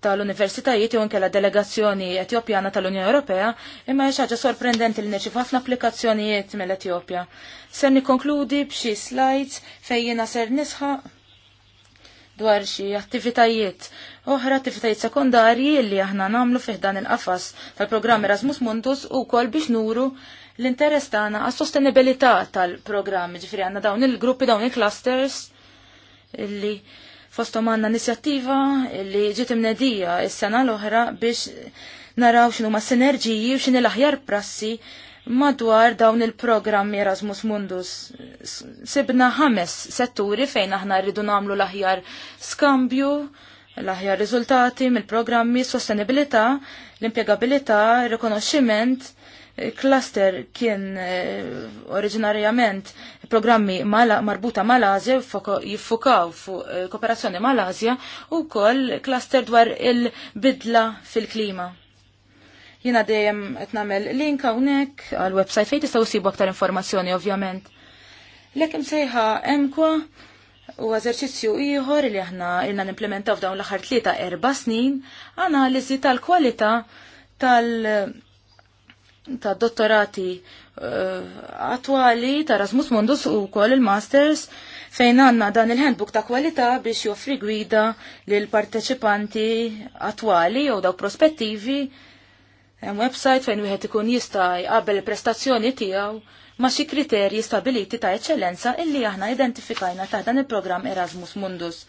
tal-universitajiet u inkella delegazzjoni Etjopjana tal-Unjoni Ewropea, imma hija ħaġa sorprendenti li nirċiev ħafna applikazzjonijiet mill-Etjopja. Ser nikkonkludi b'xi slides fejn jiena ser nisħaq dwar xi attivitajiet oħra attivitajiet sekondarji li aħna nagħmlu fih dan il-qafas tal-programm Erasmus Mundus u kol biex nuru l-interess tagħna għas sostenibilità tal-programm, ġifieri għandna dawn il-gruppi dawn il-clusters li Fostom għanna inizjattiva li ġiet imnedija is-sena l-oħra biex naraw x'inhu ma' sinerġiji u x'inhi l-aħjar prassi madwar dawn il-programm Erasmus Mundus. Sibna ħames setturi fejn aħna rridu nagħmlu l-aħjar skambju, l-aħjar riżultati mill-programmi, sostenibilità, l-impjegabilità, rikonoxximent, cluster kien eh, oriġinarjament programmi mala, marbuta mal-Azja jiffukaw fuq eh, kooperazzjoni mal-Azja u koll cluster dwar il-bidla fil-klima. Jina dejjem qed nagħmel link hawnhekk għal website fejn tistgħu sibu aktar informazzjoni ovvjament. Lek imsejħa emkwa u eżerċizzju ieħor li aħna irna nimplementaw f'dawn l-aħħar tlieta erba' snin analiżi tal-kwalità tal-, -kwalità, tal ta' dottorati uh, attwali ta' Rasmus Mundus u kol il-Masters fejn għanna dan il-handbook ta' kwalità biex joffri gwida lil parteċipanti attwali u daw prospettivi hemm website fejn wieħed ikun jista' jqabel il-prestazzjoni tiegħu ma' xi kriterji stabiliti ta' eċċellenza illi aħna identifikajna ta' dan il-programm Erasmus Mundus.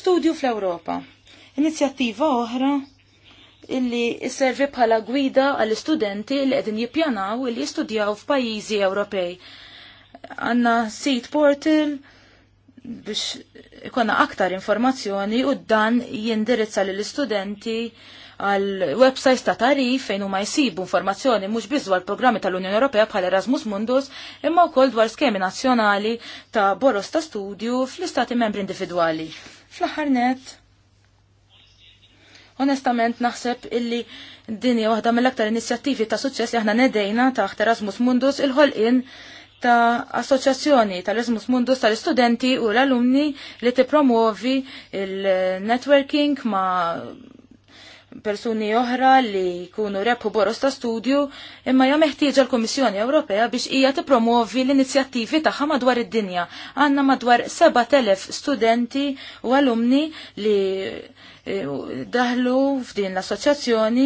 Studju fl-Ewropa. Inizjattiva oħra illi servi bħala gwida għall-istudenti li qegħdin jippjanaw illi jistudjaw f'pajjiżi Ewropej. Għanna seed portal biex ikonna aktar informazzjoni u dan jindirizza lill istudenti għal websites ta' tarif fejn huma jsibu informazzjoni mhux biż dwar programmi tal-Unjoni Ewropea bħal Erasmus Mundus, imma wkoll dwar skemi nazzjonali ta' boros ta' studju fl-istati membri individwali. Fl-aħħar net, Onestament naħseb illi dini waħda mill-aktar inizjattivi ta' suċċess li aħna nedejna taħt Erasmus Mundus il-ħolqin ta' assoċjazzjoni tal-Erasmus Mundus tal-istudenti u l-alumni li tipromuovi il-networking ma' persuni oħra li jkunu rebħu boros ta' studju imma jam meħtieġa l-Komissjoni Ewropea biex hija tippromuovi l-inizjattivi tagħha madwar id-dinja. Għandna madwar 7000 studenti u alumni li E, daħlu f'din l-assoċjazzjoni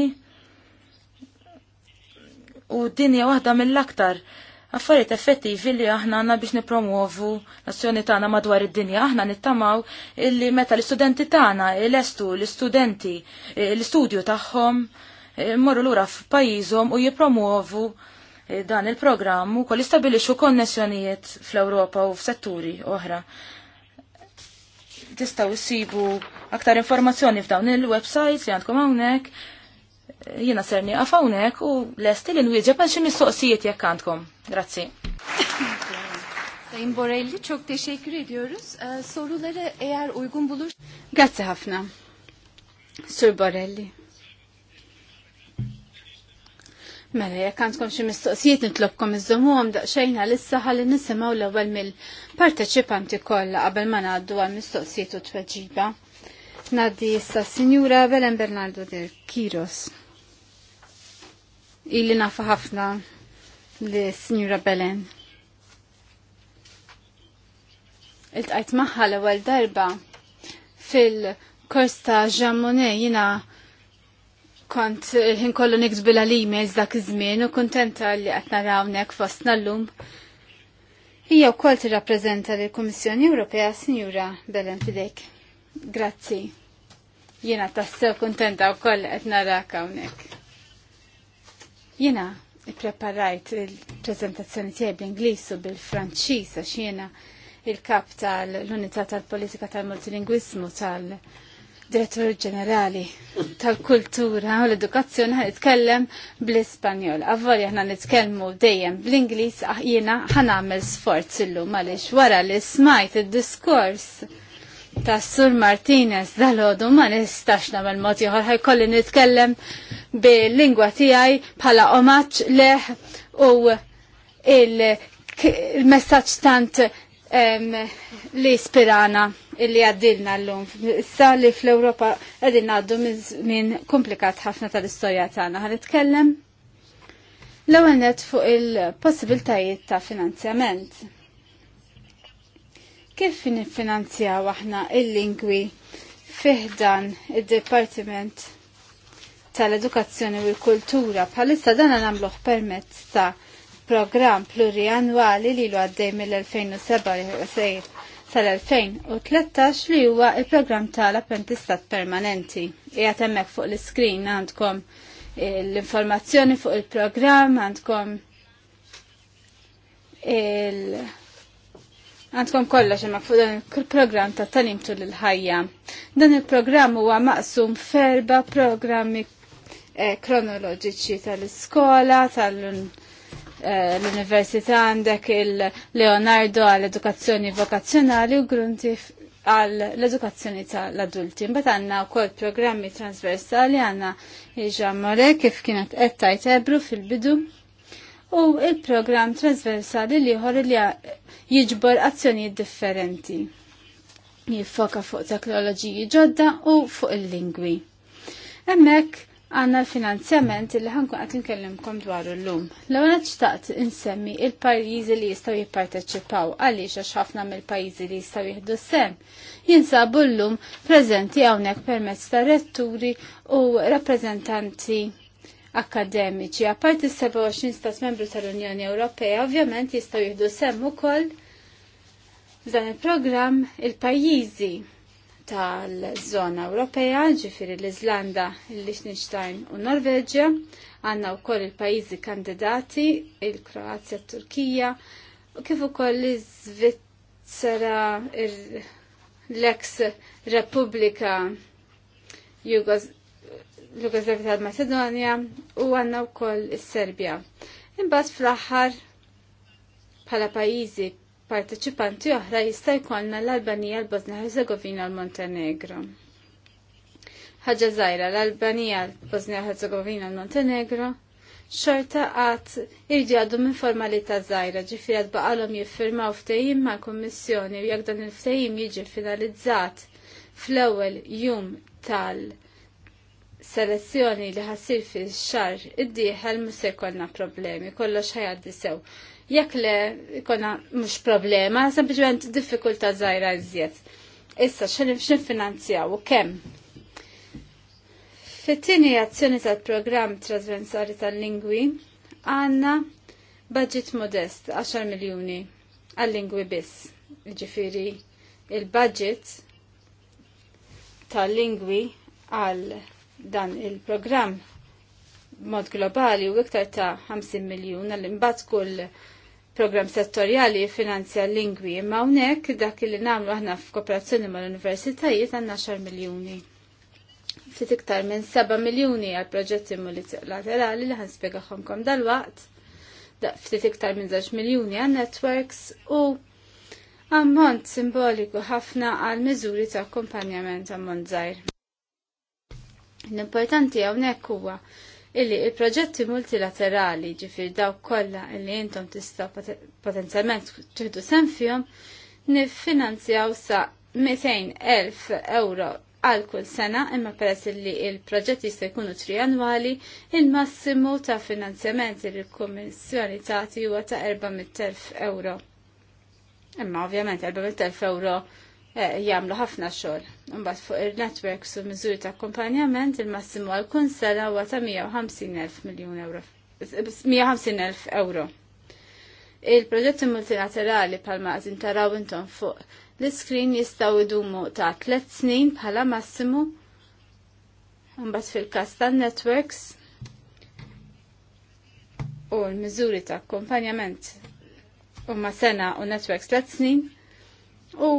u din hija waħda mill-aktar affarijiet effettivi li aħna għandna biex nipromuovu l-azzjoni tagħna madwar id-dinja. Aħna nittamaw illi meta l-istudenti tagħna lestu l-istudenti e, l-istudju tagħhom e, morru lura f'pajjiżhom u jippromovu dan il-programm u kol istabilixu konnessjonijiet fl-Ewropa u f'setturi oħra. Tistgħu issibu aktar informazzjoni f'dawn il-websites li għandkom hawnhekk. Jiena serni nieqaf hawnhekk u lesti li nwieġeb għal xi mistoqsijiet jekk għandkom. Grazzi. Sayın Borelli çok teşekkür ediyoruz. Ee, soruları eğer uygun bulur. Grazzi Hafna. Sur Borelli. Mela, jekk għandkom xi mistoqsijiet nitlobkom iżżommuhom daqsxejn għalissa ħalli nisimgħu l-ewwel mill-parteċipanti kollha qabel ma ngħaddu għal mistoqsijiet u tweġiba. Naddi issa Signora Belen Bernardo del Kiros. Illi nafa ħafna li Signora Belen. Iltqajt maħħa l-ewwel darba fil-kors ta' ġammone jina kont ħin kollu nikdbu l-emails dak iż-żmien u kuntenta li qed narawnek fostna llum. Hija wkoll tirrappreżenta lill-Kummissjoni Ewropea Sinjura Belen Fidek. Grazzi. Jena tassew kontenta u koll qed narak hawnhekk. Jena ippreparajt il prezentazzjoni tiegħi bl-Ingliż u bil franċis għax jena il-kap tal-Unità tal-Politika tal-Multilingwismu tal-Direttur Ġenerali tal-Kultura u l-Edukazzjoni ħan nitkellem bl-Ispanjol. Avvol aħna nitkellmu dejjem bl-Ingliż jiena għamil sforz illum għaliex wara li smajt id-diskors ta' Sur Martinez dal-ħodu ma nistax namel mod ieħor ħajkolli nitkellem bil-lingwa tiegħi bħala omaċ leħ u il-messaġġ tant um, li spirana illi għaddilna l-lum. Issa li fl-Ewropa għaddilna għaddu minn komplikat ħafna tal-istorja tagħna. Ħanitkellem l-ewwel fuq il-possibiltajiet ta' finanzjament kif nifinanzjaw aħna il-lingwi fiħdan id-Departiment tal-Edukazzjoni u l-Kultura bħalissa dan nagħmluh permezz ta' programm plurianwali li lu għaddej mill-2007 tal-2013 li huwa il-programm tal-apprentistat permanenti. Ija temmek fuq l-iskrin għandkom l-informazzjoni fuq il-programm, għandkom il-, -programm, għandkom il Għandkom kollox imma fuq dan il-programm ta' tanim tul il-ħajja. Dan il-programm huwa maqsum ferba programmi eh, kronoloġiċi tal-iskola, tal-università eh, għandek il-Leonardo għall-edukazzjoni vokazzjonali u grunti għall-edukazzjoni tal-adulti. Mbagħad għandna wkoll programmi transversali għandna iġa kif kienet qed tajt ebru fil-bidu u il-programm transversali li ieħor li jiġbor azzjonijiet differenti. Jiffoka fuq teknoloġiji ġodda u fuq il-lingwi. Hemmhekk għanna l-finanzjament li ħankun għat nkellimkom dwaru l-lum. L-għana ċtaqt insemmi il-pajizi li jistaw jipparteċipaw għaliex għax ħafna mill-pajizi li jistaw jihdu sem. Jinsabu l-lum prezenti għawnek permezz ta' retturi u rappresentanti akademiċi. Apart is-27 stat membru tal-Unjoni Ewropea ovvjament jistgħu jieħdu semm ukoll f'dan il-programm il-pajjiżi tal-żona Ewropea, ġifiri l-Iżlanda, l-Liechtenstein u Norveġja, għandna wkoll il-pajjiżi kandidati, il-Kroazja, Turkija, u kif ukoll l-Iżvizzera, l-ex Repubblika Jugos l-Jugoslavia tal-Macedonia u għanna u koll il-Serbia. Imbaz fl-axħar bħala pajizi parteċipanti oħra jista' jkollna l-Albanija, l-Bosnia Herzegovina u l-Montenegro. Ħaġa żgħira l-Albanija, l-Bosnia Herzegovina u l-Montenegro xorta għat irġi għaddu minn formalita zaħira ġifir għad baqalom jiffirmaw ftejim ma' kommissjoni u jgħagdan dan il-ftejim jiġi finalizzat fl-ewel jum tal- selezzjoni li ħassir fi xar id-dieħel mhux se jkollna problemi, kollox ħajaddi sew. Jekk le ikonna mhux problema, sempliċement diffikultà zaħira iżjed. Issa finanzjaw u kemm? Fit-tieni azzjoni tal-programm trasversali tal-lingwi għandna budget modest 10 miljuni għal-lingwi biss. Ġifiri il-budget tal-lingwi għal dan il-programm mod globali u iktar ta' 50 miljon għal-imbat kull program settorjali finanzja lingwi imma hawnhekk dak li nagħmlu aħna f'kooperazzjoni mal-universitajiet għandna 10 miljuni. Fit iktar minn 7 miljuni għal proġetti multilaterali li kom dal-waqt, ftit iktar minn 2 miljuni għal networks u ammont simboliku ħafna għal miżuri ta' akkumpanjament ammont żgħir. L-importanti hawnhekk huwa illi il-proġetti multilaterali ġifir daw kollha illi intom tista' potenzjalment tieħdu sem fihom niffinanzjaw sa 200,000 euro għal kull sena imma peress li il-proġetti se jkunu triannwali, il-massimu ta' finanzjament li l-Kummissjoni tagħti huwa ta' 400,000 euro. Imma ovvjament 400,000 euro Eh, Jamlu ħafna xogħol. Imbagħad fuq il-networks u miżuri ta' kompanjament il-massimu għal kun sena huwa ta' 150,000 miljon euro. 150,000 euro. Il-proġetti multilaterali palma għazin ta' rawinton fuq l-iskrin jistaw idumu ta' 3 snin bħala massimu Mbagħad fil-każ tan-networks u l-miżuri ta' akkompanjament huma sena u networks tliet snin u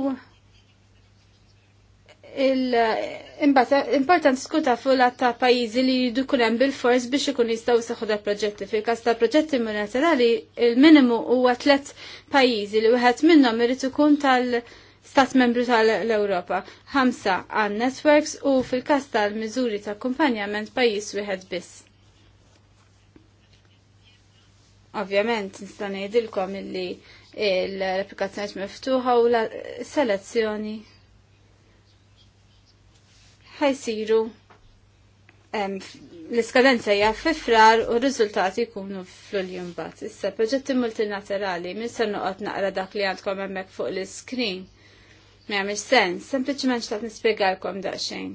Important skuta fulla ta' pajizi li jidu kunem bil-fors biex ikun jistaw saħu da' proġetti. Fi każ ta' proġetti monetarali il-minimu huwa tlet pajizi li wieħed minnhom irid ikun tal-Stat membru tal-Ewropa. Ħamsa għan networks u fil każ tal-miżuri ta' kumpanjament pajjiż wieħed biss. Ovvjament, nista' ngħidilkom illi l-applikazzjoniet miftuħa u l selezzjoni ħajsiru l-iskadenza hija fifrar u r-riżultati jkunu fl-ulju bat. Issa proġetti multilaterali min se noqgħod naqra dak li għandkom hemmhekk fuq l-iskrin. Ma jagħmilx sens, sempliċement x'taf nispjegalkom daqsxejn.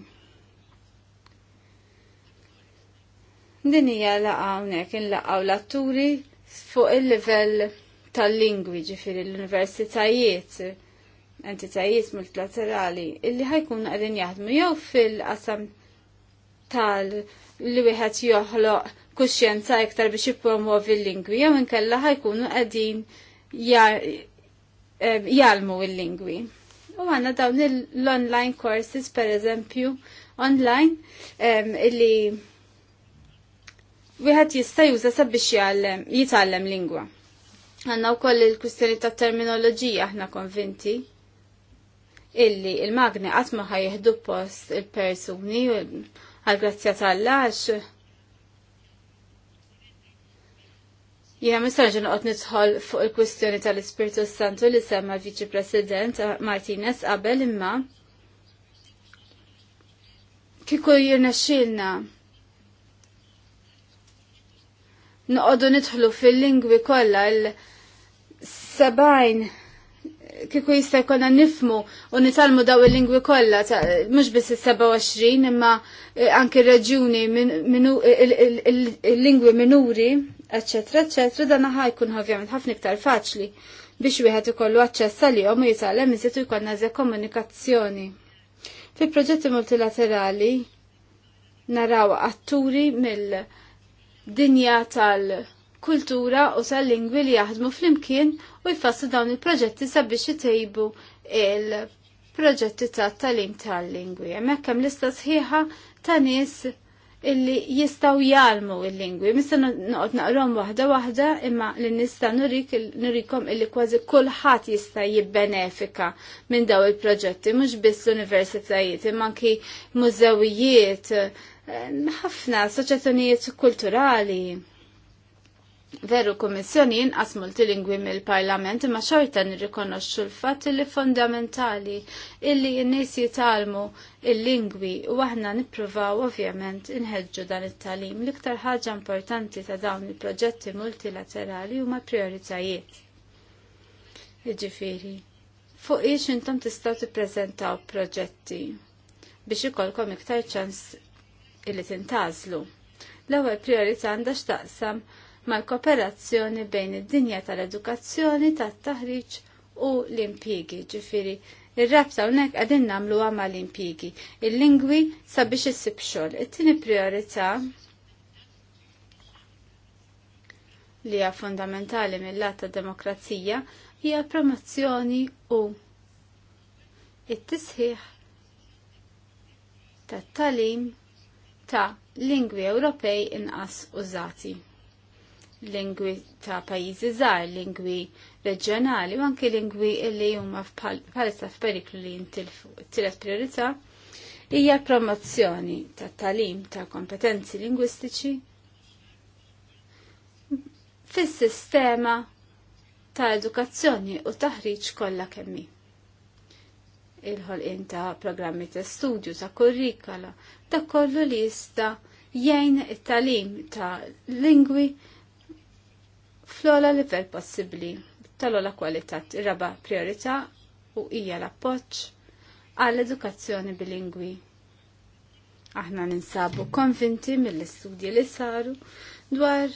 Din hija laqgħa hawnhekk inlaqgħu l-atturi fuq il-livell tal-lingwi ġifieri l-universitajiet entitajiet multilaterali illi ħajkun għedin jaħdmu jew fil-qasam tal li wieħed joħloq kuxjenza iktar biex jippromovi l-lingwi jew inkella ħajkunu qegħdin jalmu l-lingwi. U għanna dawn l-online courses per eżempju online illi wieħed jista' juża sabiex biex jitgħallem lingwa. Għanna wkoll il-kwistjoni tat terminoloġija aħna konvinti illi il-magni għatma jihdu post il-persuni għal-grazzja tal-lax. Jena mistanġu għot nitħol fuq il-kwistjoni tal-Ispiritu Santu li semma viċi President Martinez qabel imma kiku jirna xilna. Noqodu nitħlu fil-lingwi kolla il sabajn kiku jista' jkollna nifmu u nitalmu daw il-lingwi kollha mhux biss eh, il 27 imma anke reġjuni il-lingwi minuri, eccetera, eċċetra, dan aħa jkun ovvjament ħafna iktar faċli biex wieħed ikollu aċċess għalihom u jitalem iżid jkollna że komunikazzjoni. Fi proġetti multilaterali naraw atturi mill-dinja tal- kultura u sal lingwi li jaħdmu fl-imkien u jfassu dawn il-proġetti sabiex jitejbu il-proġetti ta' tal-im tal-lingwi. Hemmhekk hemm lista sħiħa ta' nies illi jistaw jalmu il-lingwi. Mista noqgħod naqrom waħda waħda imma li nista nurik nurikom illi kważi kulħadd jista' jibbenefika minn daw il-proġetti, mhux biss universitajiet, imma anki mużewijiet, eh, ħafna soċjetajiet kulturali. Veru kummissjoni jinqas multilingwi mill-Parlament imma xorta nirrikonoxxu l-fatt li fondamentali illi n-nies jitalmu il-lingwi u aħna nippruvaw ovvjament inħeġġu dan it-talim. L-iktar ħaġa importanti ta' dawn il-proġetti multilaterali huma prioritajiet. Iġifiri, fuq ix intom tistgħu tippreżentaw proġetti biex ikolkom iktar ċans illi tintazlu. L-ewwel priorità għandha x'taqsam mal-kooperazzjoni bejn id-dinja tal-edukazzjoni, tat-taħriġ u l-impjigi, ġifiri. Ir-rabta hawnhekk qegħdin namlu għama l-impjigi. Il-lingwi sabiex il-sibxol. It-tieni priorità li hija fundamentali mill-lat ta' demokrazija hija promozzjoni u it-tisħiħ tat-talim ta' lingwi Ewropej inqas użati lingwi ta' pajjiżi żgħar, lingwi reġjonali u anke lingwi li huma bħalissa f'periklu li jintilef priorità hija promozzjoni tat talim ta' kompetenzi lingwistiċi fis-sistema ta' edukazzjoni u taħriġ kollha kemmi il-ħolqin ta' programmi ta' studju, ta' kurrikala, ta' kollu li jista' jgħin it-talim ta' lingwi fl-ola livell possibbli tal-ola kwalità raba priorità u hija l-appoġġ għall-edukazzjoni bilingwi. Aħna ninsabu konvinti mill-istudji li saru dwar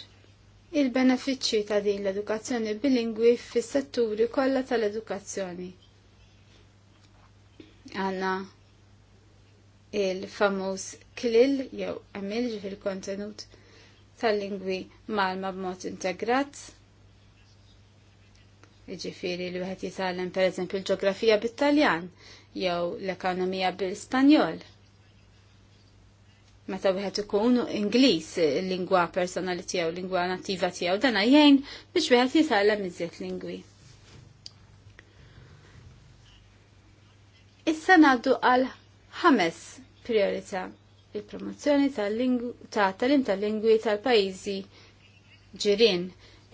il-benefiċċji ta' din l-edukazzjoni bilingwi fis-setturi kollha tal-edukazzjoni. Għanna il-famuż klil jew għamil fil-kontenut tal-lingwi malma b'mod integrat. Iġifiri li wieħed jitgħallem pereżempju l ġografija bit-Taljan jew l-ekonomija bil-Spanjol. Meta wieħed ikun Ingliż lingwa personali tiegħu, lingwa nattiva tiegħu, dan jgħin biex wieħed jitgħallem iżjed lingwi. Issa ngħaddu għal ħames priorità il-promozzjoni tal-talim tal-lingwi tal-pajizi ġirin.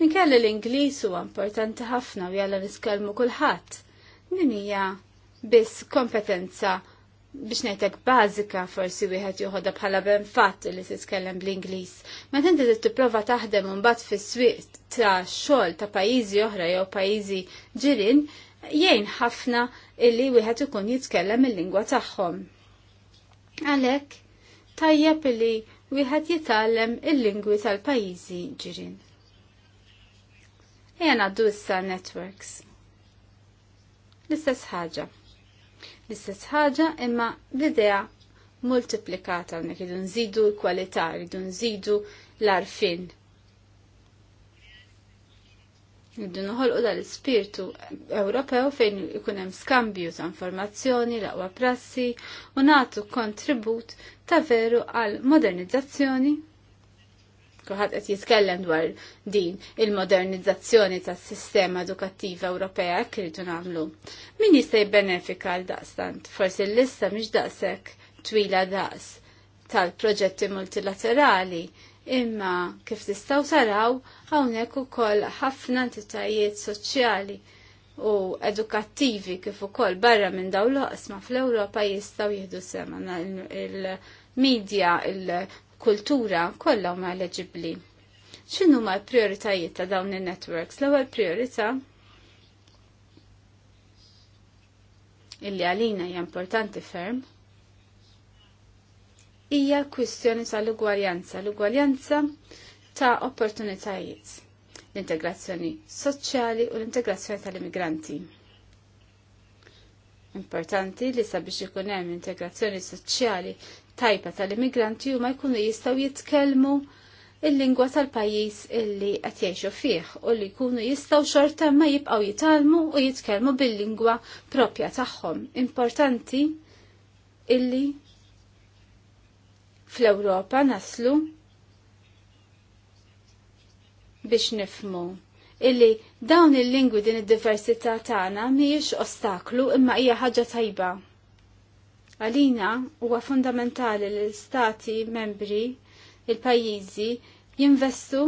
Minkelli l-Ingliż huwa importanti ħafna u jalla niskelmu kulħadd. Din hija biss kompetenza biex ngħidlek bażika forsi wieħed joħodha bħala ben fatt li titkellem bl-Ingliż. Meta inti trid tipprova taħdem imbagħad fis-swieq ta' xogħol ta' pajjiżi oħra jew pajjiżi ġirien, jgħin ħafna illi wieħed ikun jitkellem il-lingwa tagħhom. Għalhekk tajjeb li wieħed jitgħallem il-lingwi tal-pajjiżi ġirin. Ejja ngħaddu issa networks. L-istess ħaġa. L-istess ħaġa imma bidea multiplikata hawnhekk idu nżidu l-kwalità, idu nżidu l-arfin Niddu noħolqu dal-ispirtu Ewropew fejn ikun hemm skambju ta' informazzjoni, laqwa prassi u nagħtu kontribut ta' veru għal modernizzazzjoni. Kulħadd qed jitkellem dwar din il-modernizzazzjoni tas-sistema edukattiva Ewropea hekk iridu nagħmlu. Min jista' jibbenefika għal daqstant? Forsi l-lista mhix daqshekk twila daqs tal-proġetti multilaterali imma kif tistaw saraw hawnhekk ukoll ħafna entitajiet soċjali u edukattivi kif ukoll barra minn dawn l-oqsma fl-Ewropa jistgħu jieħdu sema il-medja, il-kultura kollha huma eleġibbli. X'inhu ma l-prijoritajiet ta' dawn in-networks? L-ewwel priorità illi għalina hija importanti ferm hija kwistjoni tal-ugwaljanza, l-ugwaljanza ta' opportunitajiet, l-integrazzjoni soċjali u l-integrazzjoni tal-immigranti. Importanti li sabiex ikun hemm integrazzjoni soċjali tajba tal-immigranti huma jkunu jistgħu jitkellmu il-lingwa tal-pajis illi qed jgħixu fih u li jkunu jistgħu xorta ma jibqgħu jitalmu u jitkellmu bil-lingwa propja tagħhom. Importanti illi fl-Ewropa naslu biex nifmu illi dawn il-lingwi din id-diversità tagħna mhijiex ostaklu imma hija ħaġa tajba. Għalina huwa fundamentali li l-istati membri il-pajjiżi jinvestu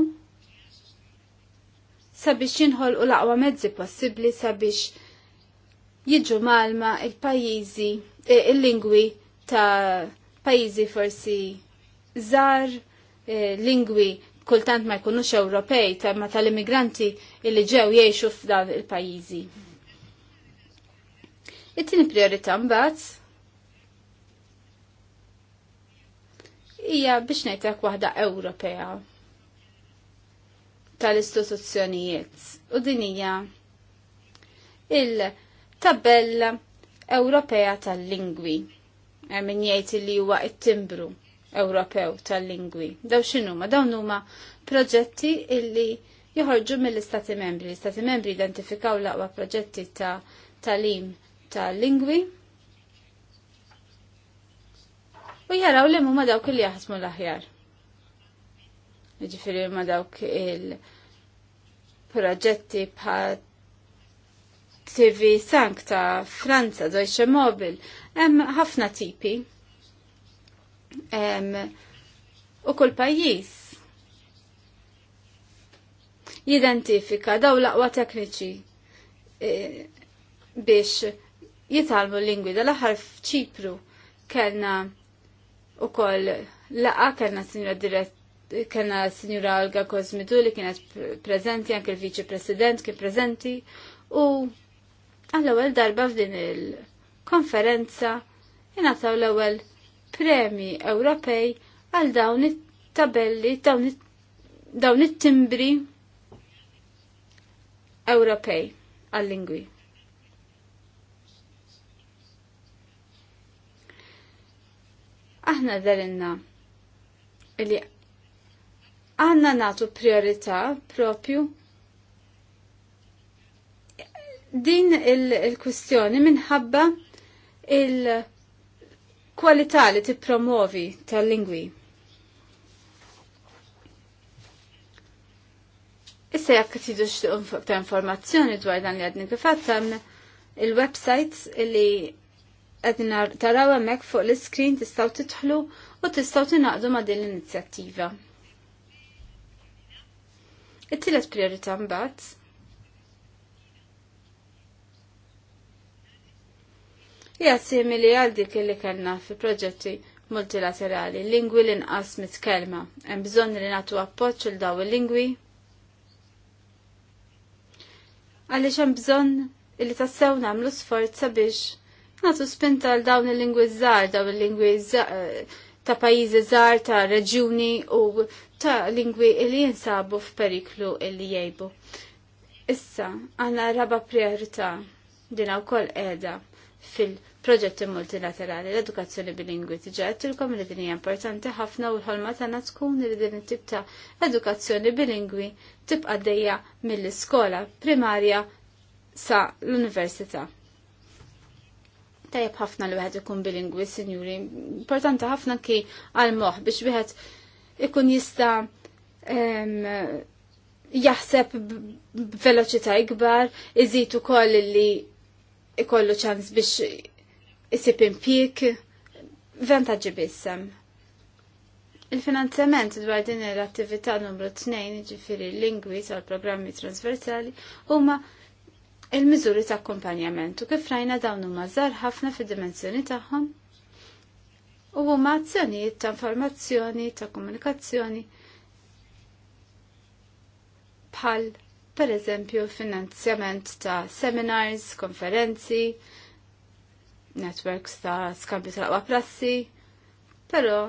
sabiex jinħolqu l-aqwa mezzi possibbli sabiex jiġu malma il-pajjiżi eh, il-lingwi ta' pajjiżi forsi zar eh, lingwi kultant ma jkunux Ewropej, ma tal-immigranti illi ġew jgħixu f'dan il-pajjiżi. It-tieni priorità mbagħad hija biex ngħidlek waħda Ewropea tal-istituzzjonijiet u din hija il-tabella Ewropea tal-lingwi. Eh, min jgħid li huwa t-timbru Ewropew tal-lingwi. Daw x'inhuma? Dawn huma proġetti illi joħorġu mill-Istati Membri. L-Istati Membri identifikaw l-aqwa proġetti ta' lim tal-lingwi u jaraw li huma dawk li jaħdmu l-aħjar. Jiġifieri ma dawk il-proġetti bħal TV Sankta ta' Franza, Deutsche Mobil, Hemm ħafna tipi. Em, u kull pajjiż jidentifika daw l-aqwa tekniċi e, biex jitalmu l-lingwi dal-aħħar f'ċipru kellna u koll laqa kellna sinjura dirett kellna sinjura Olga Kozmitu li kienet prezenti anke l-Viċi President kien prezenti u għall-ewwel darba f'din il- konferenza ingħataw l-ewwel premi Ewropej għal dawn it-tabelli, dawn it-timbri Ewropej għal-lingwi. Aħna darinna li għanna natu priorità propju din il-kwistjoni il minħabba il-kwalità li tippromovi tal-lingwi. Issa jekk tidu ta' informazzjoni dwar dan li għadni kif il-websites li għadna taraw hemmhekk fuq l-iskrin tistgħu titħlu u tistgħu tinaqdu ma' din l-inizjattiva. It-tielet priorità mbagħad hija simili għal dik li kellna fi proġetti multilaterali, lingwi li inqas mitkelma, hemm bżonn li nagħtu appoġġ il daw il-lingwi. Għaliex hemm bżonn li tassew nagħmlu sforz sabiex nagħtu spinta għal dawn il-lingwi żgħar, dawn il-lingwi eh, ta' pajjiżi żgħar, ta' reġjuni u ta' lingwi li jinsabu f'periklu li jgħibu. Issa, għandna raba priorità din ukoll qiegħda fil- proġetti multilaterali, l-edukazzjoni bilingwi tiġa għattilkom li din hija importanti ħafna u l-ħolma tagħna tkun li din it-tip ta' edukazzjoni bilingwi tibqa' dejja mill-iskola primarja sa l-università. Tajjeb ħafna li wieħed ikun bilingwi, sinjuri, importanti ħafna ki għal moħħ biex wieħed ikun jista' jaħseb b'veloċità ikbar, iżid ukoll li ikollu ċans biex isib impik vantaġġi bissem. Il-finanzjament dwar din l-attività numru 2 ġifiri lingwi tal-programmi transversali huma il-miżuri ta' akkompanjament u kif rajna dawn huma żgħar ħafna fid-dimensjoni tagħhom u huma azzjonijiet ta' informazzjoni ta' komunikazzjoni bħal per eżempju finanzjament ta' seminars, konferenzi, networks ta' skambju tal-aqwa prassi, pero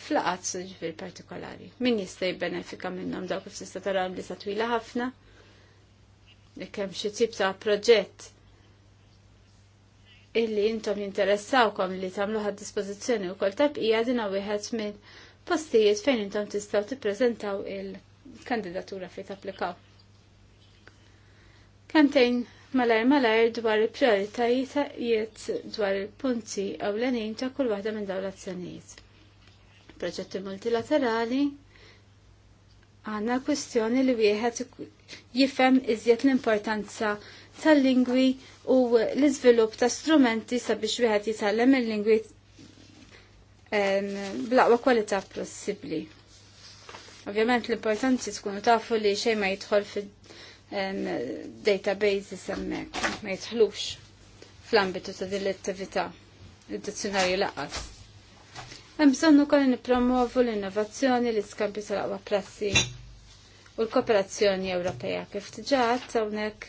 flaqat ġifir partikolari. Min jista' jibbenefika minnhom dawk kif tista' tara li sa twila ħafna, jekk hemm xi tip ta' proġett illi intom jinteressawkom li tagħmlu ħad dispożizzjoni wkoll ta' bqija dina wieħed minn postijiet fejn intom tistgħu tippreżentaw il-kandidatura fejn tapplikaw. Kemtejn malar malajr dwar il-prioritajiet dwar il-punti ewlenin ta' kull waħda minn dawn l-azzjonijiet. Proġetti multilaterali għanna kwestjoni li wieħed jifhem iżjed l-importanza tal-lingwi u l-iżvilupp ta' strumenti sabiex wieħed jitgħallem il-lingwi blaqwa kwalità possibbli. Ovvjament l-importanti tkunu tafu li xej ma jidħol fil- databases hemmhekk ma jitħlux fl-ambitu ta' din l-attività id-dizzjonarju laqas. Hemm bżonn ukoll nippromovu l-innovazzjoni l-iskambju tal-aqwa prassi u l-kooperazzjoni Ewropea kif tiġat hawnhekk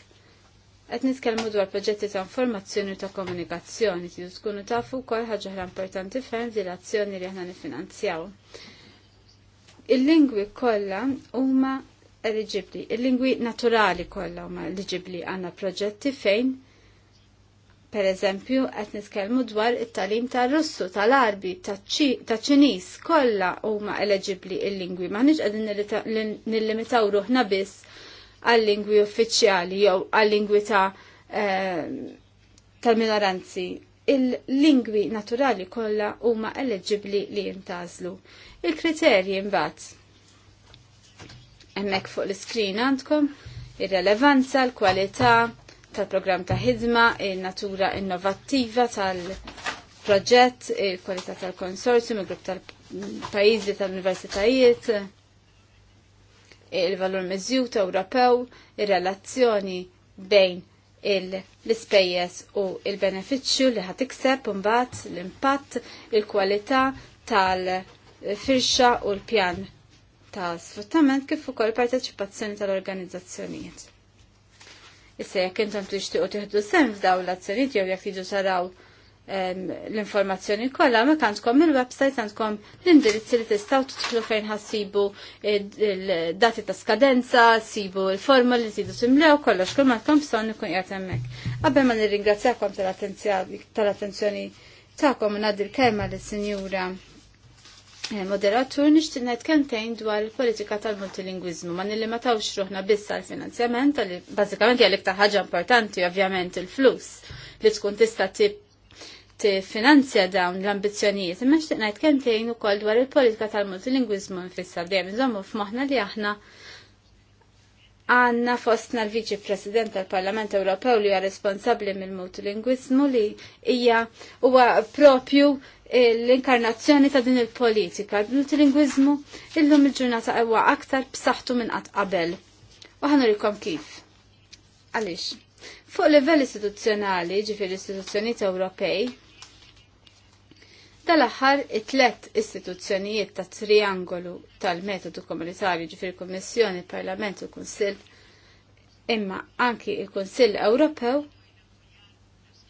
qed nitkellmu dwar proġetti ta' informazzjoni u ta' komunikazzjoni tidu tkunu tafu wkoll ħaġa oħra importanti ferm din l-azzjoni li aħna nifinanzjaw. Il-lingwi kollha huma eligibli. Il-lingwi naturali kollha huma eligibli għandna proġetti fejn Per eżempju, qed nitkellmu dwar it-talim tar-Russu, tal-Arbi, taċ-Ċiniż, kollha huma eleġibbli il-lingwi. Ma nix qegħdin nillimitaw ruħna biss għal-lingwi uffiċjali jew għal-lingwi ta' eh, tal-minoranzi. Il-lingwi naturali kollha huma eleġibbli li jintażlu. Il-kriterji imbagħad Hemmhekk fuq l-iskrin għandkom ir-relevanza, l-kwalità tal-programm ta' ħidma, il natura innovattiva tal-proġett, il-kwalità tal konsorzium il-grupp tal-pajjiżi tal-universitajiet, il-valur miżjut Ewropew, ir-relazzjoni bejn l-ispejjeż u il-benefiċċju li ħad ikseb imbagħad l-impatt, il-kwalità tal-firxa u l-pjan ta' sfruttament kif ukoll parteċipazzjoni tal-organizzazzjonijiet. Issa jekk intom tixtiequ tieħdu sem f'dawn l-azzjonijiet jew jekk jiġu taraw l-informazzjoni kollha ma għandkom il-website għandkom l-indirizzi li tistgħu tidħlu fejn ħassibu dati ta' skadenza, sibu l-forma li tidu timlew kollox kull ma tkom bżonn ikun qiegħed hemmhekk. Qabel ma nirringrazzjakom tal-attenzjoni tagħkom ngħaddi l-kelma lis-Sinjura Eh, moderatur nixtieq ngħid kentejn dwar il-politika tal-multilingwiżmu ma tawx ruħna biss l finanzjament għal bażikament għal l ta' ħaġa importanti ovvjament il-flus li tkun tista' tiffinanzja dawn l-ambizzjonijiet. Imma nixtieq ngħid kemmtejn ukoll dwar il-politika tal-multilingwiżmu nfisser dejjem iżommu f'moħħna li aħna għanna fostna l-Viċi President tal-Parlament Ewropew li huwa responsabbli mill-multilingwiżmu li hija huwa propju l-inkarnazzjoni ta' din il-politika, l-multilingwizmu illum il-ġurnata għewa aktar b'saħħtu minn qatt qabel. U ħanurikom kif. Għaliex, fuq livell istituzzjonali, ġifier istituzzjonijiet Ewropej, tal-aħħar it-tlet istituzzjonijiet ta' triangolu tal-metodu komunitarju ġifir Kummissjoni, Parlament u Kunsill, imma anki il-Kunsill Ewropew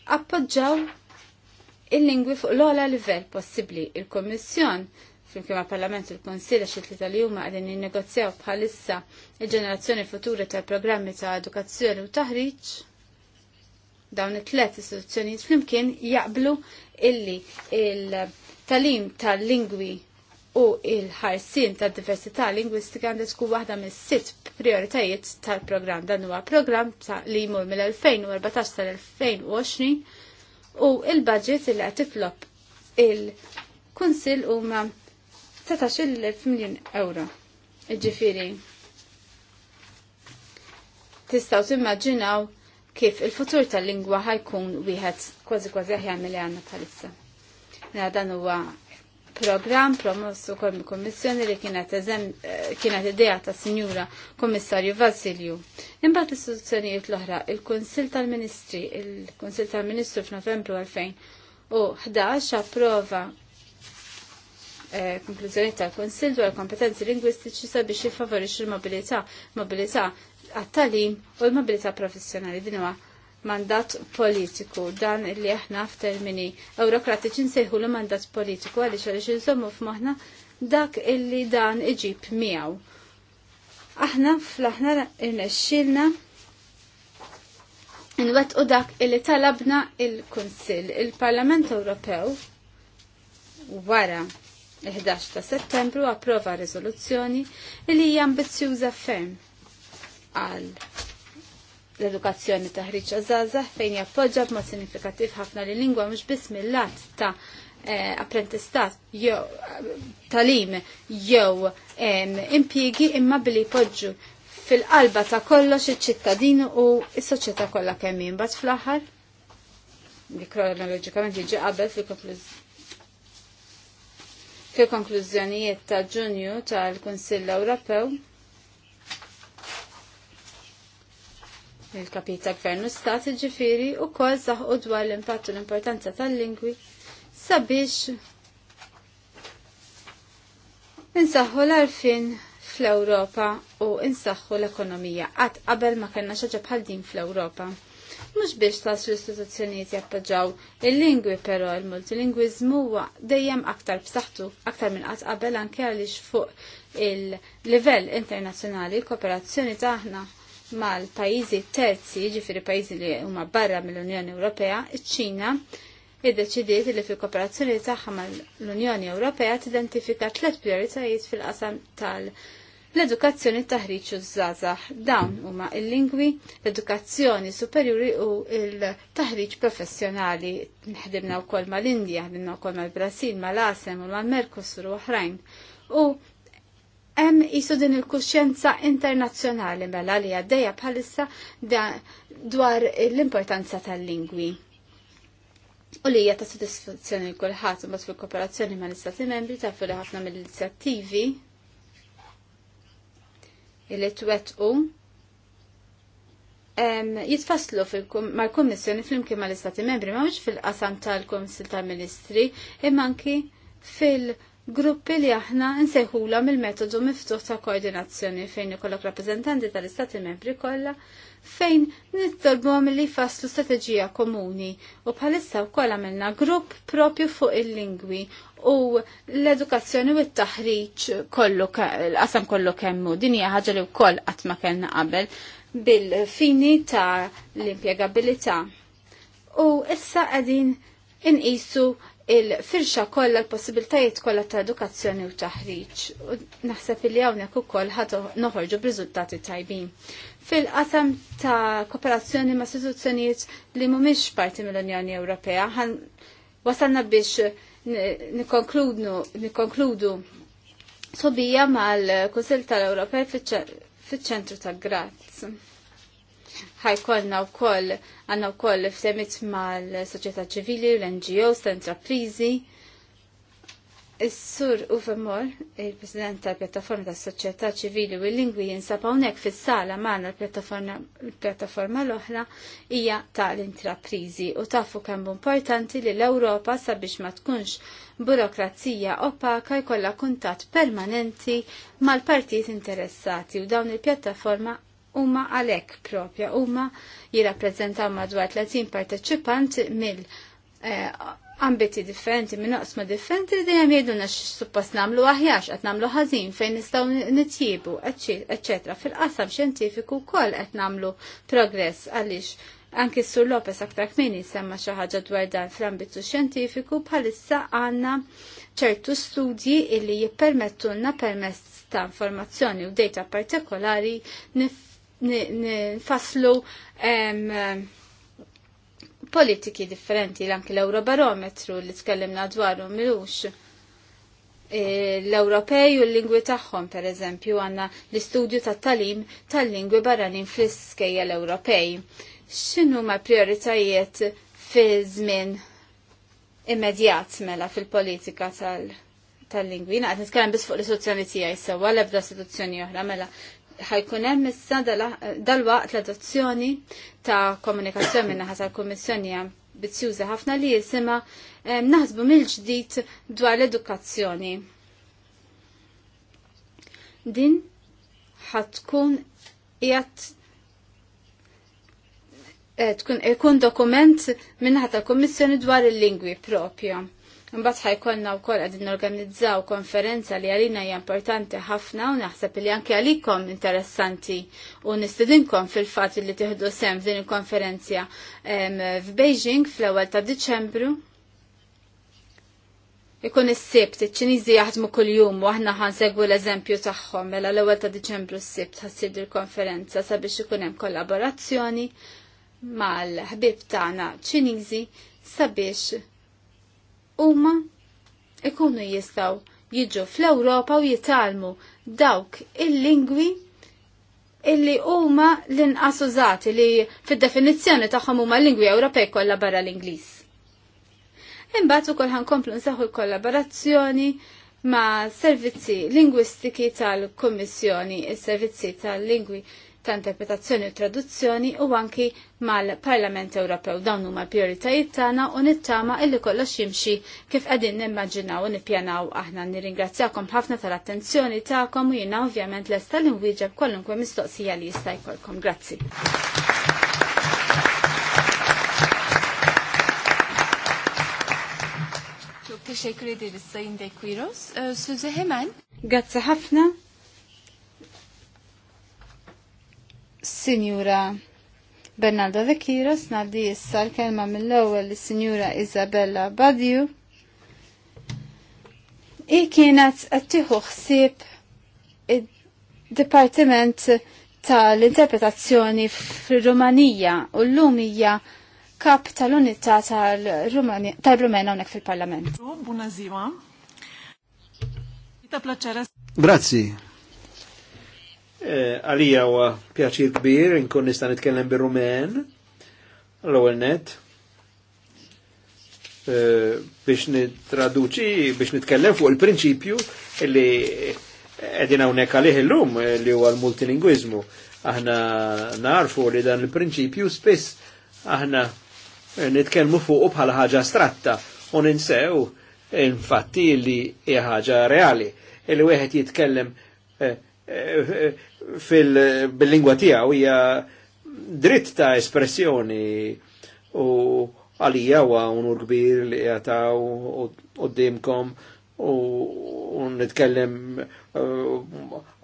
appoġġaw il-lingwi fuq l-ola livell possibli. Il-Kommissjon, flimkien ma' Parlament il-Konsil xi tlieta li huma għadin jinnegozjaw bħalissa il-ġenerazzjoni futura tal-programmi ta' edukazzjoni u taħriġ, dawn it-tlet istituzzjoni flimkien jaqblu illi il-talim tal-lingwi u il-ħarsin ta' diversità lingwistika għandha tkun waħda mis sitt prioritajiet tal-programm. Dan huwa programm ta' li jmur mill-2014 tal-2020 u il-budget li qed tiflop il-Kunsill huma 19,000 miljun euro. Ġifieri. Tistgħu timmaġinaw kif il-futur tal-lingwa ħajkun wieħed kważi kważi aħjar mill għandna bħalissa. Na mela, dan huwa program promossu kol mi kommissjoni li kienet eżem eh, kienet ideja ta' sinjura kommissarju Vasilju. Imbagħad l-istituzzjonijiet l-oħra, il-Kunsil tal-Ministri, il-Kunsil tal-Ministru f'Novembru u ħdax approva eh, konklużjoni tal kunsill dwar kompetenzi lingwistiċi sabiex jiffavorixxu l-mobilità, mobilità għat-talim u l-mobilità professjonali din huwa mandat politiku dan li aħna f'termini eurokratiċi nsejħu l mandat politiku għaliex għaliex insommu f'moħħna dak illi dan iġib miegħu. Aħna fl-aħna irnexxilna nwettqu dak illi talabna il-Kunsill, il-Parlament Ewropew wara 11 ta' settembru approva riżoluzzjoni li hija ambizzjuża ferm għal l-edukazzjoni taħriġ għazazah fejn jappoġġa b'mod sinifikattiv ħafna li lingwa mhux biss mill-lat ta' eh, apprentistat jew talim jew impjiegi imma billi jpoġġu fil-qalba ta' kollox iċ ċittadin u s-soċjetà kollha kemm jinbagħad fl-aħħar. Li kronoloġikament jiġi qabel fil-konklużjonijiet ta' Ġunju tal-Kunsill Ewropew il-kapit ta' gvern u stat ġifiri u kol zaħqu dwar l-impatt u l-importanza tal-lingwi sabiex insaħħu l-arfin fl-Ewropa u insaħħu l-ekonomija għat qabel ma kellna xaġa bħal din fl-Ewropa. Mux biex tas l-istituzzjonijiet jappoġġaw il-lingwi però il-multilingwizmu huwa dejjem aktar b'saħħtu aktar minn qatt qabel anke għaliex fuq il-livell internazzjonali l-kooperazzjoni taħna mal-pajizi terzi, ġifiri pajizi li huma barra mill-Unjoni Ewropea, iċ-Ċina iddeċidiet li fil-kooperazzjoni tagħha mal-Unjoni Ewropea tidentifika tliet prioritajiet fil-qasam tal- l-edukazzjoni taħriġ u żgħażagħ. Dawn huma l-lingwi, l-edukazzjoni superjuri u l-taħriġ professjonali. Ħdimna wkoll mal-Indja, ħdimna wkoll mal-Brasil, mal-Asem u mal-Merkosur u oħrajn. U hemm qisu din il-kuxjenza internazzjonali mela li għaddeja bħalissa dwar l-importanza tal-lingwi. U li hija ta' sodisfazzjoni kulħadd imbagħad fil-kooperazzjoni mal istati membri ta' li ħafna mill-inizjattivi li twettqu jitfaslu mal-Kommissjoni fl-imkien mal-Istati Membri, ma mhux fil-qasam tal-Komissil tal-Ministri, imma anki fil-, -Ministri, gruppi li aħna nsejħula mill-metodu miftuħ ta' koordinazzjoni fejn ikollok rappreżentanti tal-istati membri kollha fejn nittolbuhom li jfasslu strateġija komuni u bħalissa wkoll għamilna grupp propju fuq il-lingwi u l-edukazzjoni u t-taħriġ kollu l-qasam kollu kemmu din hija ħaġa li wkoll qatt ma kellna qabel bil-fini ta' l-impjegabilità. U issa qegħdin inqisu il-firxa kollha l-possibiltajiet kollha ta' edukazzjoni u taħriġ. U naħseb li hawnhekk ukoll ħadd noħorġu b'riżultati tajbin. Fil-qasam ta' kooperazzjoni ma' istituzzjonijiet li mhumiex parti mill-Unjoni Ewropea, ħan wasalna biex nikkonkludu sobija mal-Kunsill tal-Ewropej fiċ-ċentru ta' Graz ħajkolna u koll għanna u koll f'semit mal-soċieta ċivili, l-NGOs, l-intraprizi. Is-sur Uwe Mor, il-President tal-Pjattaforma tas soċieta Ċivili u l-Lingwi jinsab hawnhekk fis-sala magħna l-pjattaforma l-oħra hija tal-intraprizi u tafu kemm importanti li l-Ewropa sabiex ma tkunx burokrazija opaka jkollha kuntatt permanenti mal-partijiet interessati u dawn il-pjattaforma huma għalhekk propja huma jirrappreżentaw madwar 30 parteċipant mill eh, ambiti differenti minn oqsma differenti li dejjem nax x'suppost nagħmlu aħjax qed nagħmlu ħażin fejn nistgħu nitjiebu, eċċetera. Fil-qasam xjentifiku wkoll qed nagħmlu progress għaliex anki Sur Lopez aktar kmini semma xi ħaġa dwar dan fl-ambitu xjentifiku bħalissa għandna ċertu studji illi jippermettulna permezz ta' informazzjoni u data partikolari nif nfaslu politiki differenti l-anki l-Eurobarometru li tkellimna dwaru milux e, l-Ewropej u l-lingwi tagħhom pereżempju għandna l-istudju tat-talim tal-lingwi barranin fl-iskejja l-Ewropej. X'inhu ma prioritajiet fi żmien immedjat mela fil-politika tal- lingwi Naqt nitkellem biss fuq l-istituzzjoni tiegħi sewwa l-ebda istituzzjoni oħra mela ħajkun hemm issa dal-waqt l-adozzjoni ta' komunikazzjoni minn naħa tal-Kummissjoni bizzjuża ħafna li jisima eh, naħsbu mill-ġdid dwar l-edukazzjoni. Din ħatkun qiegħed eh, tkun ikun dokument min-naħa tal-Kummissjoni dwar il-lingwi propju. Mbagħad ħajkollna wkoll qegħdin organizzaw konferenza li għalina hija importanti ħafna u naħseb li anke għalikom interessanti u nistedinkom fil-fatt li tieħdu sem f'din il-konferenzja f'Beijing fl-ewwel ta' Diċembru. Ikun is-sibt, iċ-Ċiniżi jaħdmu kuljum u aħna ħansegwu l-eżempju tagħhom mela l-ewwel ta' Diċembru s-sibt ħassib il-konferenza sabiex ikun hemm kollaborazzjoni mal-ħbib tagħna Ċiniżi sabiex huma ikunu jistaw jiġu fl-Ewropa u jitalmu dawk il-lingwi illi huma l-inqas użati li fid-definizzjoni tagħhom huma lingwi Ewropej kollha barra l-Ingliż. Imbagħad ukoll ħankomplu nsaħħu l-kollaborazzjoni ma' servizzi lingwistiki tal-Kummissjoni, is-servizzi tal-lingwi ta' interpretazzjoni u traduzzjoni u anki mal-Parlament Ewropew. Dawn huma l-prijoritajiet tagħna u nittama illi kollox jimxi kif qegħdin nimmaġinaw u nippjanaw aħna. Nirringrazzjakom ħafna tal-attenzjoni tagħkom u jiena ovvjament lesta li nwieġeb kwalunkwe mistoqsija li jista' jkollkom. Grazzi. Teşekkür ederiz Sayın ħafna. Signora Bernarda Vekiros, naddi issa l-kelma mill-ewwel is-Signora Isabella Badiu. I kienet qed tieħu ħsieb id-Dipartiment tal-Interpretazzjoni fil rumanija u llum hija kap tal-Unità tal-Rumena hawnhekk fil-Parlament. Buona Grazzi. Eh, għalija huwa pjaċir kbir inkun nista' nitkellem bir-Rumen l-ewwel net eh, biex nitraduċi biex nitkellem fuq il-prinċipju li qegħdin hawnhekk għalih illum eh, li huwa l-multilingwiżmu. Aħna narfu li dan il-prinċipju spiss aħna nitkellmu fuq bħala ħaġa stratta u ninsew infatti li hija ħaġa reali. Li wieħed jitkellem fil-lingwa u hija dritt ta' espressjoni u għalija wa unur kbir li jataw qoddimkom u nitkellem uh,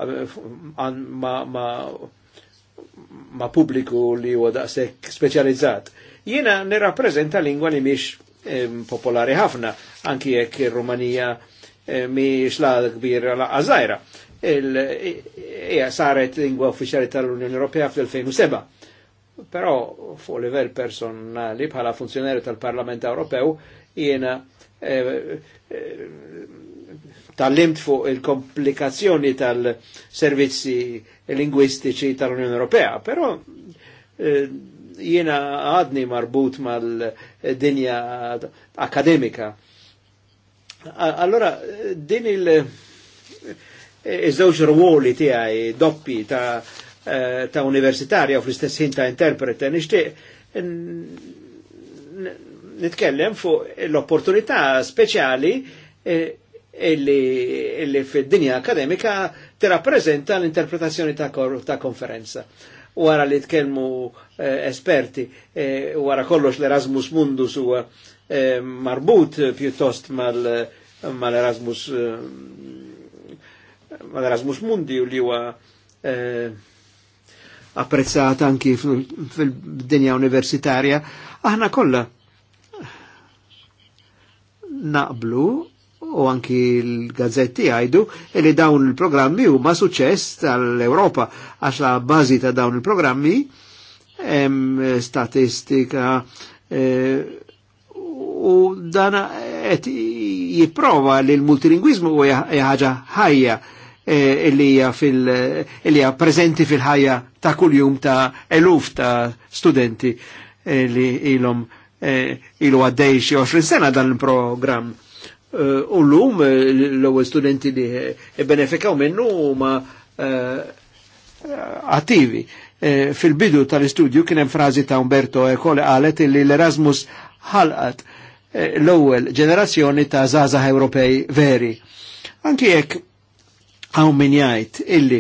ma' publiku li huwa daqshekk speċjalizzat. Jiena nirrappreżenta lingwa li mhix popolari ħafna, anki jekk ir-Rumanija eh, miex la kbir la għazajra hija e- e saret lingua uffiċjali tal-Unjoni Ewropea fl-2007. Però fu livell personali bħala funzjonari tal-Parlament Ewropew jiena eh, eh, tal-limt fuq il-komplikazzjoni tal-servizzi lingwistiċi tal-Unjoni Ewropea, però eh, jiena għadni marbut mal-dinja akademika. Allora, din il- iż-żewġ ruoli tiegħi doppi ta' eh, ta' universitarja u fl-istess ħin ta' interprete nixtieq nitkellem fuq l-opportunità speċjali eh, illi fid-dinja akademika tirrappreżenta l-interpretazzjoni ta' konferenza wara li tkellmu eh, esperti, eh, wara kollox l-Erasmus Mundus huwa eh, marbut pjuttost mal-Erasmus mal eh, mal-Erasmus Mundi u li huwa eh, apprezzat anki fil-dinja universitarja, aħna kollha naqblu u anki l-gazzetti għajdu li dawn il-programmi huma suċess tal-Europa għax la bażi ta' dawn il-programmi statistika eh, u dana qed jipprova li l multilingwizmu u jħagġa ħajja Eh, illi hija fil illi fil-ħajja ta' kuljum ta' eluf ta' studenti eh, li ilom eh, ilu għaddej xi 20 sena dan il-programm. U l-lum l-ewwel studenti li benefikaw minnu huma attivi. Fil-bidu tal-istudju kien hemm frażi ta' Umberto Ecole qalet li l-Erasmus ħalqat l-ewwel ġenerazzjoni ta' Zaza Ewropej veri. Anki jekk Għaw min jgħid illi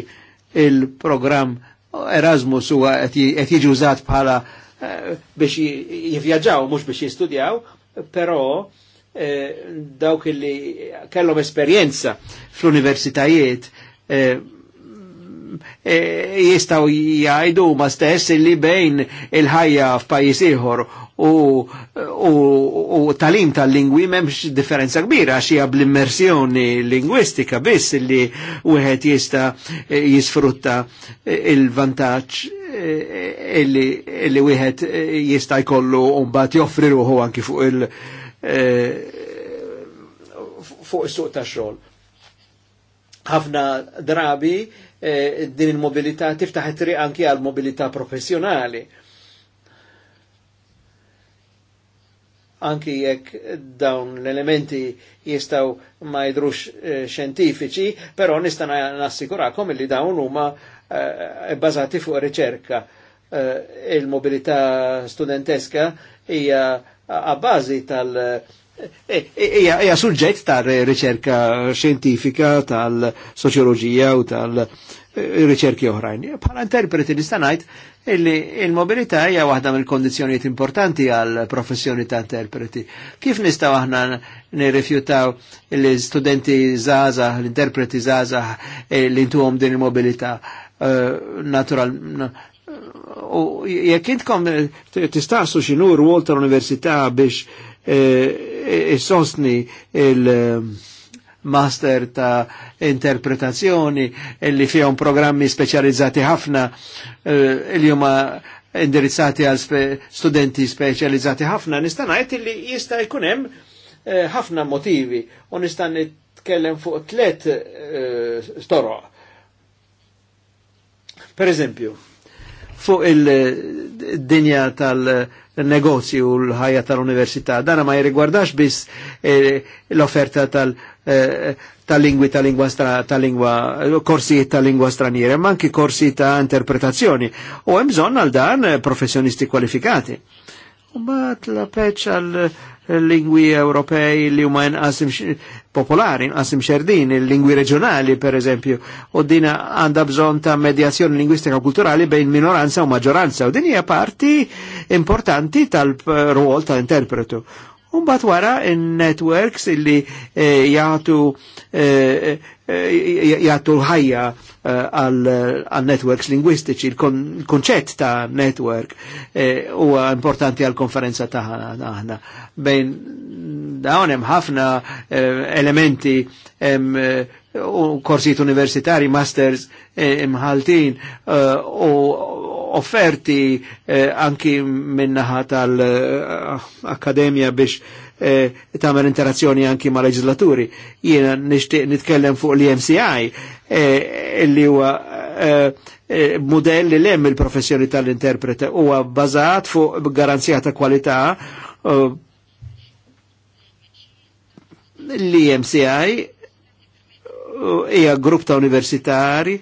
il program Erasmus u qed jiġi użat bħala eh, biex jivvjaġġaw mux biex jistudjaw, pero eh, dawk illi kellom esperienza fl-universitajiet eh, jistaw jgħajdu ma stess illi bejn il-ħajja f'pajis iħor u, u, u talim tal-lingwi memx differenza kbira xie bl-immersjoni lingwistika biss li wieħed jista jisfrutta il-vantaġġ eh, illi wieħed jista jkollu mbagħad joffri ruħu anki fuq il- eh, fuq is-suq tax-xogħol. Ħafna drabi eh, din il-mobilità tiftaħ it-triq anki għal mobilità professjonali anki jekk dawn l-elementi jistaw ma jidrux eh, xentifiċi, però nista' nassikurakom li dawn huma eh, bbażati fuq riċerka. Eh, il-mobilità studenteska hija għabbażi tal- hija suġġett tal riċerka xentifika tal-soċjoloġija u tal-riċerki oħrajn. Bħala interpreti nista' ngħid illi il-mobilità hija waħda mill-kondizzjonijiet importanti għal professjoni ta' interpreti. Kif nistgħu aħna nirrifjutaw li studenti zaza, l-interpreti zaza eh, li intuhom din il-mobilità eh, natural u jekk intkom eh, tistaqsu x'inhu rwol tal-università biex issostni il- master ta' interpretazzjoni illi fihom programmi speċjalizzati ħafna eh, illi li huma indirizzati għal studenti speċjalizzati ħafna, nista' ngħid li jista' jkun hemm eh, ħafna motivi u nista' nitkellem fuq tliet storo. Eh, storoq. Per eżempju, fuq il-dinja tal-negozju u l-ħajja tal-università. Dana ma jirrigwardax biss l-offerta tal Eh, tal lingwi tal lingwa tal lingwa korsi tal lingwa straniera, ma' anki korsi ta' interpretazzjoni. U hemm bżonn għal dan eh, professjonisti kwalifikati. U mbagħad la peċ għal eh, lingwi Ewropej li huma inqasim popolari, inqasim xerdin, il-lingwi reġjonali per eżempju, u din għandha bżonn ta' medjazzjoni lingwistika kulturali bejn minoranza u maġġoranza, u din hija parti importanti tal-rwol tal interpretu. Umbat wara il-networks illi eh, jgħatu eh, eh, eh, jgħatu l-ħajja għal-networks lingwistiċi, il-konċett ta' network u importanti għal-konferenza ta' ħana. Bejn dawn hemm ħafna elementi hemm korsijiet universitari, masters imħaltin u offerti eh, anki minnaħa tal-Akademja biex eh, tamer interazzjoni anki ma' leġislaturi. Jiena nishtiq nitkellem fuq l-MCI eh, illi huwa eh, eh, modell li lem il-professjoni tal-interprete huwa bazat fuq garanzija ta' kwalità eh, l-MCI eh, hija grupp ta' universitari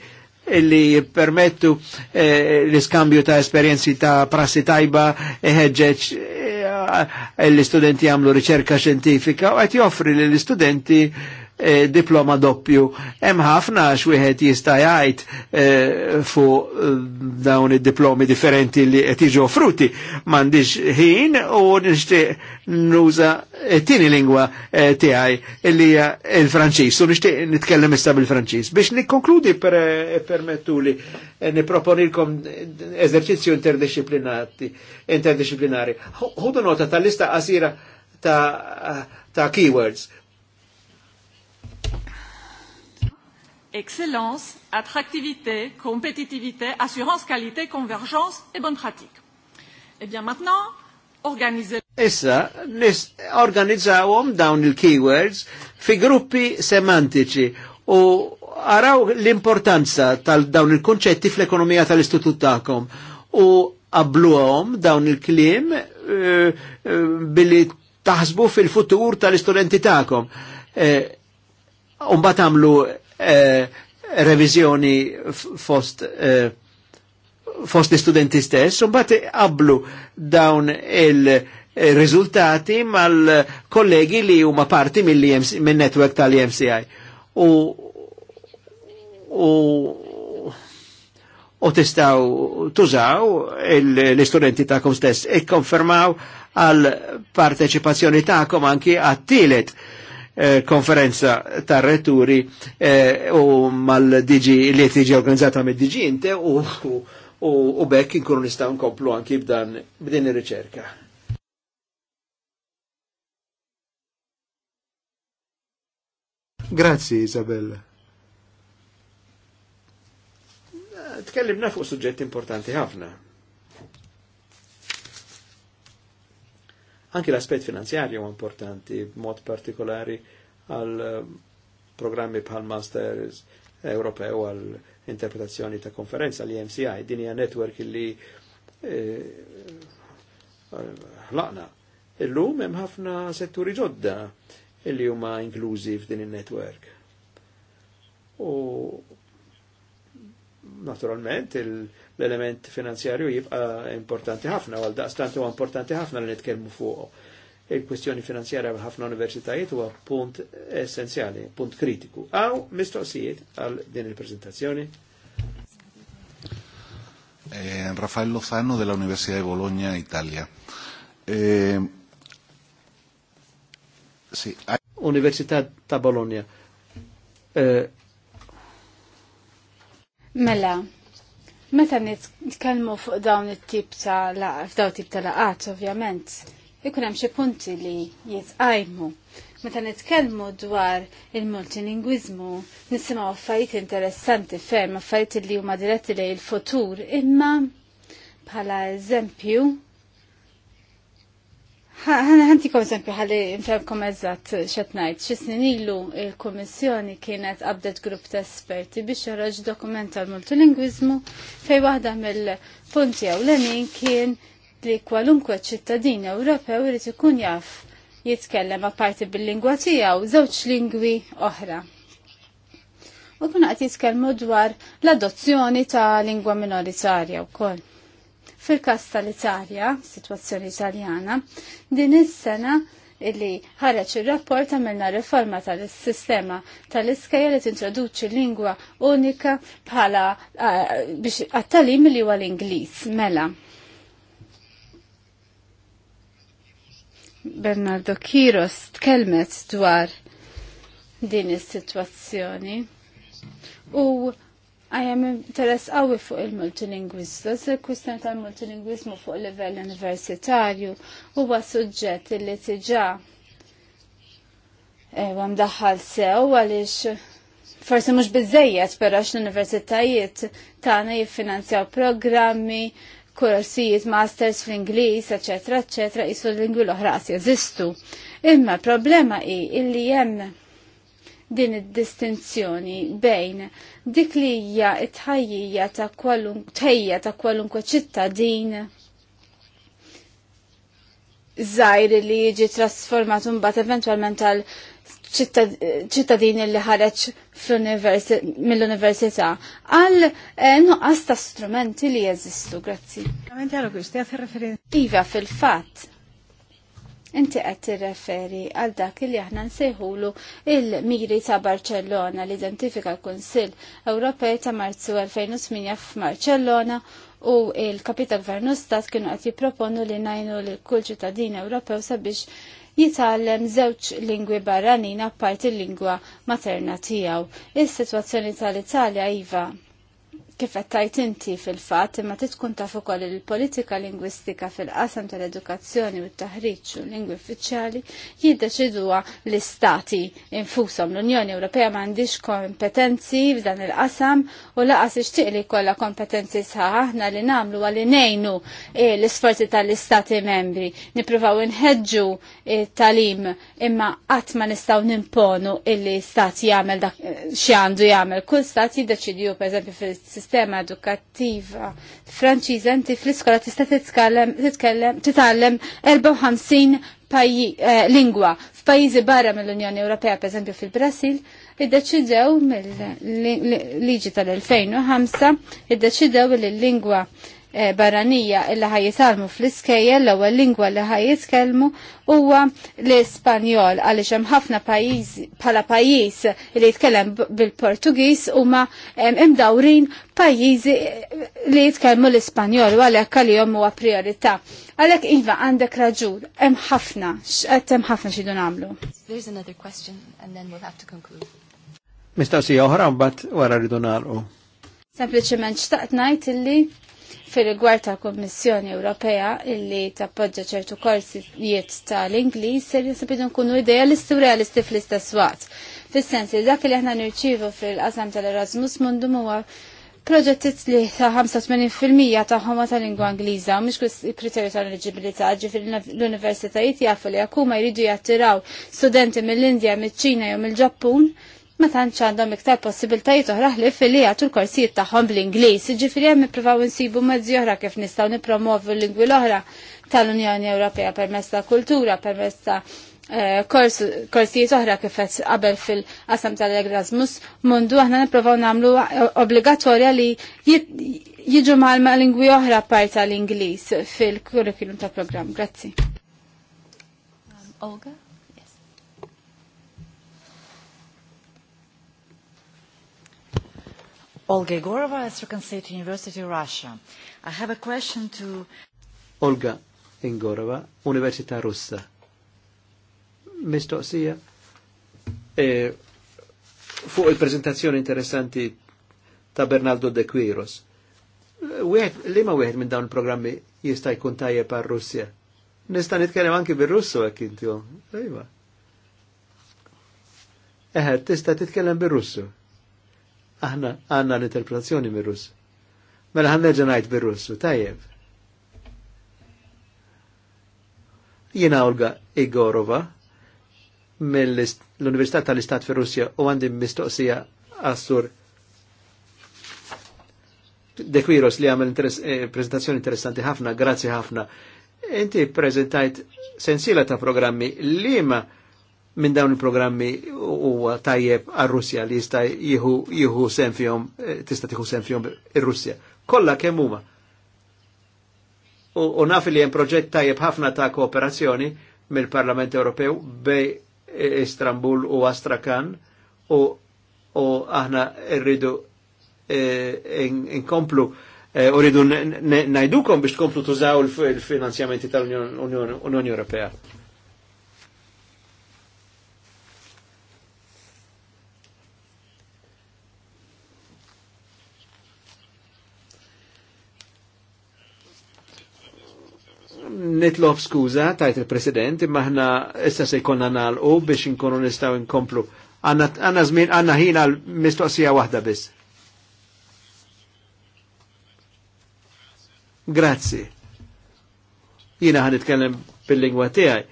illi permettu eh, l-iskambju ta' esperienzi ta' prassi tajba ħeġġeġ eh, eh, l-istudenti għamlu riċerka xentifika u għet joffri l-istudenti eh, E, diploma doppju. Hemm ħafna x'wieħed jista' jgħid e, fuq e, dawn id-diplomi differenti li qed jiġu fruti. M'għandix ħin u nixtieq nuża t tieni lingwa tiegħi li hija l-Franċiż u nixtieq nitkellem issa bil-Franċiż. Biex nikkonkludi permettuli niproponilkom eżerċizzju interdisciplinati interdisciplinari. Ħudu nota tal-lista qasira ta keywords excellence, attractivité, compétitivité, assurance qualité, convergence et bonne pratique. Et eh bien maintenant, organisez Issa, organizzawhom dawn il-keywords fi gruppi semantiċi u araw l-importanza tal-dawn il-konċetti fl-ekonomija tal-istitut tagħkom u qabluhom dawn il-kliem eh, eh, billi taħsbu fil-futur tal-istudenti tagħkom. Uh, Umbat għamlu Eh, revizjoni fost eh, fost l-studenti stess, un bat qablu dawn il-rizultati eh, mal-kollegi li huma parti mill-network tal imci U u u tistaw tużaw l-istudenti ta'kom stess ikkonfermaw e għal parteċipazzjoni ta'kom anki għat tilet Eh, konferenza ta' returi eh, u mal-DG li tiġi organizzata mid dg inte u bekk inkunu nistaw nkomplu anki b'dan b'din ir-riċerka. Grazzi Isabella. Tkellimna fuq suġġetti importanti ħafna. Anki l-aspet finanzjarju importanti, mod partikolari għal eh, programmi bħal Masters Ewropew għal interpretazzjoni ta' konferenza li MCI, din hija network li eh, ħlaqna. E, Illum hemm ħafna setturi ġodda li huma inklużi f'din in-network. U naturalment il- l-element finanzjarju jibqa importanti ħafna, għal daqstant huwa importanti ħafna li nitkellmu fuq. il kwistjoni finanzjarja ħafna universitajiet huwa punt essenzjali, punt kritiku. Aw mistoqsijiet għal din il-prezentazzjoni. Eh, Rafael Lozano della Università di Bologna, Italia. Eh, sì, hai... Università ta' Bologna. Eh... Mela, Meta nitkellmu fuq dawn it-tip ta' laqat, tip ta' laqat, ovvjament, ikun hemm xi punti li jitqajmu. Meta nitkellmu dwar il-multilingwiżmu, nisimgħu affarijiet interessanti ferm affarijiet li huma diretti lejn il-futur, imma bħala eżempju kom eżempju ħalli nfemkom eżatt xetnajt, xisnin ilu il-Komissjoni kienet qabdet grupp ta' esperti biex joħroġ dokument tal-multilingwizmu fej waħda mill-punti ewlenin kien li kwalunkwe ċittadin Ewropew irid ikun jaf jitkellem apparti bil-lingwa tiegħu żewġ lingwi oħra. U kuna qed jitkellmu dwar l-adozzjoni ta' lingwa minoritarja wkoll. Fil-kas tal-Italja, situazzjoni italjana, din is-sena illi ħareċ il-rapport għamilna riforma tal-sistema tal-iskajja li tintroduċi lingwa unika bħala biex għattalim li huwa l-Ingliż mela. Bernardo Kiros tkellmet dwar din is-sitwazzjoni u am interess għawi fuq il-multilingwizmu, il kwistjoni tal multilingwismu fuq livell universitarju huwa suġġett li tiġa għam eh, daħħal sew għalix forse mux bizzejiet, pero għax l-universitajiet tana jiffinanzjaw programmi, kursijiet, masters fl-Inglis, eccetera, eccetera, jisu l-lingwi l-oħra għas jazistu. Imma problema i illi jemm din id-distinzjoni bejn dik li hija t-tħajjija ta' kwalunk tħejja ta' kwalunkwe ċittadin żgħir li jiġi trasformat mbagħad eventwalment tal ċittadin li ħareġ mill-università għal eh, nuqqas ta' strumenti li jeżistu, grazzi. Iva fil-fatt inti qed tirreferi għal dak li aħna nsejħulu il-miri ta' Barcellona li identifika l-Kunsill Ewropej ta' Marzu 2008 f'Marcellona u il-Kapita Gvernu Stat kienu qed jipproponu li najnu li kull ċittadin Ewropew sabiex jitgħallem żewġ lingwi barranin apparti l-lingwa materna tiegħu. Is-sitwazzjoni tal-Italja iva kif għattajt inti fil fatt imma titkun taf ukoll il-politika lingwistika fil-qasam tal-edukazzjoni u t-taħriġ u lingwi uffiċjali jiddeċiduha l-istati infushom l-Unjoni Ewropea m'għandix kompetenzi f'dan il-qasam u laqas ixtieq li jkollha kompetenzi sħaħ aħna li nagħmlu għal ngħinu eh, l-isforzi tal-istati membri nippruvaw inħeġġu eh, talim imma qatt ma nistgħu nimponu illi stat jagħmel dak eh, xi għandu jagħmel. Kull stat jiddeċidiju pereżempju fil sistema edukattiva Franċiża inti fl-iskola tista' titkellem titgħallem 54 eh, lingwa f'pajjiżi barra mill-Unjoni Ewropea pereżempju fil-Brasil iddeċidew mill-liġi tal-2005 iddeċidew li l-lingwa Eh, barranija illa ħaj ħajitalmu fl-iskejjel l-ewwel lingwa li ħajitkellmu huwa l-Ispanjol għaliex hemm ħafna pajjiż bħala pajjiż li jitkellem bil-Portugiż huma imdawrin pajjiżi eh, li jitkellmu l-Ispanjol u għalhekk għalihom huwa priorità. Għalhekk iva għandek raġun, hemm ħafna, x'qed hemm ħafna x'idu nagħmlu. There's another question and then we'll have to conclude. Mistaqsija oħra mbagħad wara rridu nagħlqu. Sempliċement xtaqt ngħid illi fil-rigward tal-Kommissjoni Ewropea illi tappoġġa ċertu korsijiet tal-Ingliż ser jinsibidu nkunu idealisti u realisti fl-istess waqt. Fis-sens li dak li aħna nirċievu fil-qasam tal-Erasmus mundu huwa proġettit li ta' 85% tagħhom ta' lingwa Ingliża mhux kriterju ta' eliġibilità, ġifieri l-universitajiet jafu li jakuma jridu jattiraw studenti mill-Indja, mill-Ċina jew mill-Ġappun ma tantx għandhom iktar possibiltajiet oħra ħlif li jagħtu l-korsijiet tagħhom bl-Ingliż, jiġifieri hemm nippruvaw insibu mezzi oħra kif nistgħu nippromovu l-lingwi l-oħra tal-Unjoni Ewropea permezz ta' kultura, permezz ta' eh, korsijiet oħra kif qabel fil-qasam tal-Erasmus mundu aħna nippruvaw nagħmlu obbligatorja li jiġu ma' lingwi oħra par l-Ingliż fil-kurrikulum tal-programm. Grazzi. Um, Olga? Olga Igorova, Astrakhan State University, Russia. I have a question to... Olga Igorova, Università Russa. Mistoqsija, eh, fuq il-prezentazzjoni interessanti ta' Bernardo De Quiros. Eh, wieħed, li ma wieħed minn dawn il-programmi jista' jkun tajjeb għal Russja? Nista' nitkellem anki bir-Russu hekk inti oh, Ejwa. Eħed, tista' titkellem bir-Russu aħna għanna l-interpretazzjoni mir-Russ. Mela ħanna nerġa' ngħid bir-Russu, tajjeb. Jiena Olga Igorova mill-Università tal-Istat fir russja u għandi mistoqsija għassur Dekwiros li għamil eh, prezentazzjoni interessanti ħafna, grazzi ħafna. Inti prezentajt sensila ta' programmi li ma' minn dawn il-programmi huwa tajjeb għar-Russja li jista' jihu sem tista' tiħu sem fihom eh, ir-Russja. Kolla kemm huma. U naf li hemm proġett tajjeb ħafna ta' kooperazzjoni mill-Parlament Ewropew bej eh, Istanbul u Astrakan u u aħna rridu eh, inkomplu u rridu najdukom biex tkomplu tużaw il-finanzjamenti tal-Unjoni Ewropea. nitlob skuza tajt il-President imma ħna issa se jkollna nagħlqu biex inkunu nistgħu nkomplu. Għandna żmien għandna ħin għal mistoqsija waħda biss. Grazzi. Jiena ħan nitkellem bil-lingwa tiegħi.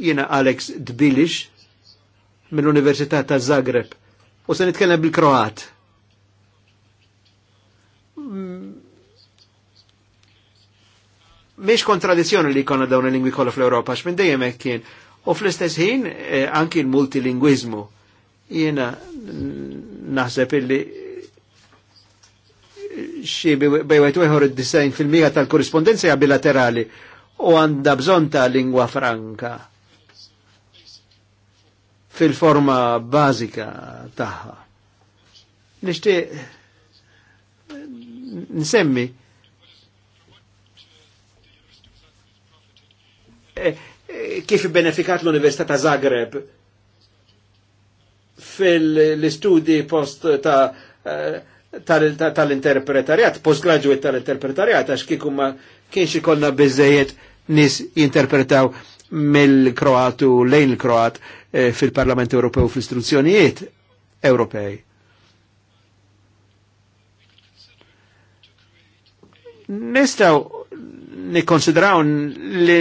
Jiena Alex Dbilix mill-Università ta' Zagreb u se nitkellem bil-Kroat. miex kontradizzjoni li jkollna dawn il-lingwi kollha fl-Ewropa, x'min dejjem hekk kien. U fl-istess ħin anki l-multilingwiżmu. Jiena naħseb illi xi bejwet wieħor id-disajn fil-mija tal-korrispondenzja bilaterali u għandha bżonn ta' lingwa franka fil-forma bażika tagħha. Nixtieq nsemmi kif benefikat l-Università ta' Zagreb fil-studi post eh, ta' tal-interpretarjat, postgraduate tal-interpretarjat, għax kikum ma kienx ikolna bizzejiet nis jinterpretaw mill-Kroatu lejn il-Kroat eh, fil-Parlament Ewropew fil istruzzjonijiet Ewropej. Nistaw nikkonsidraw li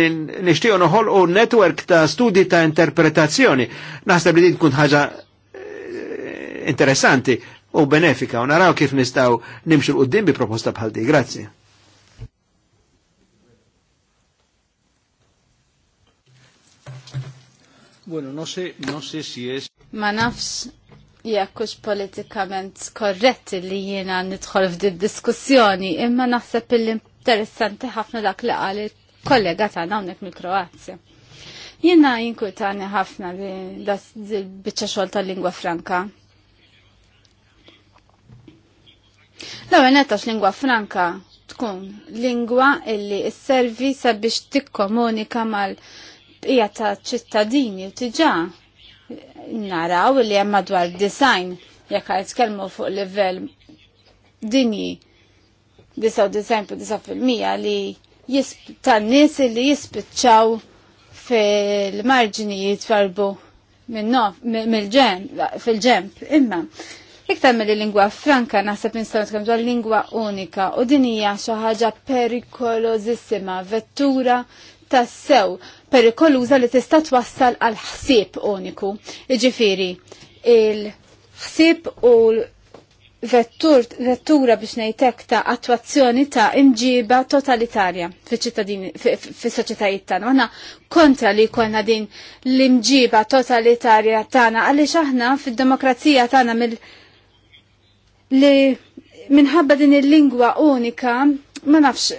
nishtiju noħol u network ta' studi ta' interpretazzjoni. Naħseb li din tkun ħaġa eh, interessanti u benefika u naraw kif nistaw nimxu l-qoddim bi proposta bħaldi. Grazie. Grazzi. Bueno, no sé, no sé si es... Ma nafx jekkux politikament korretti li jiena nidħol f'din diskussjoni, imma naħseb li interessanti ħafna dak li qal kollega tagħna hawnhekk mill-Kroazja. Jiena jinkwitani ħafna li biċċa xogħol tal-lingwa franka. L-ewwel nettax franka tkun lingwa illi s-servi sabiex tikkomunika mal ija ta' ċittadini u tiġa naraw li hemm madwar design jekk tkellmu fuq livell dinji 99.9% li tan nies li jispiċċaw fil-marġini jitfarbu mill fil-ġemp, imma. Iktar mill-lingwa franka naħseb nistgħu tkun dwar lingwa unika u din hija xi ħaġa perikolożissima vettura tassew perikoluża li tista' twassal għal ħsieb uniku. Jiġifieri, il-ħsieb u l vettur, vettura biex nejtek ta' attuazzjoni ta' imġiba totalitarja fi soċetajiet tagħna. Aħna kontra li jkollna din l-imġiba totalitarja tagħna għaliex aħna fid-demokrazija tagħna mill li minħabba din il-lingwa unika ma nafx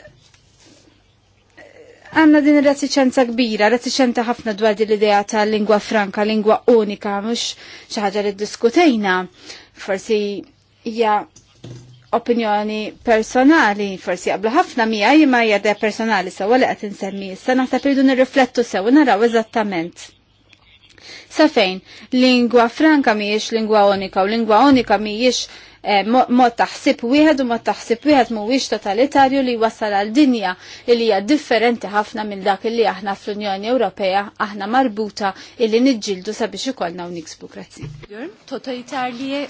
għanna din reticenza kbira, reticenza ħafna dwar din l-idea ta' lingwa franka, lingwa unika, mux xaħġa li diskutejna. Forsi hija opinjoni personali, forsi qablu ħafna mija jima jade personali sewa li qed insemmi issa naħseb irridu nirriflettu sew naraw eżattament. Sa fejn, lingwa franka mhijiex lingwa unika u lingwa unika mhijiex eh, mod taħsib wieħed u mod taħsib wieħed mhuwiex totalitarju li wasal għal dinja li hija differenti ħafna minn dak li aħna fl-Unjoni Ewropea aħna marbuta illi niġġieldu sabiex ikollna u niksbu grazzi. Totalitarji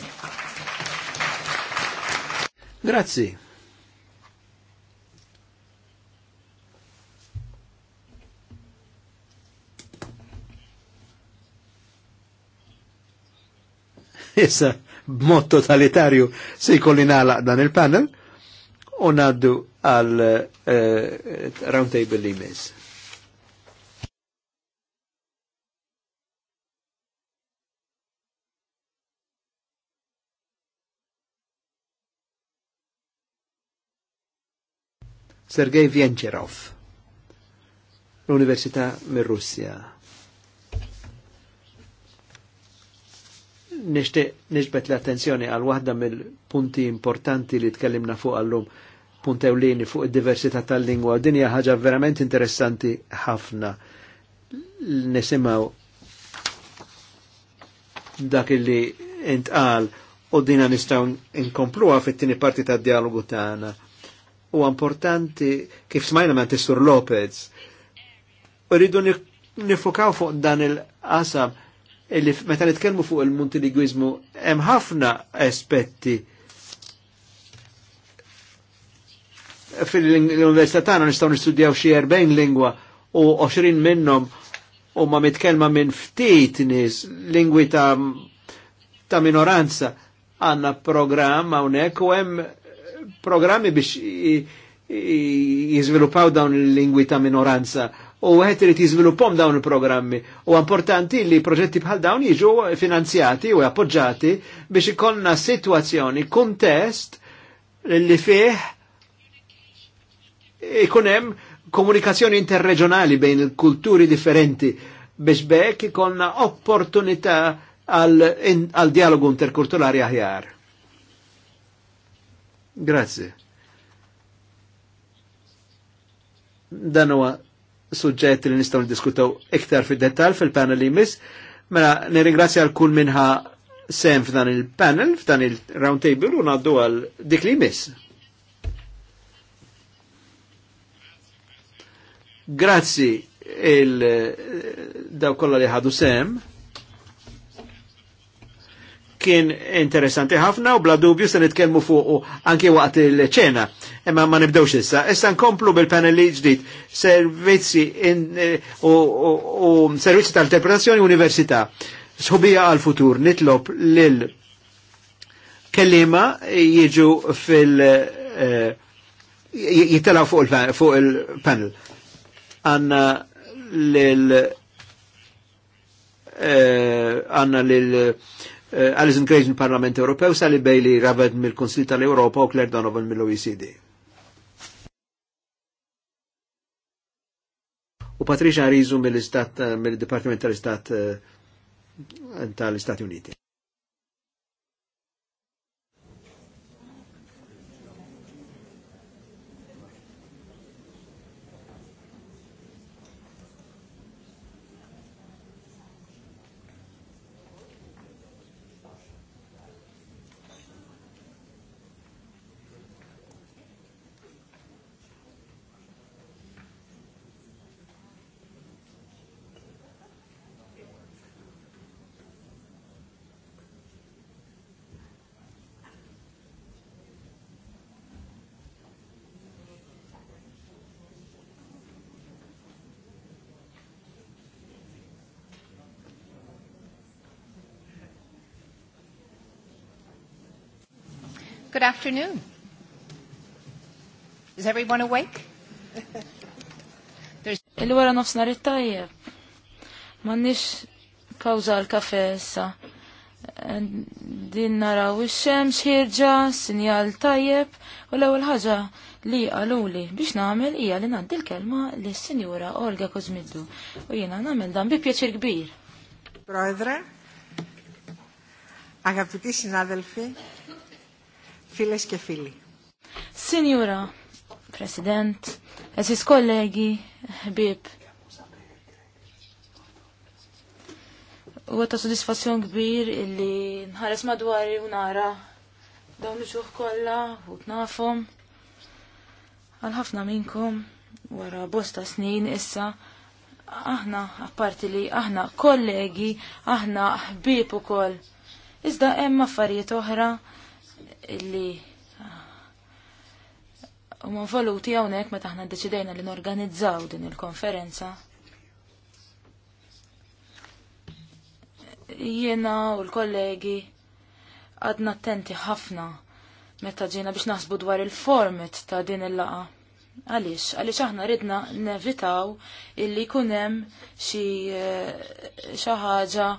Grazzi. Issa, b'mod totalitarju se jkolli nagħlaq dan il-panel u naddu għal uh, roundtable li miss. Sergej Vjenċerov, l-Università mir russja Nixbet l-attenzjoni għal waħda mill-punti importanti li tkellimna fuq għallum punt ewlieni fuq id-diversità tal-lingwa. Din hija ħaġa verament interessanti ħafna. Nisimaw dak li intqal u dina nistgħu inkompluha fit-tieni parti tad-dialogu tagħna u importanti kif smajna ma' Tistur Lopez. U rridu nifukaw fuq dan il-qasam illi meta nitkellmu fuq il-multilinguizmu hemm ħafna aspetti fil-Università tagħna nistgħu nistudjaw xi 40 lingwa u 20 minnhom huma mitkellma minn ftit nies lingwi ta' ta' minoranza għandna programm hawnhekk u hemm programmi biex jizvilupaw dawn il-lingwi ta' minoranza u għet irid jizvilupom dawn il-programmi. U importanti li proġetti bħal dawn jiġu finanzjati u appoġġati biex ikonna situazzjoni, kontest li fih ikunem komunikazzjoni interregionali bejn il-kulturi differenti biex bekk ikonna opportunità għal dialogu interkulturali aħjar. Grazie. Dan huwa suġġett li nistgħu niddiskutaw iktar fid-dettall fil-panel li jmiss. Mela nirringrazzja l kull minnha sem f'dan il-panel, f'dan il-round table u naddu għal dik li jmiss. Grazzi il eh, daw kollha li ħadu sem kien interessanti ħafna u bla dubju se nitkellmu fuq anke waqt il-ċena. Imma ma nibdewx issa. Issa nkomplu bil-panel li ġdid servizzi eh, u servizzi tal-interpretazzjoni università. Sħubija għal-futur nitlob lil kellima jiġu fil- eh, jittelaw fuq il-panel. Għanna lil eh, għanna lil Eh, Alison Grace mill-Parlament Ewropew, Sally Bailey Raved mill-Konsil tal-Europa u Claire Donovan mill-OECD. U Patricia Rizu mill-Istat, eh, mill-Dipartiment tal-Istat eh, tal-Istati Uniti. Good afternoon. Is everyone awake? Il-wara nofsnar it-tajjeb. Mannix pawza l-kafe issa. Din naraw ix-xemx ħirġa, sinjal tajjeb, u l-ewwel ħaġa li għaluli biex nagħmel hija li ngħaddi l-kelma lis-Sinjura Olga Kozmiddu u jiena nagħmel dan bi pjaċir kbir. Proedre, Αγαπητοί συνάδελφοι, Filles ke φίλοι. Signora President, esis kollegi, bib. U ta' soddisfazzjon kbir illi nħares madwari u nara dawn li ġuħ kolla u tnafom. Għal-ħafna minnkom wara bosta snin issa aħna apparti li aħna kollegi, aħna ħbib ukoll. Iżda hemm affarijiet oħra u ah, huma voluti hawnhekk ma taħna deċidejna li norganizzaw din il-konferenza. Jiena u l-kollegi għadna attenti ħafna meta ġina biex naħsbu dwar il-format ta' din il-laqa. Għalix, għalix aħna ridna nevitaw illi kunem xi eh, xaħġa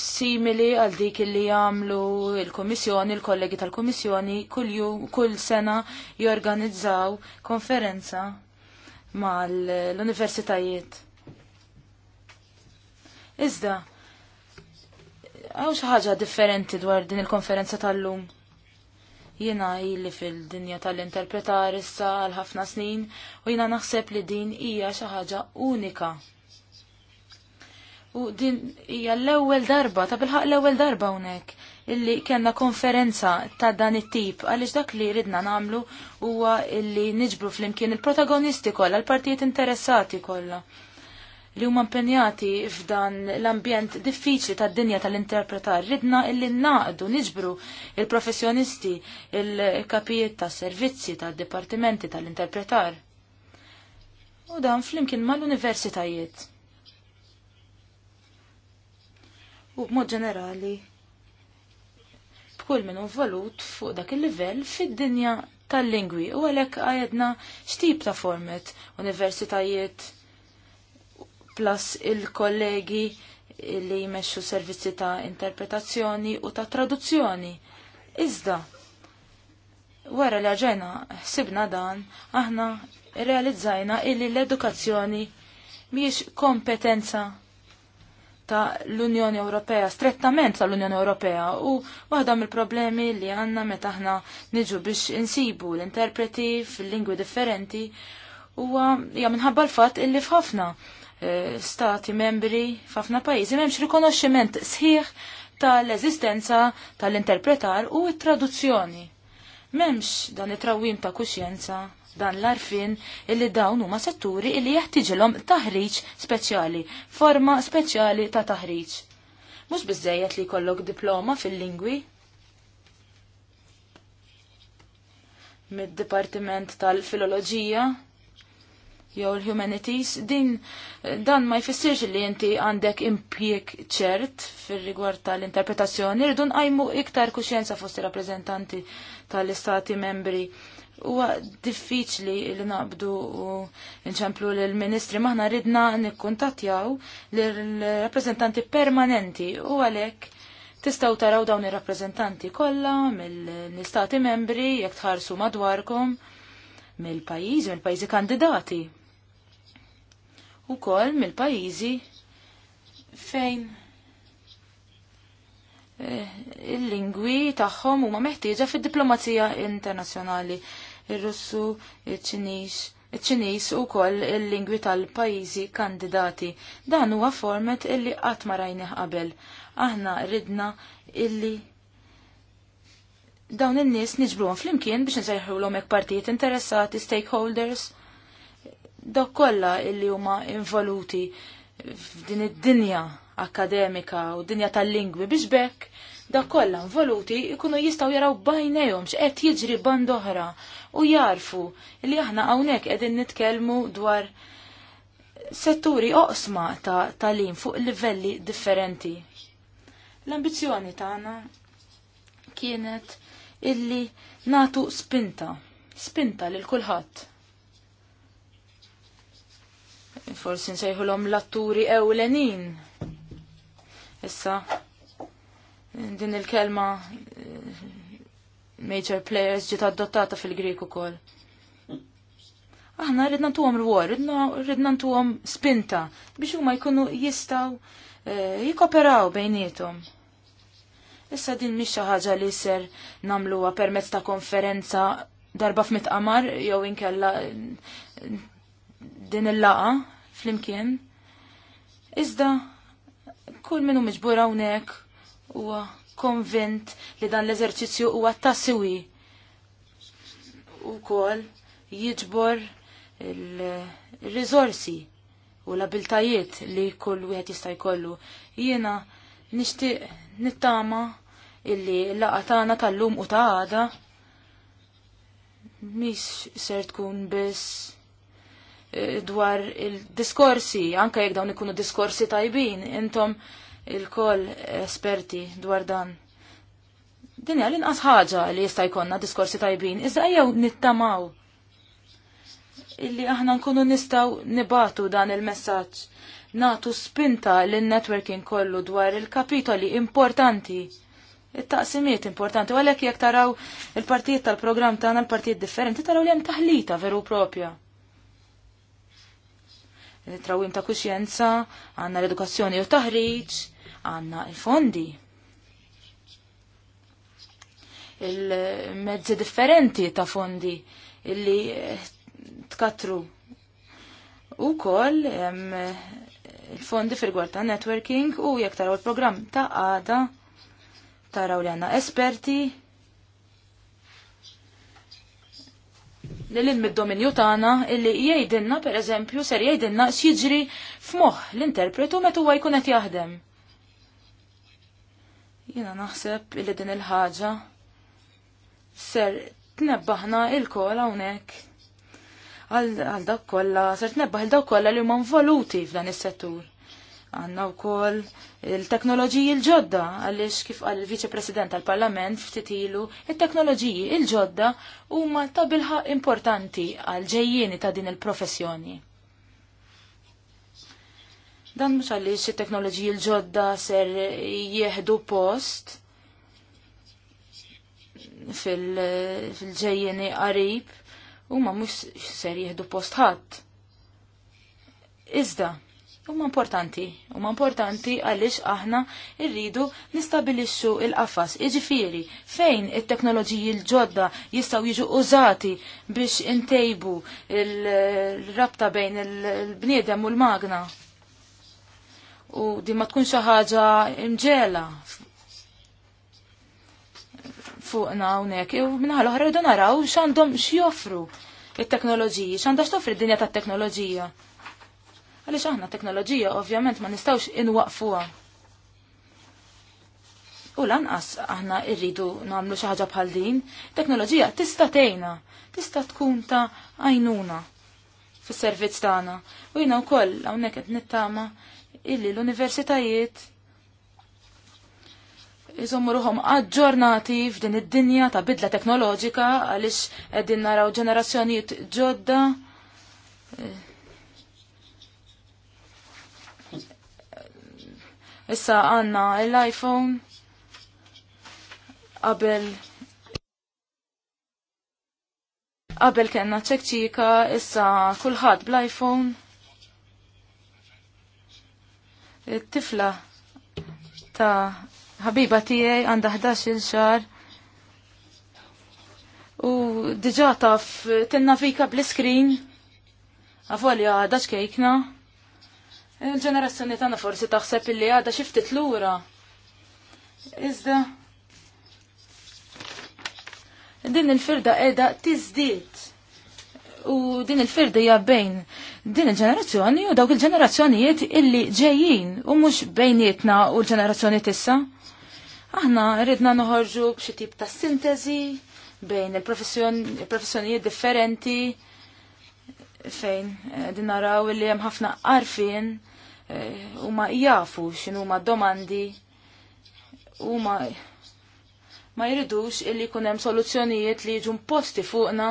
simili għal dik li jagħmlu il-Kummissjoni, il-kollegi tal-Kummissjoni kull sena jorganizzaw konferenza mal-universitajiet. Iżda, għaw ħaġa differenti dwar din il-konferenza tal-lum. Jena illi fil-dinja tal-interpretar issa għal ħafna snin u jena naħseb li din hija xi ħaġa unika U din hija l-ewwel darba, ta' bilħaq l-ewwel darba hawnhekk illi kellna konferenza ta' dan it-tip għaliex dak li ridna nagħmlu huwa illi niġbru flimkien il-protagonisti kollha, l-partijiet interessati kollha li huma impenjati f'dan l-ambjent diffiċli tad-dinja tal-interpretar. Ridna illi naqdu niġbru il-professjonisti, il-kapijiet ta' servizzi tad-dipartimenti tal-interpretar. U dan flimkien mal-universitajiet. u b'mod ġenerali b'kull minn valut fuq dak il-livell fid-dinja tal-lingwi u għalhekk għajedna x'tip ta' format universitajiet plus il-kollegi li jmexxu servizzi ta' interpretazzjoni u ta' traduzzjoni. Iżda, wara li ġena ħsibna dan, aħna realizzajna illi l-edukazzjoni miex kompetenza ta' l-Unjoni Ewropea, strettament ta' l-Unjoni Ewropea u waħda mill-problemi li għanna meta aħna niġu biex insibu l-interpreti fil-lingwi differenti huwa hija minħabba l-fatt illi f'ħafna eh, stati membri f'ħafna pajjiżi m'hemmx rikonoxximent sħiħ tal-eżistenza tal-interpretar u t-traduzzjoni. M'hemmx dan it-trawwim ta' kuxjenza dan l-arfin illi dawn huma setturi illi jeħtiġilhom taħriġ speċjali, forma speċjali ta' taħriġ. Mhux biżejjed li jkollok diploma fil-lingwi. Mid-Dipartiment tal-Filoloġija jew l-Humanities, din dan ma jfissirx li inti għandek impjek ċert fir-rigward tal-interpretazzjoni, rridu nqajmu iktar kuxjenza fost ir-rappreżentanti tal-istati membri huwa diffiċli li naqbdu u nċemplu l-ministri maħna ridna nikkuntattjaw l-rappresentanti permanenti u għalek tistaw taraw dawn ir-rappresentanti kollha mill-istati membri jekk tħarsu madwarkom mill pajizi mill-pajjiżi kandidati. U koll mill-pajjiżi fejn eh, il-lingwi tagħhom huma meħtieġa fid-diplomazija internazzjonali ir-Russu, iċ-Ċiniż u koll il-lingwi tal-pajjiżi kandidati. Dan huwa format illi qatt ma rajnih qabel. Aħna ridna illi dawn in-nies niġbruhom flimkien biex nsejħulhom hekk partijiet interessati, stakeholders, dawk kollha illi huma involuti f'din id-dinja akademika u dinja tal-lingwi biex bekk dak kollha involuti jkunu jistgħu jaraw bajnejhom x'qed jiġri band oħra u jarfu li aħna hawnhekk qegħdin nitkellmu dwar setturi oqsma ta' talim fuq livelli differenti. L-ambizzjoni tagħna kienet illi natu spinta, spinta lil kulħadd. Forsi nsejħulhom l-atturi ewlenin. Issa, din il-kelma major players ġiet adottata fil-Grek ukoll. Aħna ridna ntuhom rwol, ridna ntuhom spinta biex huma jkunu jistgħu eh, jikoperaw bejniethom. Issa din mhix xi ħaġa li ser nagħmluha permezz ta' konferenza darba f'mit qamar jew inkella eh, din il-laqa flimkien. Iżda kull minnu miġbur hawnhekk huwa konvint li dan l-eżerċizzju huwa tassiwi u kol jiġbor il-rizorsi u l-abiltajiet li kull wieħed jista' jkollu. Jiena nixtieq nittama illi l-laqa tagħna tal-lum u ta' għada mhix ser tkun biss eh, dwar il-diskorsi, anke jekk dawn ikunu diskorsi tajbin, intom il-koll esperti dwar dan. Dinja l-inqas ħaġa li jista' jkollna diskorsi tajbin, iżda jew nittamaw illi aħna nkunu nistgħu nibatu dan il-messaġġ. Natu spinta lin-networking kollu dwar il-kapitoli importanti it-taqsimiet importanti, għalek jek taraw il-partijiet tal-program tagħna l-partijiet differenti, taraw li hemm taħlita veru propja trawim ta' kuxjenza, għanna l-edukazzjoni u taħriġ, għanna il-fondi. Il-mezzi differenti ta' fondi illi eh, tkatru. U koll il-fondi fil gwarta ta' networking u jek taraw il-program ta' għada, taraw li għanna esperti, l-ilm id-dominju tagħna illi jgħidilna pereżempju ser jgħidilna x'jiġri f'moħħ l-interpretu meta huwa jkun qed jaħdem. Jiena naħseb illi din il-ħaġa ser tnebbaħna il-kol hawnhekk għal dak kollha ser tnebbaħ il dak kollha li huma involuti f'dan is-settur. Għanna u kol il-teknoloġiji il-ġodda, għalix kif għal il vice President tal-Parlament ilu, il-teknoloġiji il-ġodda huma ta' bilħa importanti għal ġejjieni ta' din il-professjoni. Dan mux għalix il-teknoloġiji il-ġodda ser jieħdu post fil-ġejjeni qarib, huma mhux ser jieħdu post ħadd. Iżda, huma importanti. Huma importanti għaliex aħna rridu nistabilixxu il-qafas. Iġifieri, fejn it-teknoloġiji l-ġodda jistgħu jiġu użati biex intejbu il-rabta bejn il-bniedem u l-magna. U di ma tkun xi ħaġa imġela fuqna hawnhekk u minħal oħra rridu naraw x'għandhom x'joffru it-teknoloġiji, x'għandha x'toffri d-dinja tat-teknoloġija. Għaliex aħna teknoloġija ovvjament ma nistgħux inwaqfuha. U lanqas aħna rridu nagħmlu xi ħaġa bħal din, teknoloġija tista' tgħinna, tista' tkun ta' għajnuna fis-servizz tagħna. U jiena wkoll hawnhekk qed nittama illi l-universitajiet Iżommu ruħom aġġornati f'din id-dinja ta' bidla teknoloġika għaliex qegħdin naraw ġenerazzjonijiet ġodda eh, Issa għanna l-iPhone qabel qabel kena ċekċika, issa kulħadd bl-iPhone. Tifla ta' ħabiba tiegħi għandha 11-il xar u diġa taf tinnavika bl-iskrin għafolja daċkejkna. kejkna. Il-ġenerazzjoni tagħna forsi taħseb illi għadha xi ftit lura. Iżda din il-firda qiegħda tiżdied. U din il-firda hija bejn din il-ġenerazzjoni u dawk il-ġenerazzjonijiet illi ġejjin u mhux bejnietna u l-ġenerazzjoni tissa. Aħna rridna noħorġu b'xi tip ta' sintesi bejn il-professjonijiet differenti fejn eh, din naraw li hemm ħafna arfin Eh, huma jafu x'inhuma domandi huma ma jridux illi jkun hemm soluzzjonijiet li jiġu imposti fuqna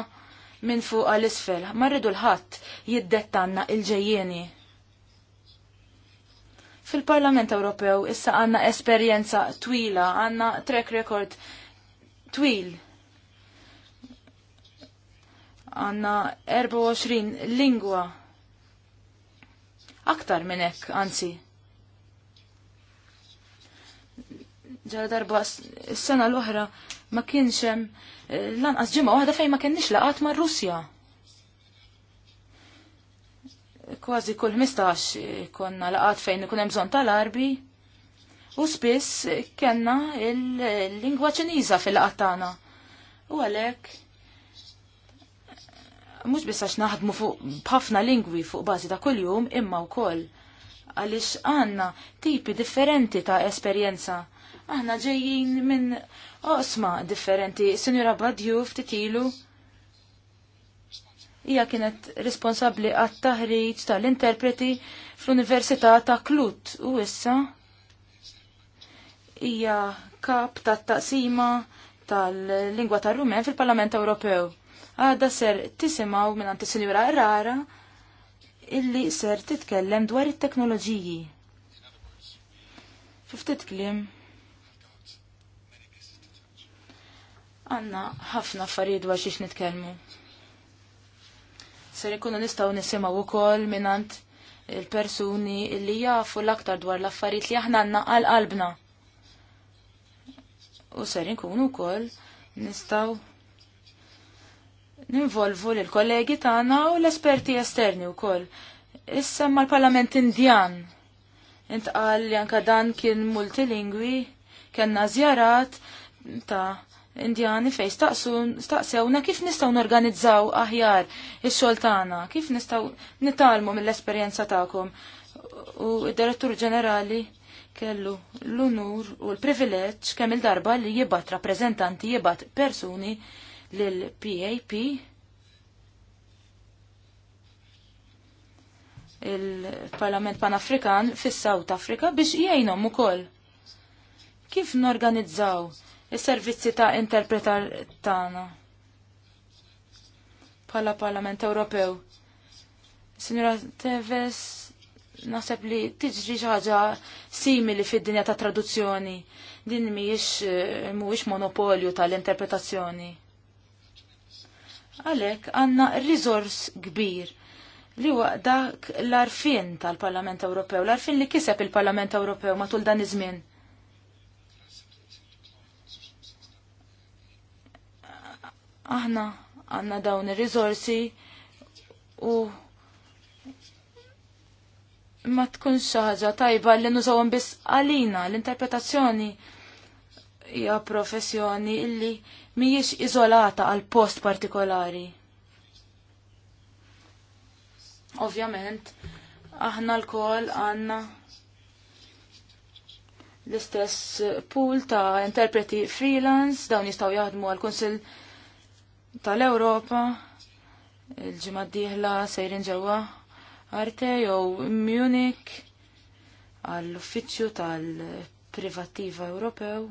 minn fuq għal isfel. Ma rridu l-ħadd jiddettanna il-ġejjieni. Fil-Parlament Ewropew issa għandna esperjenza twila, għandna track record twil. Għandna 24 lingwa aktar minn hekk, anzi. Ġara darba s-sena l-oħra ma kienx hemm eh, lanqas ġimgħa waħda fejn ma kenniex laqat ma' Russja. Kważi kull 15 konna laqat fejn ikun hemm bżonn tal-arbi u spiss kenna il-lingwa ċiniża fil-laqat tagħna. U għalhekk mhux biss għax naħdmu fuq b'ħafna lingwi fuq bażi ta' kuljum imma wkoll għaliex għandna tipi differenti ta' esperjenza. Aħna ġejjin minn osma differenti. Sinjura Badju ftit ilu hija kienet responsabbli għat-taħriġ tal-interpreti fl-Università ta' Klut u issa hija kap tat-taqsima tal-lingwa tar-Rumen fil-Parlament Ewropew għada ser tisimaw minn għanti sinjura rara illi ser titkellem dwar it-teknoloġiji. Fiftit klim. Għanna ħafna affarijiet dwar xiex nitkellmu. Ser ikunu nistaw nisimaw ukoll minn għand il-persuni illi jafu l-aktar dwar l-affarijiet li aħna għanna għal qalbna. U ser ikunu kol nistaw ninvolvu l-kollegi tagħna u l-esperti esterni wkoll. Issa mal-Parlament Indjan. Intqal li anka dan kien multilingwi, kellna żjarat ta' Indjani fejn staqsewna kif nistgħu norganizzaw aħjar ix-xogħol tagħna, kif nistgħu nitalmu mill-esperjenza tagħkom. U d-Direttur Ġenerali kellu l-unur u l-privileġġ kemm il-darba li jibgħat rappreżentanti jibgħat persuni lill-PAP il-Parlament Panafrikan fis-South Africa biex jgħinhom ukoll. Kif norganizzaw is-servizzi ta' interpretar tagħna? Pala Parlament Ewropew. Signora Teves, naħseb li tiġri ħaġa simili fid-dinja ta' traduzzjoni. Din mhijiex mhuwiex monopolju tal-interpretazzjoni. Għalek għanna rizors kbir li huwa dak l-arfin tal-Parlament Ewropew, l-arfin li kiseb il-Parlament Ewropew matul dan iż-żmien. Aħna għanna dawn ir-riżorsi u ma tkunx ħaġa tajba li nużawhom biss għalina l-interpretazzjoni hija professjoni illi mhijiex iżolata għal post partikolari. Ovvjament, aħna l-kol għanna l-istess pool ta' interpreti freelance, dawn jistaw jaħdmu għal konsil tal-Europa, il-ġimma d sejrin ġewwa Arte jew Munich għall-uffiċċju tal-Privattiva Ewropew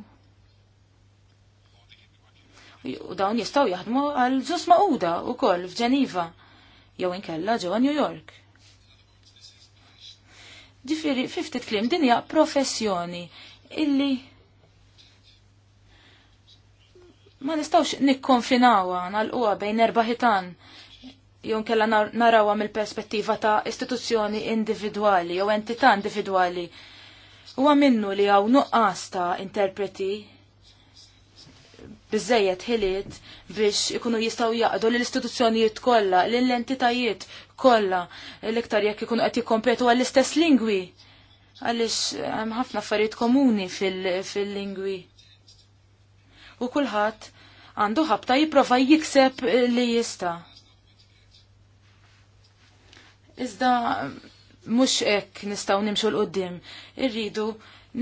u dawn jistgħu jaħdmu għal ġus u wkoll f'Ġeniva jew inkella ġewwa New York. Ġifieri fiftit klim, din hija professjoni illi ma nistawx nikkonfinawa nalquha bejn erba'ħitan, jew kella narawha mill-perspettiva ta' istituzzjoni individwali jew entità individwali. Huwa minnu li hawn nuqqas ta' interpreti bizzejet ħiliet biex ikunu jistaw jaqdu l-istituzzjonijiet kollha, l-entitajiet kollha l-iktar jekk ikunu qed jikkompetu għall-istess lingwi. Għaliex hemm ħafna affarijiet komuni fil-lingwi. U kulħadd għandu ħabta jipprova jikseb eh, li jista. Iżda mhux hekk nistgħu nimxu l qoddim irridu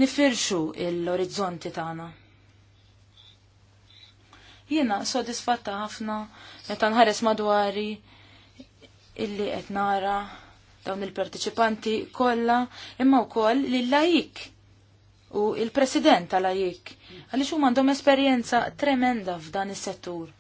nifirxu l-orizzonti tagħna. Jiena sodisfatta ħafna meta nħares madwari illi qed nara dawn il-partiċipanti kollha imma wkoll lil lajik u il-president tal lajik għaliex huma għandhom esperjenza tremenda f'dan is-settur.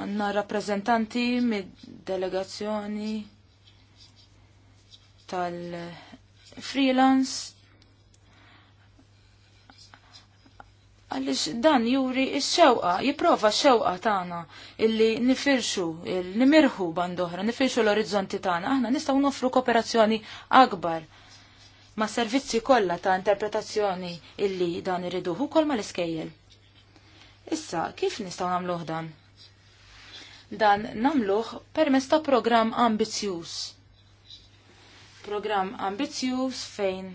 Għanna rappresentanti mid-delegazzjoni tal-freelance għalix dan juri il-xewqa, jiprofa xewqa tana illi nifirxu, il nimirħu bandoħra, nifirxu l-orizzonti tana, aħna nistaw nofru kooperazzjoni akbar ma servizzi kollha ta' interpretazzjoni illi dan irriduħu kol ma l-iskejjel. Issa, kif nistaw namluħ dan? Dan namluħ permess ta' program ambizjuż program ambizjuż fejn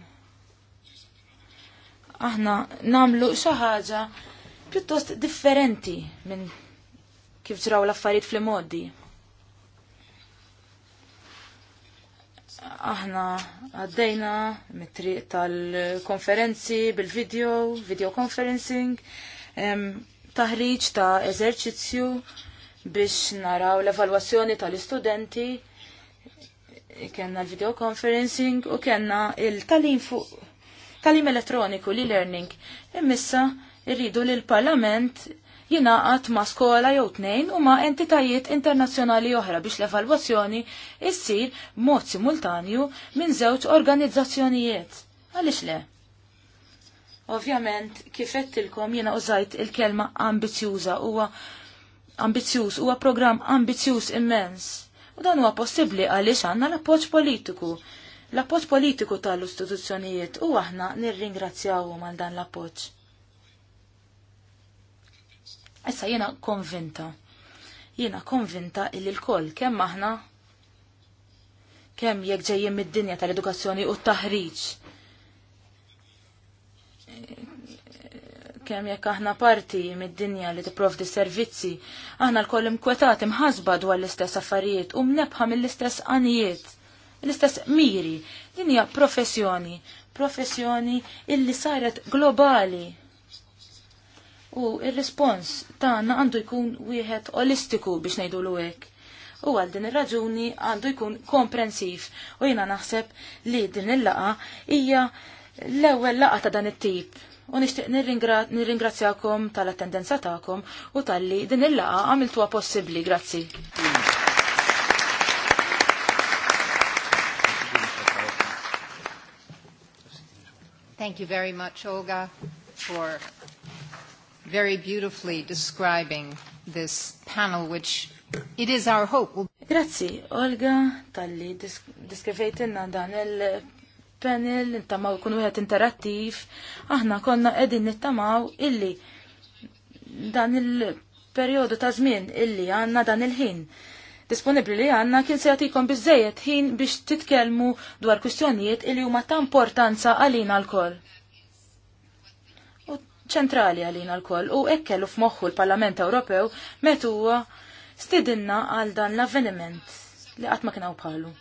aħna namlu xi ħaġa pjuttost differenti minn kif ġraw l-affarijiet fl-modi. Aħna għaddejna mitri tal-konferenzi bil-video, video conferencing, taħriġ ta' eżerċizzju biex naraw l-evalwazzjoni tal-istudenti, kena video conferencing u kena il-talim fuq talim elettroniku li learning. Immissa irridu li l-parlament jinaqat ma' skola jew tnejn u ma' entitajiet internazzjonali oħra biex l-evalwazzjoni issir mod simultanju minn żewġ organizzazzjonijiet. Għaliex le? Ovvjament, kif ilkom jiena użajt il-kelma ambizjuża huwa ambizjuż huwa programm ambizjuż immens u dan huwa possibbli għaliex għandna l-appoġġ politiku. L-appoġġ politiku tal-istituzzjonijiet u aħna nirringrazzjawhom għal dan l-appoġġ. Issa jiena konvinta. Jiena konvinta illi l-koll kemm aħna kemm jekk ġejjin mid-dinja tal-edukazzjoni u t-taħriġ kemm jekk aħna parti mid-dinja li tipprovdi servizzi, aħna l-koll imkwetat imħasba dwar l-istess affarijiet u mnebħa mill-istess anijiet, l-istess miri, din hija professjoni, professjoni illi saret globali. U il-respons tagħna għandu jkun wieħed olistiku biex ngħidu hekk. U għal din ir-raġuni għandu jkun komprensiv u jiena naħseb li din il-laqa hija l-ewwel laqa ta' dan it-tip u nishtiq nirringrazzjakom tal-attendenza tagħkom u tal-li din il-laqa għamiltuha possibli. Grazzi. Thank you very much, Olga, for very beautifully describing this panel, which it is our hope Grazie, Olga, tal-li diskrivejtinna dan il panel, nittamaw kun wieħed interattiv, aħna konna qegħdin nittamaw illi dan il-perjodu ta' żmien illi għandna dan il-ħin. Disponibli li għanna kien se jagħtikom biżejjed ħin biex titkellmu dwar kwistjonijiet illi huma ta' importanza għalina l-koll. U ċentrali għalina l-koll u ekkellu f'moħħu l-Parlament Ewropew metuwa stidinna għal dan l-avveniment li qatt ma kien bħalu.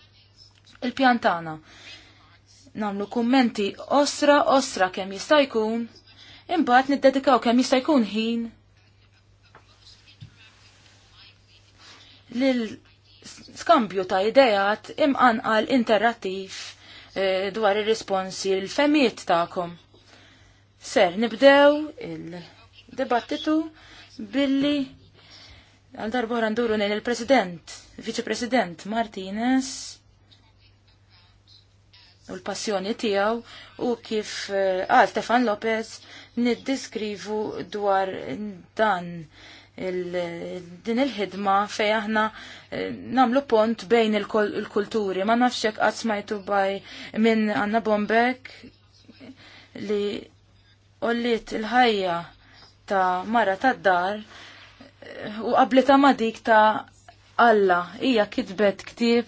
Il-pjantana. pjantana namlu kummenti osra osra kemm jista' jkun, imbagħad niddedikaw kemm jista' jkun ħin lil skambju ta' idejat imqanqal interattiv interattif eh, dwar ir-responsi l-femiet tagħkom. Ser nibdew il debattitu billi għal darba nduru nejn il-President, Viċi-President Martinez u l-passjoni tijaw u kif eh, għal Stefan Lopez niddiskrivu dwar dan il din il-ħidma fej aħna eh, namlu pont bejn il-kulturi. Ma nafxek għad smajtu baj minn Anna Bombek li ollit il-ħajja ta' mara ta' dar eh, u qablita ma' dik ta' Alla, hija kitbet ktib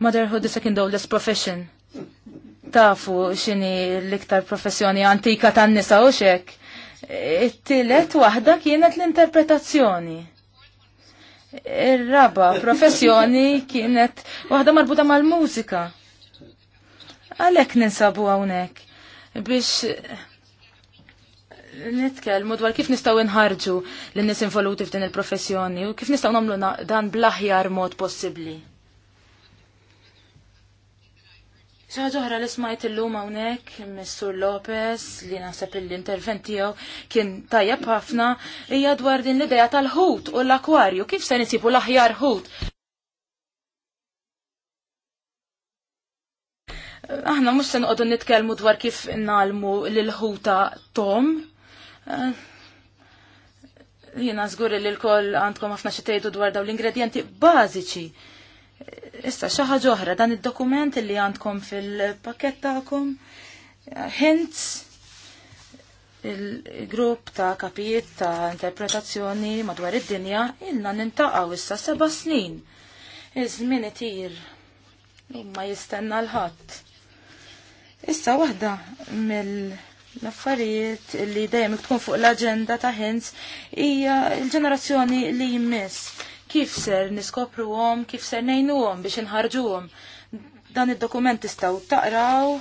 Motherhood is Second Oldest Profession tafu xini l-iktar professjoni antika tan nisa u xek. It-tilet waħda kienet l-interpretazzjoni. Ir-raba professjoni kienet waħda marbuta mal-mużika. Għalek ninsabu għawnek biex nitkelmu dwar kif nistaw inħarġu l-nis involuti f'din il-professjoni u kif nistaw namlu dan blaħjar mod possibli. Saħġa oħra li smajt illum hawnhekk Mr. Lopez li naħseb l-intervent tiegħu kien tajjeb ħafna hija dwar din l-idea tal-ħut u l-akwarju kif se nisibu l-aħjar ħut. Aħna mhux se għodun nitkellmu dwar kif nalmu l ħuta Tom. Eh, jiena zgur li l-koll għandkom ħafna xi tgħidu dwar dawn l-ingredjenti bażiċi Issa xi ħaġa oħra dan id-dokument li għandkom fil-pakket tagħkom hints il-grupp ta' kapijiet ta' interpretazzjoni madwar id-dinja ilna nintaqgħu issa seba' snin. Iż-żmien itir ma jistenna l-ħadd. Issa waħda mill-affarijiet li dejjem tkun fuq l-aġenda ta' hints hija l-ġenerazzjoni li jmiss kif ser għom, kif ser għom biex inħarġuhom. Dan id-dokument istaw taqraw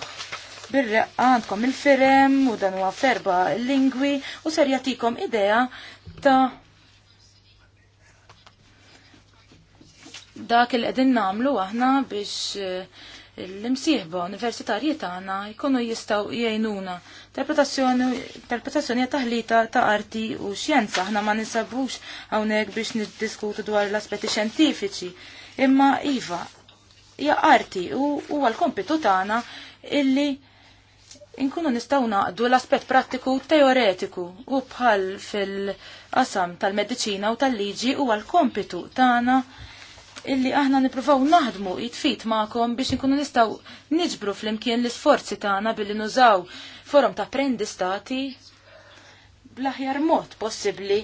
bir għandkom il-firem u dan huwa ferba lingwi u ser jagħtikom idea ta' dak il qegħdin nagħmlu aħna biex eh, l-imsieħba universitarji tagħna jkunu jistgħu jgħinuna interpretazzjoni taħlita ta' arti u xjenza. Aħna ma ninsabux hawnhekk biex niddiskutu dwar l-aspetti xjentifiċi. Imma iva, hija arti u huwa l-kompitu tagħna illi inkunu nistgħu naqdu l-aspett prattiku teoretiku u bħal fil-qasam tal-mediċina u tal-liġi huwa l-kompitu tagħna ta illi aħna nipruvaw naħdmu jitfit ma'kom biex nkunu nistaw niġbru fl-imkien l-isforzi tagħna billi nużaw forum ta' prendistati bl-aħjar mod possibbli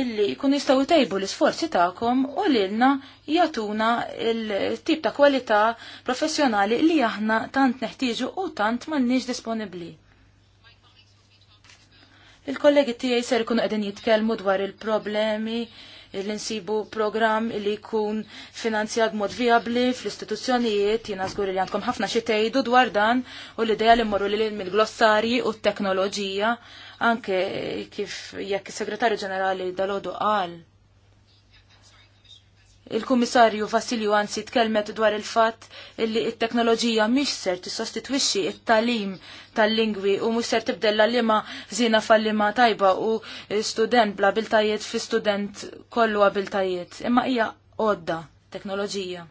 illi jkunu jistgħu jtejbu l-isforzi tagħkom u lilna jagħtuna il-tip ta' kwalità professjonali li aħna tant neħtieġu u tant m'għandniex disponibbli. Il-kollegi tiegħi ser ikunu qegħdin jitkellmu dwar il-problemi, il problemi li nsibu program li jkun finanzjad mod viabli fl-istituzzjonijiet, jina zgur li għandkom ħafna xi tgħidu dwar dan u l-idea li mmorru lil mill-glossarji u t-teknoloġija anke kif jekk is-Segretarju Ġenerali Dalodu qal Il-Kummissarju Vassilju Ansi tkellmet dwar il-fatt li il teknoloġija mhix ser tissostitwixxi il talim tal-lingwi u mhux ser tibdella lima zina fal lima tajba u student bla biltajiet fi student kollu għabil-tajiet. Imma hija odda teknoloġija.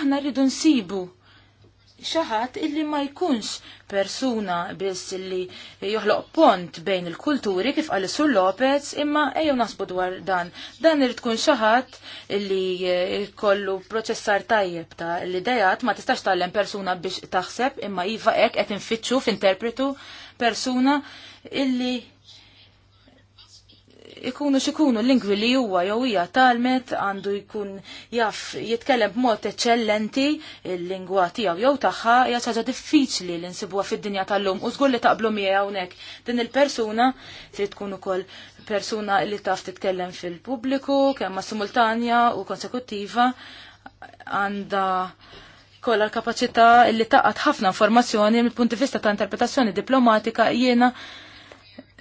Aħna rridu nsibu xaħat illi ma jkunx persuna biss illi joħloq pont bejn il-kulturi kif għal sur Lopez imma ejju nasbu dwar dan. Dan irid tkun xaħat illi eh, kollu proċessar tajjeb ta' l-idejat ma tistax tallem persuna biex taħseb imma jiva ek qed infittxu f'interpretu persuna illi ikunu xikunu lingwi li huwa jew hija talmet għandu jkun jaf jitkellem b'mod eċċellenti il-lingwa tiegħu jew tagħha hija ħaġa diffiċli li nsibuha fid-dinja tal-lum u żgur li taqblu miegħi hawnhekk. Din il-persuna trid tkun ukoll persuna li taf titkellem fil-pubbliku kemm simultanja u konsekuttiva għandha kollha l kapaċità li taqgħod ħafna informazzjoni mill-punti vista ta' interpretazzjoni diplomatika jiena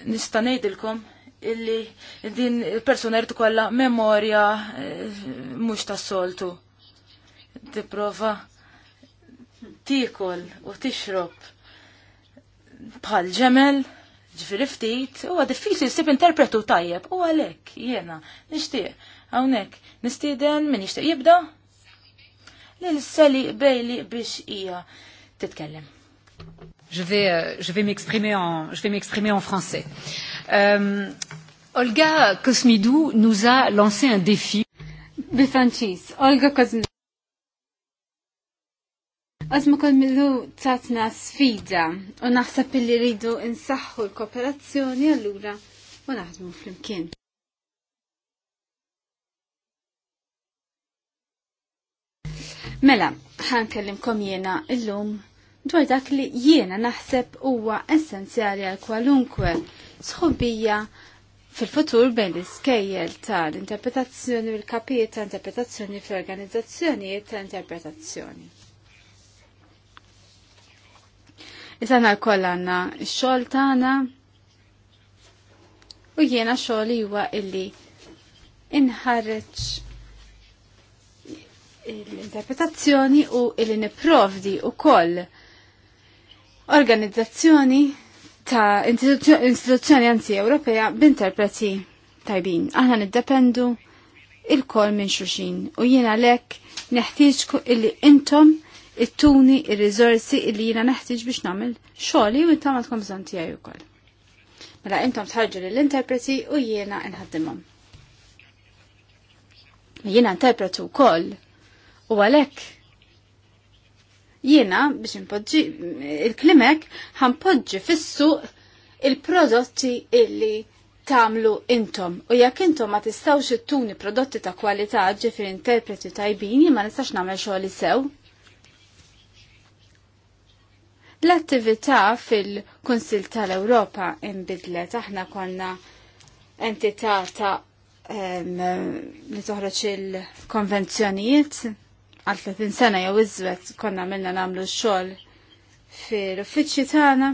nista' ngħidilkom illi din il-persuna jrid kollha memorja eh, mhux tas-soltu. Tipprova tikol u tixrob bħal ġemel ġifiri ftit, u diffiċli jisib interpretu tajjeb, u għalek, jena, nishtiq, għawnek, nistiden min jishtiq jibda? Lil Sally bejli biex ija titkellem. Je vais, euh, je vais m'exprimer en, je vais m'exprimer en français. Euh, Olga Kosmidou nous a lancé un défi. Bifanċis, Olga Kosmidou. Għazma kol millu tatna sfida u a li ridu insaħħu l-kooperazzjoni allura u naħdmu fl-imkien. Mela, ħankellimkom jena illum dwar dak li jiena naħseb huwa essenzjali għal kwalunkwe sħobija fil-futur bejn l-iskejjel tal-interpretazzjoni u l-kapijiet ta' interpretazzjoni fl-organizzazzjonijiet ta' interpretazzjoni. Issa l-koll għanna xol tagħna u jiena xogħol huwa illi inħarreġ l-interpretazzjoni u illi niprovdi u koll organizzazzjoni ta' istituzzjoni anzi Ewropea b'interpreti tajbin. Aħna niddependu il-kol minn xuxin u jiena lek neħtieġku illi intom ittuni il-rizorsi illi jiena neħtieġ biex nagħmel xogħli u intom tkun bżonn tiegħi wkoll. Mela intom tħarġu lill-interpreti u jiena nħaddimhom. Jiena interpretu wkoll u għalhekk Jiena biex impoġġi il-klimek ħampoġġi fis il-prodotti illi tamlu intom. U jekk intom ma tistawx ittuni prodotti ta' kwalità ġifir interpreti tajbini ma nistax nagħmel xogħol sew. L-attività fil-Kunsil tal-Ewropa inbidlet aħna konna entità ta' li toħroġ il-konvenzjonijiet għal 30 sena jew iżvet konna minna namlu xogħol fil-uffiċċji tagħna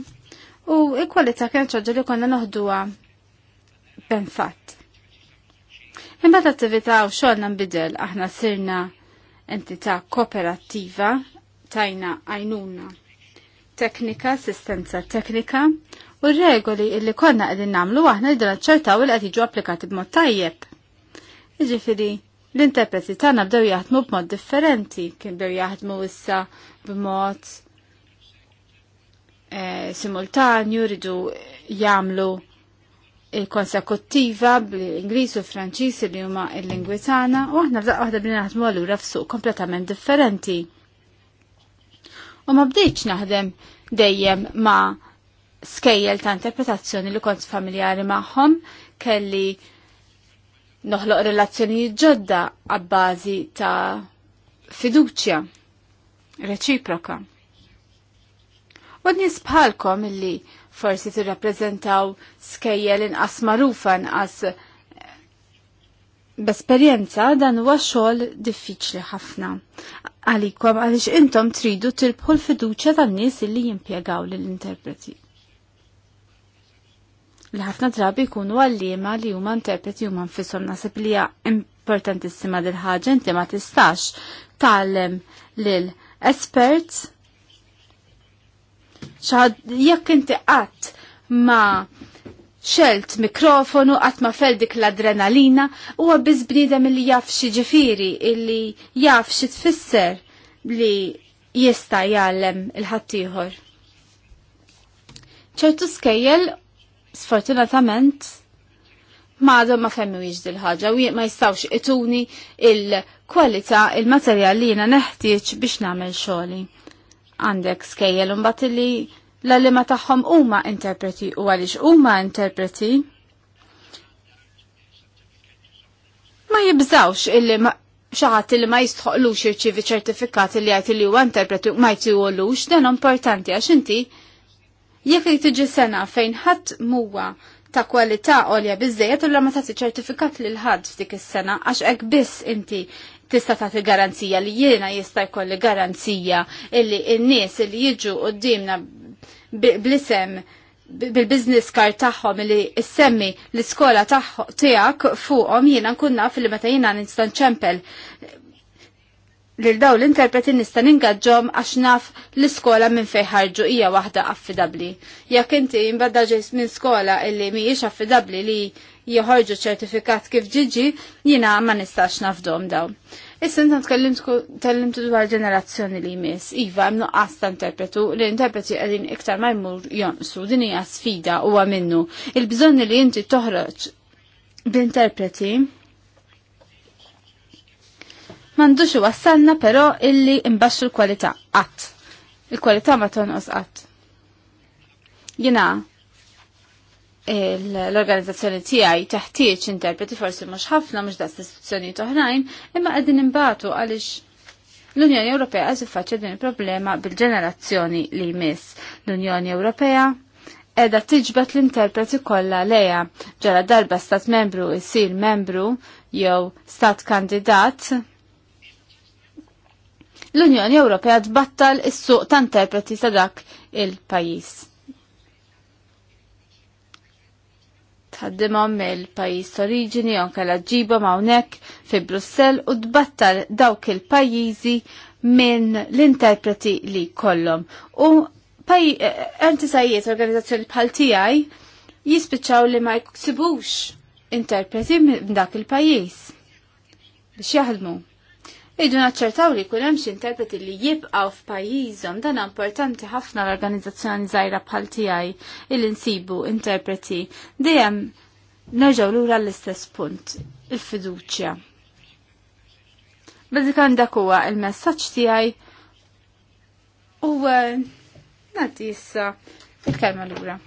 u l-kwalità kienet ċaġġa li konna noħduha ben fatt. Imbagħad attività u xogħolna nbidel aħna sirna entità kooperattiva tajna għajnuna teknika, assistenza teknika u regoli illi konna qegħdin nagħmlu aħna jiddu naċċertaw il qed jiġu applikati b'mod tajjeb. Jiġifieri l-interpreti tagħna bdew jaħdmu b'mod differenti, kien bdew jaħdmu issa b'mod e, simultanju ridu jagħmlu il-konsekuttiva bl-Ingliż u l-Franċiż li huma l-lingwi tagħna u aħna f'daqqa waħda bli naħdmu allura f'suq kompletament differenti. U ma bdejtx naħdem dejjem ma' skejjel ta' interpretazzjoni li kont familjari magħhom kelli noħloq relazzjonijiet ġodda għabbażi ta' fiduċja reċiproka. U nies bħalkom illi forsi tirrappreżentaw skejjel inqas magħrufa inqas eh, b'esperjenza dan huwa xogħol diffiċli ħafna. Għalikom għaliex intom tridu tilbħu l-fiduċja tan-nies illi jimpjegaw lill-interpreti li ħafna drabi jkunu għallima li huma interpreti huma nfisom nasib li hija importantissima dil ħaġa inti ma tistax tgħallem lil esperts jekk inti qatt ma xelt mikrofonu qatt ma fel dik l-adrenalina huwa biss bniedem li jaf xi ġifieri illi jaf xi tfisser li jista' jgħallem il-ħaddieħor. ċertu skejjel sfortunatament ma għadhom ma femmi wiex dil-ħaġa u ma jistawx ituni il-kwalità il-materjal li jina neħtieġ biex nagħmel xogħli. Għandek skejjel imbagħad li l-għalima tagħhom huma interpreti u għaliex huma interpreti ma jibżawx ma xaħat li ma jistħoqlux jirċivi ċertifikat li għajt li huwa u ma jtiwolux, dan importanti għax inti Jekk tiġi sena fejn ħadd muwa ta' kwalità għolja biżejjed u ma tagħti ċertifikat lil ħadd f'dik is-sena għax hekk biss inti tista' tagħti garanzija li jiena jista' jkolli garanzija illi n-nies li jiġu qudiemna bl-isem bil business card tagħhom li semmi l-iskola tiegħek fuqhom jiena nkun naf li meta jiena nista' nċempel lil daw l-interpreti nista' ningaġġhom għax naf l-iskola minn fejn ħarġu hija waħda affidabbli. Jekk inti mbadda ġejs minn skola illi mhijiex affidabbli li jħorġu ċertifikat kif ġiġi, jina ma nistax nafdom daw. Issa intan tkellimtu dwar ġenerazzjoni li jmiss. Iva, mnu ta' interpretu, li interpreti għedin iktar ma jmur jonqsu, din hija sfida u minnu. Il-bżonni li inti toħroġ b'interpreti Mandux wassalna però illi imbaxxu l-kwalità qatt. Il-kwalità ma tonqos qatt. Jina l-organizzazzjoni tiegħi teħtieġ interpreti forsi mhux ħafna mhux daqs istituzzjonijiet oħrajn, imma qegħdin imbagħtu għaliex l-Unjoni Ewropea għaż iffaċċja din il-problema bil-ġenerazzjoni li jmiss. L-Unjoni Ewropea edha tiġbet l-interpreti kollha leja ġara darba stat membru isir membru jew stat kandidat l-Unjoni Ewropea tbattal is-suq ta' interpreti ta' dak il-pajjiż. Tħaddimhom mill-pajjiż oriġini anke la ġibhom hawnhekk fi Brussell u tbattal dawk il-pajjiżi minn l-interpreti li kollhom. U eh, eh, entisajiet organizzazzjoni bħal tiegħi jispiċċaw li ma jksibux interpreti minn dak il-pajjiż biex jaħdmu. Idu naċċertaw li kull hemm interpreti li jibqgħu f'pajjiżhom dan importanti ħafna l-organizzazzjoni żgħira bħal tiegħi il insibu interpreti dejjem nerġgħu lura l-istess punt il-fiduċja. Bażikan dak huwa il-messaġġ tiegħi u eh, nagħti issa il-kelma lura.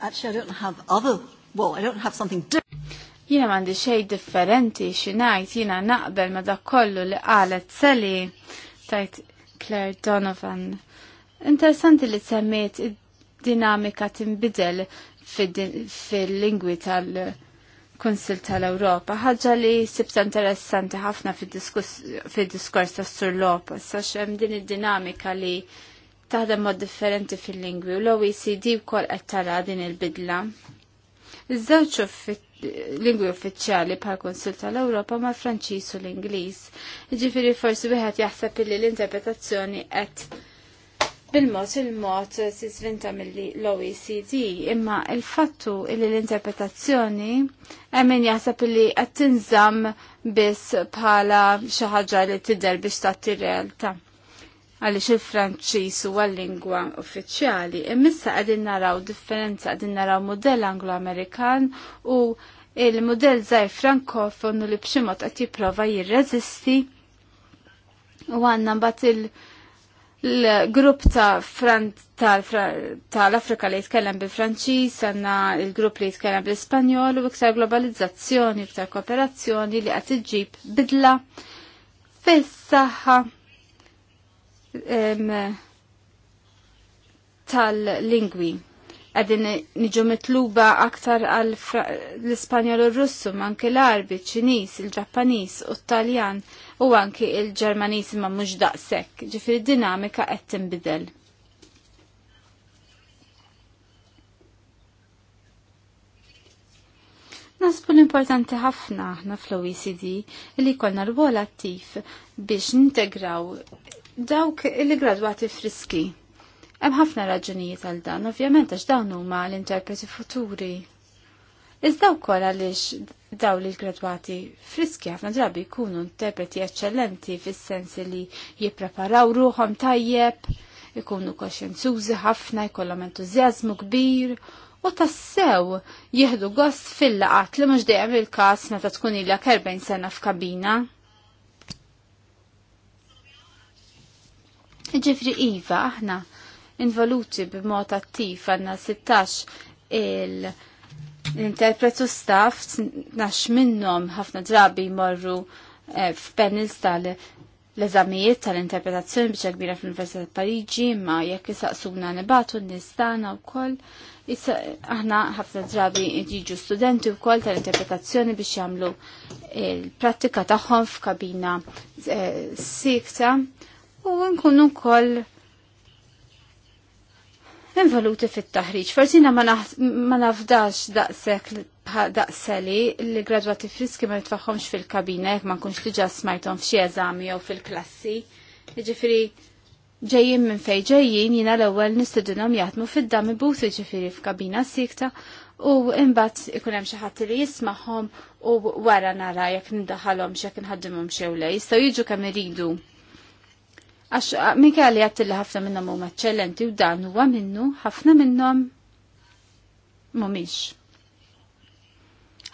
Actually, I don't have other, well, I don't have something different. Jiena m'għandi xejn differenti xi ngħid jiena naqbel ma dak kollu li qalet Sally tajt Claire Donovan. Interessanti li semmiet id-dinamika timbidel fil-lingwi tal-Kunsil tal-Ewropa. Ħaġa li sibta interessanti ħafna fil-diskors tas Sur Lopa, sax hemm din id-dinamika li taħdem mod differenti fil-lingwi u l-OECD wkoll qed tara din il-bidla. Iż-żewġ lingwi uffiċjali bħal Kunsil tal-Ewropa mal franċiż u l-Ingliż. Jiġifieri forsi wieħed jaħseb li l-interpretazzjoni qed bil-mod il-mod milli mill-OECD, imma il-fattu li l-interpretazzjoni hemm jaħseb li qed tinżamm biss bħala xi ħaġa li tidher biex tagħti realtà għaliex il-Franċiż huwa lingwa uffiċjali, imissa qegħdin naraw differenza qegħdin naraw mudell Anglo-Amerikan u il-mudell frankofon frankofonu li b'xi mod qed jipprova jirreżisti u għandna mbagħad il- grupp ta' tal-Afrika li jitkellem bil-Franċis, għanna il-grupp li jitkellem bil-Spanjol u iktar globalizzazzjoni, iktar kooperazzjoni li għat iġib bidla fis-saħħa tal-lingwi. Għadin niġu mitluba aktar għal l-Ispanjol u r-Russu, manke l-Arbi, ċinis, il-Ġappanis u l-Taljan u anki il-Ġermanis ma mux daqsek, ġifir dinamika qed tinbidel. Nasbu l-importanti ħafna aħna fl-OECD li konna rwol attiv biex nintegraw dawk li gradwati friski. Hemm ħafna raġunijiet għal dan, ovvjament għax dawn huma l-interpreti futuri. Iżda wkoll għaliex daw li l-gradwati friski ħafna drabi jkunu interpreti eċċellenti fis-sens li jippreparaw ruhom tajjeb, ikunu koxjenzużi ħafna, jkollhom entużjażmu kbir, u tassew jieħdu gost fil-laqat li mhux dejjem il-każ meta tkun ilha 40 sena f'kabina. Ġifri Iva, aħna involuti b'mod attiv għanna 16 il- L-interpretu staff, nax minnom ħafna drabi morru eh, f'panels tal l-eżamijiet tal-interpretazzjoni biex kbira fl-Università ta' ma jekk isaqsuna nibatu nistana u koll, aħna ħafna drabi jiġu studenti u koll tal-interpretazzjoni biex jagħmlu il-prattika tagħhom f'kabina eh, sikta u nkunu wkoll involuti fit-taħriġ. Forsina ma nafdax daqshekk daqseli li gradwati friski ma nitfaħħomx fil-kabina jekk ma nkunx diġà smajthom f'xi eżami jew fil-klassi. Jiġifieri ġejjin minn fejn ġejjin jiena l-ewwel nistudinom jaħdmu fid-dami booth jiġifieri f'kabina sikta u imbagħad ikun hemm xi ħadd li jismagħhom u wara nara jekk nindaħħalhom xek inħaddimhom xew lej. Jistgħu jiġu kemm iridu Għax Mikali għattilli ħafna minnom huma maċċellenti u dan huwa minnu ħafna minnom mumiex.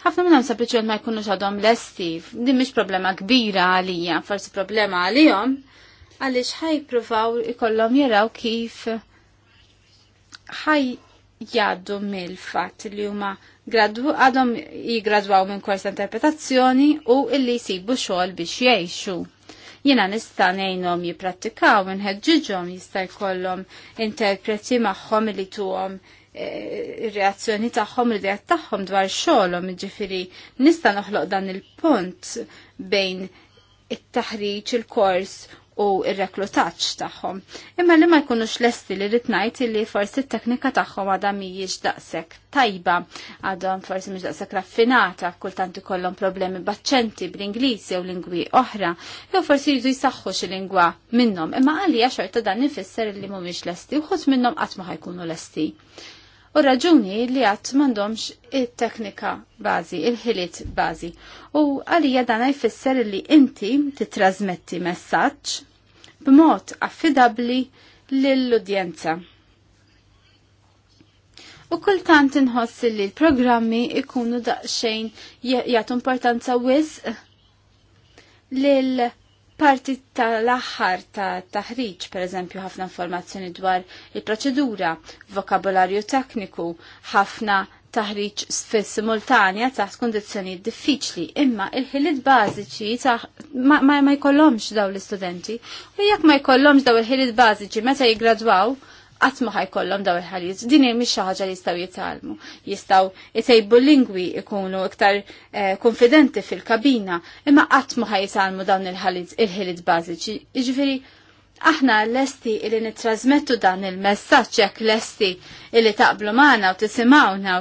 ħafna minnhom sempliċement ma jkunux għadhom lesti, din mhix problema kbira għalija, forsi problema għalix għaliex ħajpruvaw ikollhom jaraw kif ħaj jaddu mill-fatt li huma għadhom jigradwaw minn kors interpretazzjoni u illi jsibu xogħol biex jgħixu jiena nista' ngħinhom jipprattikaw inħeġġiġhom jista' jkollhom interpreti magħhom li tuhom ir-reazzjoni e, tagħhom il idejat tagħhom dwar xogħolhom, jiġifieri nista' noħloq dan il-punt bejn it-taħriġ il-kors u ir-reklutaċ tagħhom. Imma li ma jkunux lesti li ritnajt li forsi t-teknika tagħhom għadha mhijiex daqshekk tajba, għadhom forsi mhux daqshekk raffinata, kultant ikollhom problemi baċċenti bl-Ingliżi jew lingwi oħra, jew forsi jridu jsaħħu xi lingwa minnhom, imma għalija xorta dan ifisser li mhumiex lesti u ħut minnhom qatt ma ħajkunu lesti. U raġuni li għat mandomx il-teknika bazi, il-ħiliet bazi. U għalija dan jfisser li inti titrasmetti messaċ b'mod affidabli lill-udjenza. U kultant inħoss li l-programmi ikunu daqxejn jagħtu importanza wisq lill parti tal-aħħar ta' taħriġ, per eżempju, ħafna informazzjoni dwar il-proċedura, vokabolarju tekniku, ħafna taħriġ sfis simultanja taħt kondizjoni diffiċli, imma il-ħiliet bażiċi ma, ma, ma jkollhomx daw l-istudenti. U jekk ma jkollhomx daw il-ħiliet bażiċi meta jiggradwaw, qatt ma ħajkollhom daw il-ħiliet. Din hija mhix xi ħaġa li jistgħu jitgħallmu. Jistgħu jtejbu lingwi jkunu iktar eh, konfidenti fil-kabina, imma qatt ma ħajtalmu dawn il-ħiliet bażiċi. Jiġifieri Aħna lesti illi nittrażmettu dan il-messaġġ jekk lesti illi taqblu maħna u tisimawna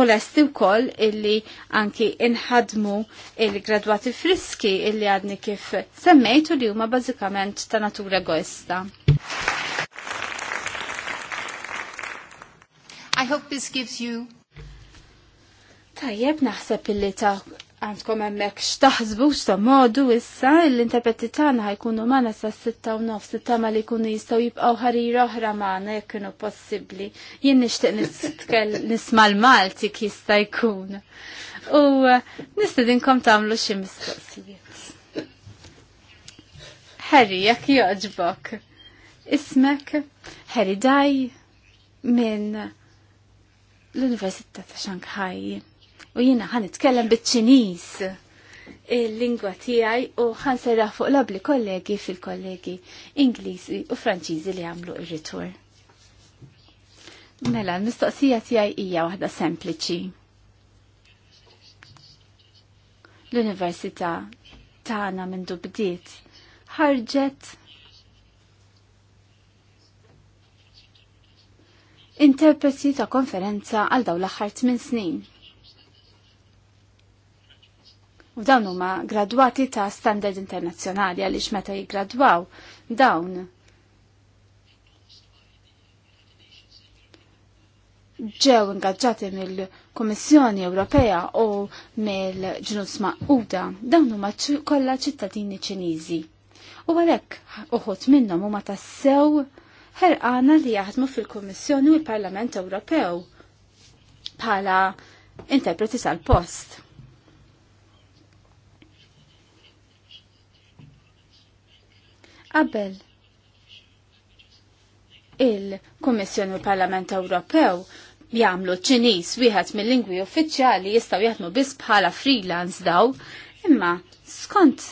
u lesti wkoll illi anki inħadmu il-gradwati friski illi għadni kif semmejtu li huma bażikament ta' natura egoista. I hope this gives you Tajjeb naħseb illi ta' għandkom emmek xtaħzbu modu issa l-interpreti tagħna ħajkunu mana sa sitta u nofs ma li jkunu jistgħu jibqgħu ħarira oħra mana jekk kienu possibbli. Jien nixtieq nisma' l-Malti jista' jkun. U uh, nistedinkom tagħmlu xi mistoqsijiet. Harry, jekk joġbok. Ismek Harry Daj minn l-Università ta' Xanghaj u jina ħan itkellem bit-ċinis il-lingwa tiegħi u ħan serraħ fuq labli kollegi fil-kollegi Ingliżi u Franċiżi li għamlu ir-ritur. Mela, l-mistoqsija tiegħi hija waħda sempliċi. L-Università tagħna minn bdiet ħarġet interpreti ta' konferenza għal daw l-aħħar 8 snin U dawn huma gradwati ta' standard internazzjonali għaliex meta jiggradwaw dawn ġew ingaġġati mill-Kummissjoni Ewropea u mill-ġnus Maquda dawn huma kollha ċittadini Ċiniżi. U għalhekk uħut minnhom huma tassew ħerqana li jaħdmu fil-Kummissjoni u l-Parlament Ewropew bħala interpreti sal-post. Qabel il-Kummissjoni u l-Parlament Ewropew jagħmlu ċiniż wieħed mill-lingwi uffiċjali jistgħu jaħdmu biss bħala freelance daw, imma skont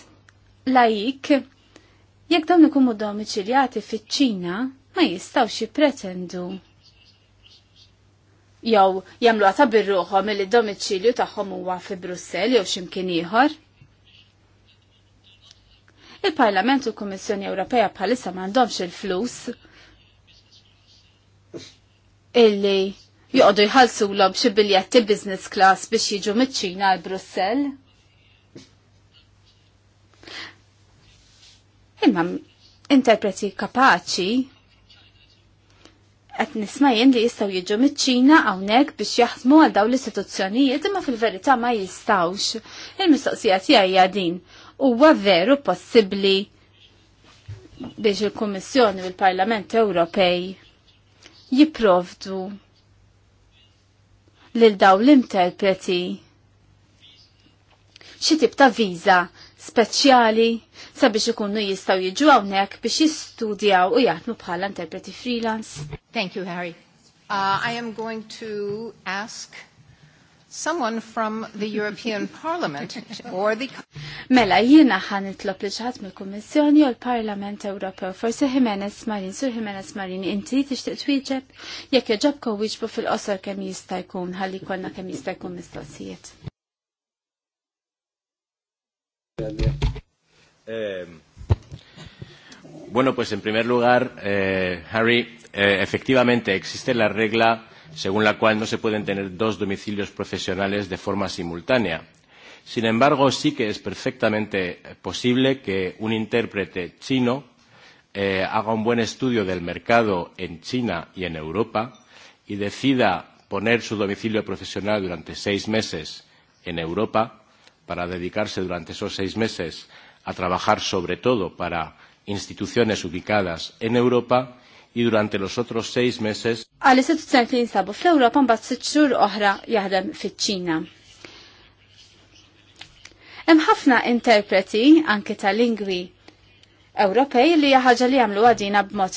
lajik jekk dawn ikunu domiċiljati fiċ-Ċina ma jistgħux jippretendu jew jagħmlu għata birruħhom mill domiċilju tagħhom huwa fi Brussell jew x'imkien ieħor. Il-Parlament u Kummissjoni Ewropea bħalissa m'għandhomx il-flus illi joqogħdu jħallsulhom l xi biljetti business class biex jiġu miċ-Ċina għal Brussell. Imma interpreti kapaċi qed nisma'jin li jistgħu jiġu miċ-Ċina hawnhekk biex jaħdmu għal dawn l-istituzzjonijiet imma fil-verità ma jistgħux. Il-mistoqsija tiegħi hija din huwa veru possibbli biex il-Kummissjoni u l-Parlament Ewropej jipprovdu lil daw l-interpreti xi tip ta' viża speċjali sabiex ikunu jistgħu jiġu hawnhekk biex jistudjaw u jaħdmu bħala interpreti freelance. Thank you, Harry. Uh, I am going to ask someone from the European Parliament or the Mela jiena ħan nitlob li ċaħat mill-Kummissjoni u l-Parlament Ewropew. Forse Jimenez Marin, Sur Jimenez Marin, inti tixtieq twieġeb jekk jaġobkom wieġbu fil-qosor kemm jista' jkun ħalli kollna kemm jista' jkun mistoqsijiet. bueno, pues en primer lugar, eh, Harry, eh, efectivamente existe la regla según la cual no se pueden tener dos domicilios profesionales de forma simultánea. Sin embargo, sí que es perfectamente eh, posible que un intérprete chino eh, haga un buen estudio del mercado en China y en Europa y decida poner su domicilio profesional durante seis meses en Europa para dedicarse durante esos seis meses a trabajar sobre todo para instituciones ubicadas en Europa i durante los otros seis meses. Għal sitt sent li jinsabu fl-Ewropa mbagħad sitt xhur oħra jaħdem fiċ-Ċina. Hemm ħafna interpreti anke ta' lingwi Ewropej li ħaġa li jagħmlu għadina b'mod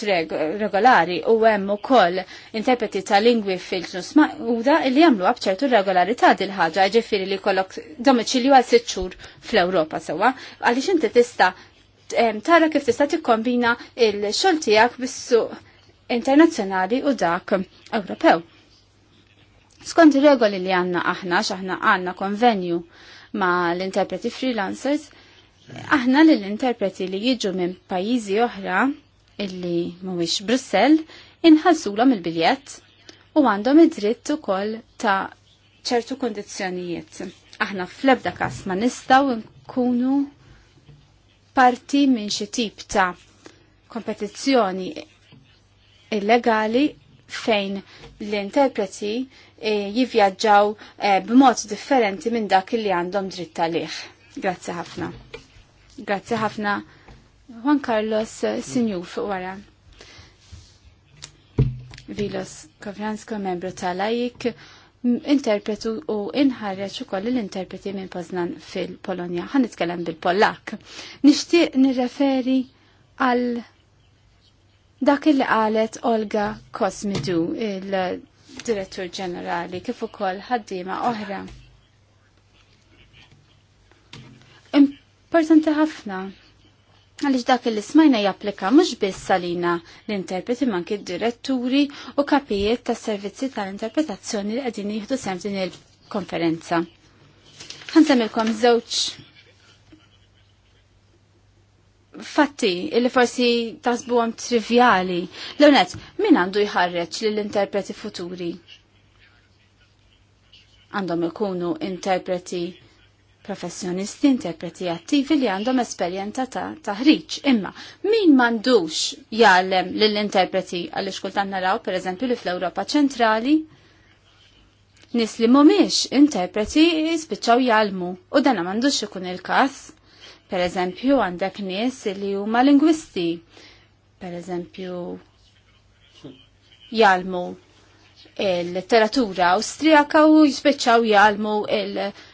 regolari u hemm ukoll interpreti ta' lingwi fil-ġnus maquda li jagħmlu b'ċertu regolarità dil ħaġa ġifieri li kollok domiċilju għal sitt xhur fl-Ewropa sewwa għaliex inti tista' tara kif tista' tikkombina il-xogħol tiegħek bis-suq internazzjonali u dak Ewropew. Skont ir-regoli li għandna aħna x'aħna għandna konvenju ma' l-interpreti freelancers, aħna l-interpreti li jiġu minn pajjiżi oħra illi mhuwiex Brussell inħallsulhom il-biljett u għandhom id-dritt ukoll ta' ċertu kundizzjonijiet. Aħna fl-ebda kas ma nistaw nkunu parti minn xi tip ta' kompetizzjoni illegali fejn l-interpreti eh, jivjaġġaw eh, b'mod differenti minn dak li għandhom dritt għalih. Grazzi ħafna. Grazzi ħafna Juan Carlos eh, Sinjur fuq wara. Vilos Kovransko, membru tal-AIK, interpretu u inħarreċ ukoll l-interpreti minn Poznan fil-Polonja. Ħan nitkellem bil-Pollak. Nixtieq nirreferi għal dak li qalet Olga Kosmidu, il-Direttur Ġenerali, kif ukoll ħaddiema oħra. Importanti ħafna għalix dak li smajna japplika mux biss salina l-interpreti manki d-diretturi u kapijiet ta' servizzi tal-interpretazzjoni li għedin jihdu sem din il-konferenza. Għansamilkom zewċ fatti illi forsi tasbu għam trivjali. l min għandu jħarreċ l-interpreti futuri? Għandhom ikunu interpreti professjonisti interpreti attivi li għandhom esperjenza ta' taħriġ. Imma, min mandux jgħallem lill-interpreti għal xkultan naraw, per eżempju, li fl-Europa ċentrali, nis li mumiex interpreti jisbicċaw jgħalmu u dana mandux ikun il-kas. Per eżempju, għandek nies li huma lingwisti, per eżempju, jgħalmu il-letteratura Awstrijaka u jisbicċaw jgħalmu il-, -letteratura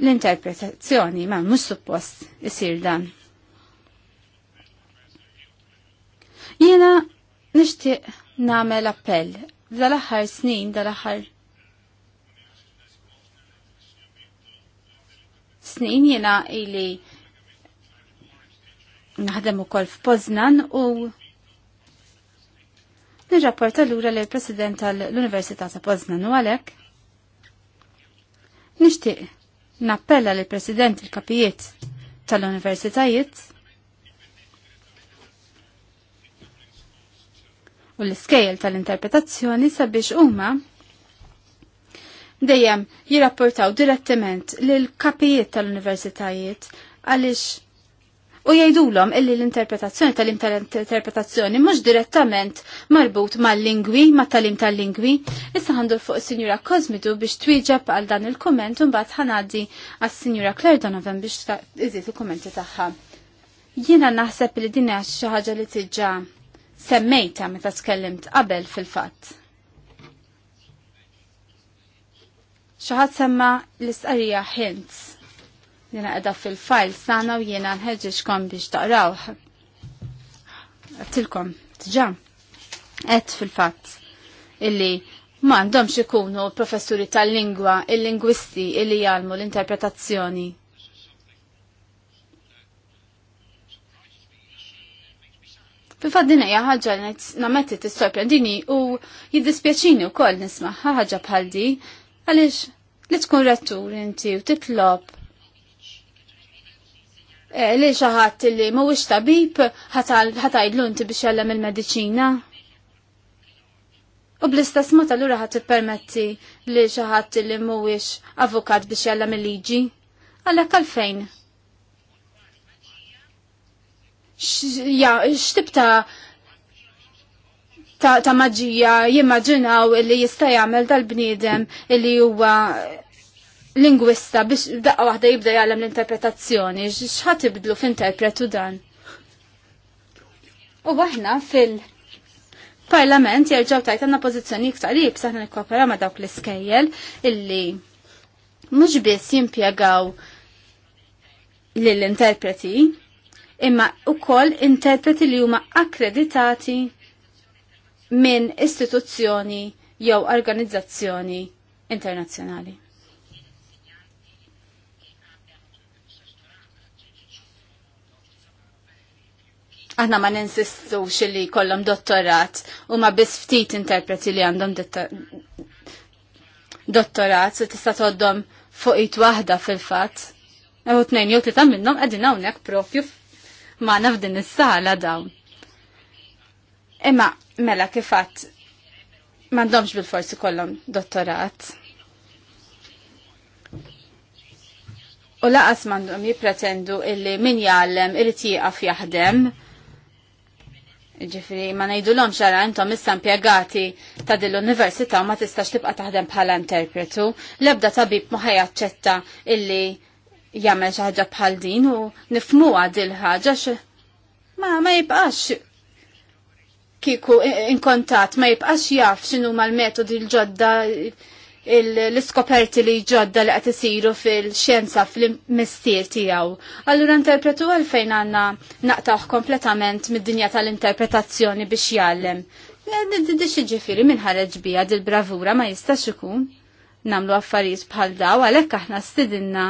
l-interpretazzjoni ma mhux suppost isir dan. Jiena nixtieq nagħmel appell dal-aħħar snin, dal-aħħar snin jiena ili naħdem ukoll f'Poznan u nirrapporta lura l president tal-Università ta' Poznan u għalhekk nixtieq Nappella li president il-kapijiet tal-universitajiet u l-iskejl tal-interpretazzjoni sabiex huma dejjem jirrapportaw direttament lil kapijiet tal-universitajiet għaliex u jgħidulhom illi l-interpretazzjoni tal-interpretazzjoni mhux direttament marbut mal-lingwi, tal-im tal-lingwi. Issa ħandur fuq is-Sinjura Kosmidu biex twieġeb għal dan il-kumment u mbagħad ħanaddi għas-Sinjura Claire Donovan biex iżid il-kummenti tagħha. Jiena naħseb li din hija xi ħaġa li tiġà semmejta meta tkellimt qabel fil-fatt. Xi semma l-istqarrija hints Jena edha fil-fajl sana u jena nħedġiġkom biex taqraw. Għattilkom, tġa, et fil-fat illi ma għandhom ikunu professuri tal-lingwa, il-lingwisti illi jgħalmu l-interpretazzjoni. Fil-fat dinja jgħagġa ħaġa li t sorprendini u jiddispjaċini wkoll nisma' ħaġa bħal di għaliex li tkun rettur inti u titlob Eh, li xaħat li mhuwiex tabib ħatajdlu inti biex jellem il-mediċina. U bl-istess mod allura ħadd permetti li xi li li mhuwiex avukat biex jellem il-liġi. Għalla kalfejn? Ja, x'tib ta' ta', ta maġija jimmaġinaw li jista' jagħmel dal-bniedem li huwa lingwista biex daqqa waħda jibda jgħallem l-interpretazzjoni, xħat ibdlu f'interpretu dan. U waħna fil-parlament jirġaw tajt għanna pozizjoni iktar jib saħna nikkopera ma dawk l-iskejjel illi mux biss jimpiegaw l-interpreti, imma u koll interpreti li huma akkreditati minn istituzzjoni jew organizzazzjoni internazzjonali. Aħna ma ninsistux li kollom dottorat u ma bis ftit interpreti li għandhom dottorat se tista' toddom fuq it waħda fil-fatt. U tnejn jew tlieta minnhom qegħdin hawnhekk profju magħna f'din is-sala dawn. Imma mela kifatt m'għandhomx bil-forsi kollhom dottorat. U laqas mandom jipretendu illi min jgħallem irid jieqaf jaħdem Ġifri, ma najdu l xara intom issa impiegati ta' din l-università ma tistax tibqa taħdem bħala interpretu. Lebda tabib ma ċetta illi jagħmel xi ħaġa bħal din u nifmuha dil ħaġa ma ma jibqax kiku inkontat ma jibqax jaf xinu l metodi l-ġodda l-iskoperti li ġodda li qed isiru fil-xjenza fil-mistier tiegħu. Allura interpretu għalfejn għandna naqtaħ kompletament mid-dinja tal-interpretazzjoni biex jgħallem. Eh, Dix ġifiri minn ħareġ bija dil-bravura ma jistax ikun namlu affarijiet bħal daw għalhekk aħna stidinna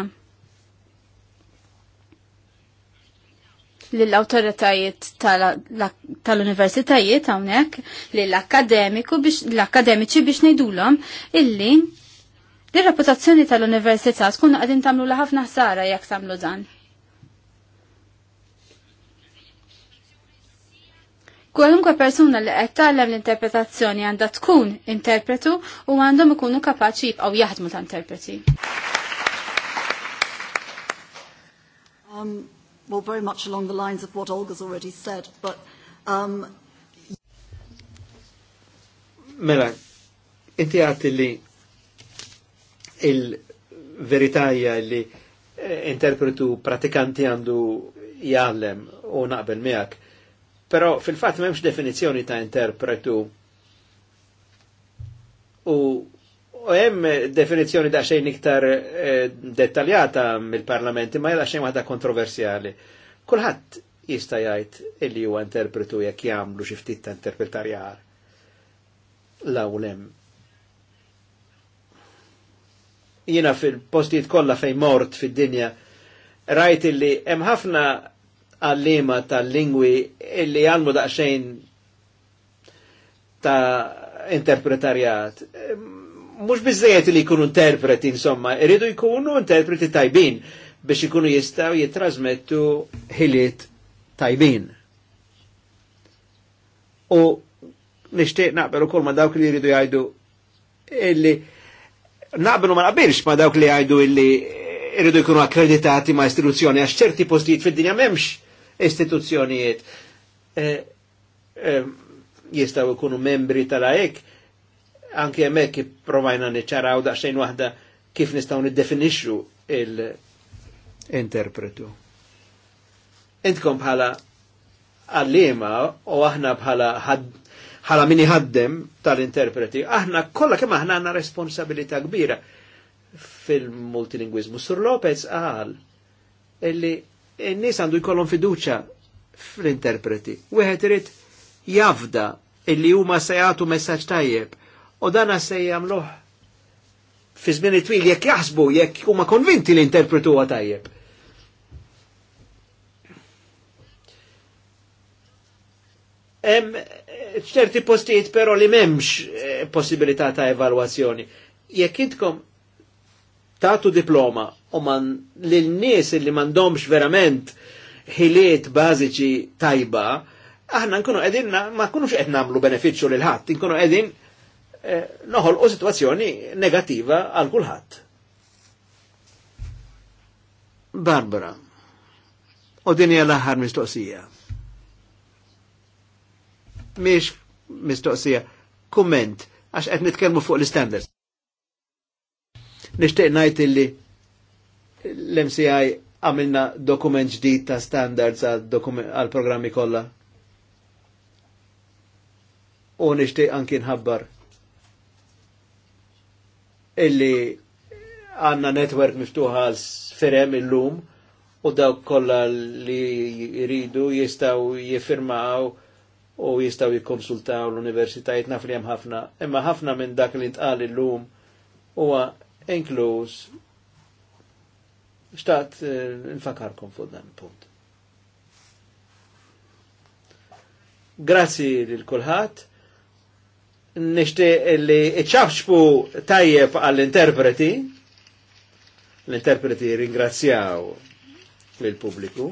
l-autoritajiet tal-universitajiet hawnhekk l-akademiku biex l-akademiċi biex ngħidulhom illi l-reputazzjoni tal-università tkun għadin tamlu ħafna ħsara jekk tagħmlu dan. Kwalunkwe persuna li qed tagħlem l-interpretazzjoni għandha tkun interpretu u għandhom ikunu kapaċi jibqgħu jaħdmu ta' interpreti. Um, well, very much along the lines of what Olga's already said, but... Um, mela, inti għati li il-veritajja li eh, interpretu pratikanti għandu jallem u naqbel miak, pero fil fat memx definizjoni ta' interpretu u U hemm definizzjoni da xejn iktar eh, dettaljata mill-parlamenti, ma jela xejn waħda kontroversjali. Kulħadd jista' jgħid illi huwa interpretu jekk jagħmlu xi ftit ta' interpretarjar. l awl hemm. Jiena fil-postijiet kollha fejn mort fid-dinja rajt illi hemm ħafna għallima tal-lingwi illi għalmu daqxejn ta' interpretarjat mux bizzejet li jkunu interpreti, insomma, irridu jkunu interpreti tajbin biex ikunu jistaw jitrasmettu ħiliet tajbin. U nishtiq naqbel ukoll ma dawk li jridu jgħidu illi naqbelu ma naqbilx ma dawk li jgħidu illi jridu jkunu akkreditati ma istituzzjoni għax ċerti postijiet fid-dinja m'hemmx istituzzjonijiet eh, eh, e, e, jkunu membri tal-għajek anki hemmhekk provajna niċċaraw daċxajn waħda kif nistgħu niddefinixxu il-interpretu. Intkom bħala għallima u aħna bħala ħala min ħaddem tal-interpreti, aħna kollha kemm aħna għandna responsabilità kbira fil-multilingwizmu. Sur Lopez qal illi n-nies għandu jkollhom fiduċa fl-interpreti. Wieħed irid jafda illi huma se jagħtu messaġġ tajjeb U dana se jamluħ fi żmien twil jekk jaħsbu jekk huma konvinti li interpretu għatajjeb. tajjeb. Eh, ċerti postijiet però li m'hemmx eh, possibilità ta' evalwazzjoni. Jekk intkom tagħtu diploma u man lil nies li m'għandhomx verament ħiliet bażiċi tajba, aħna nkunu qegħdin ma nkunux qed nagħmlu benefiċċju lil ħadd, nkunu qegħdin Eh, noħol u situazzjoni negativa għal kulħadd. Barbara, u din hija l-aħħar mistoqsija. Miex mistoqsija, komment, għax qed nitkellmu fuq l-standards. Nixtieq ngħid illi l-MCI għamilna dokument ġdid ta' standards għal programmi kollha. U nixtieq anki nħabbar illi għanna network miftuħa s firem illum u daw kolla li jridu jistaw jifirmaw u jistaw jikonsultaw l-universitajt naf li hemm ħafna. Imma ħafna minn dak li ntqal illum huwa inkluż xtaqt eh, nfakarkom fuq dan il-punt. Grazzi lil kulħadd nishti li iċafxbu tajjeb għall-interpreti, l-interpreti ringrazzjaw l-publiku.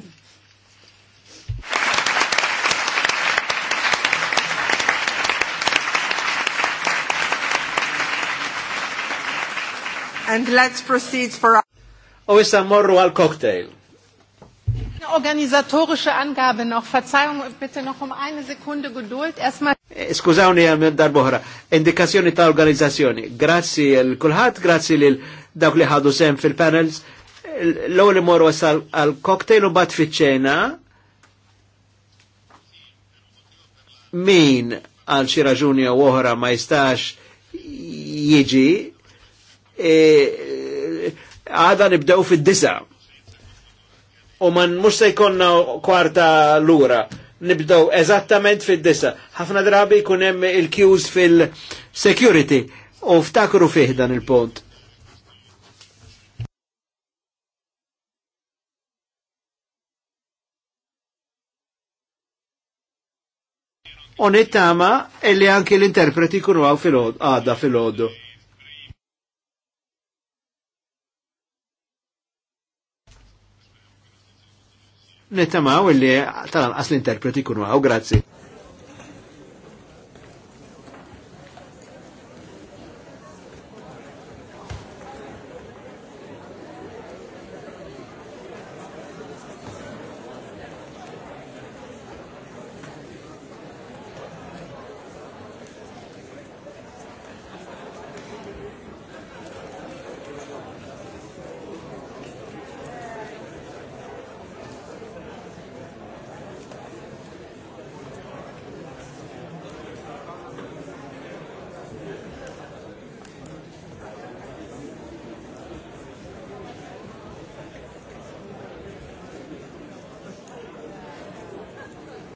And let's proceed for... U issa morru għal-cocktail organisatorische Angabe noch. Verzeihung, bitte noch um eine Sekunde Geduld. Erstmal. Eh, skużawni għal darbohra. Indikazzjoni ta' organizzazzjoni. Grazzi l-kulħat, grazzi l dawk li ħadu sem fil-panels. L-għol morru għal cocktail u bat fiċċena. Min għal xi raġuni u oħra ma jistax jiġi. Eh, għada e, nibdew fid-disa' u man mux se jkonna kwarta l-ura. Nibdow eżattament fil-dissa. ħafna drabi kunem il-kjuż fil-security u ftakru fih dan il pont Onetama illi anki l-interpreti kunu għaw fil-ħodu. Nittamaw illi tal-anqas l-interpreti kunu għaw, grazzi.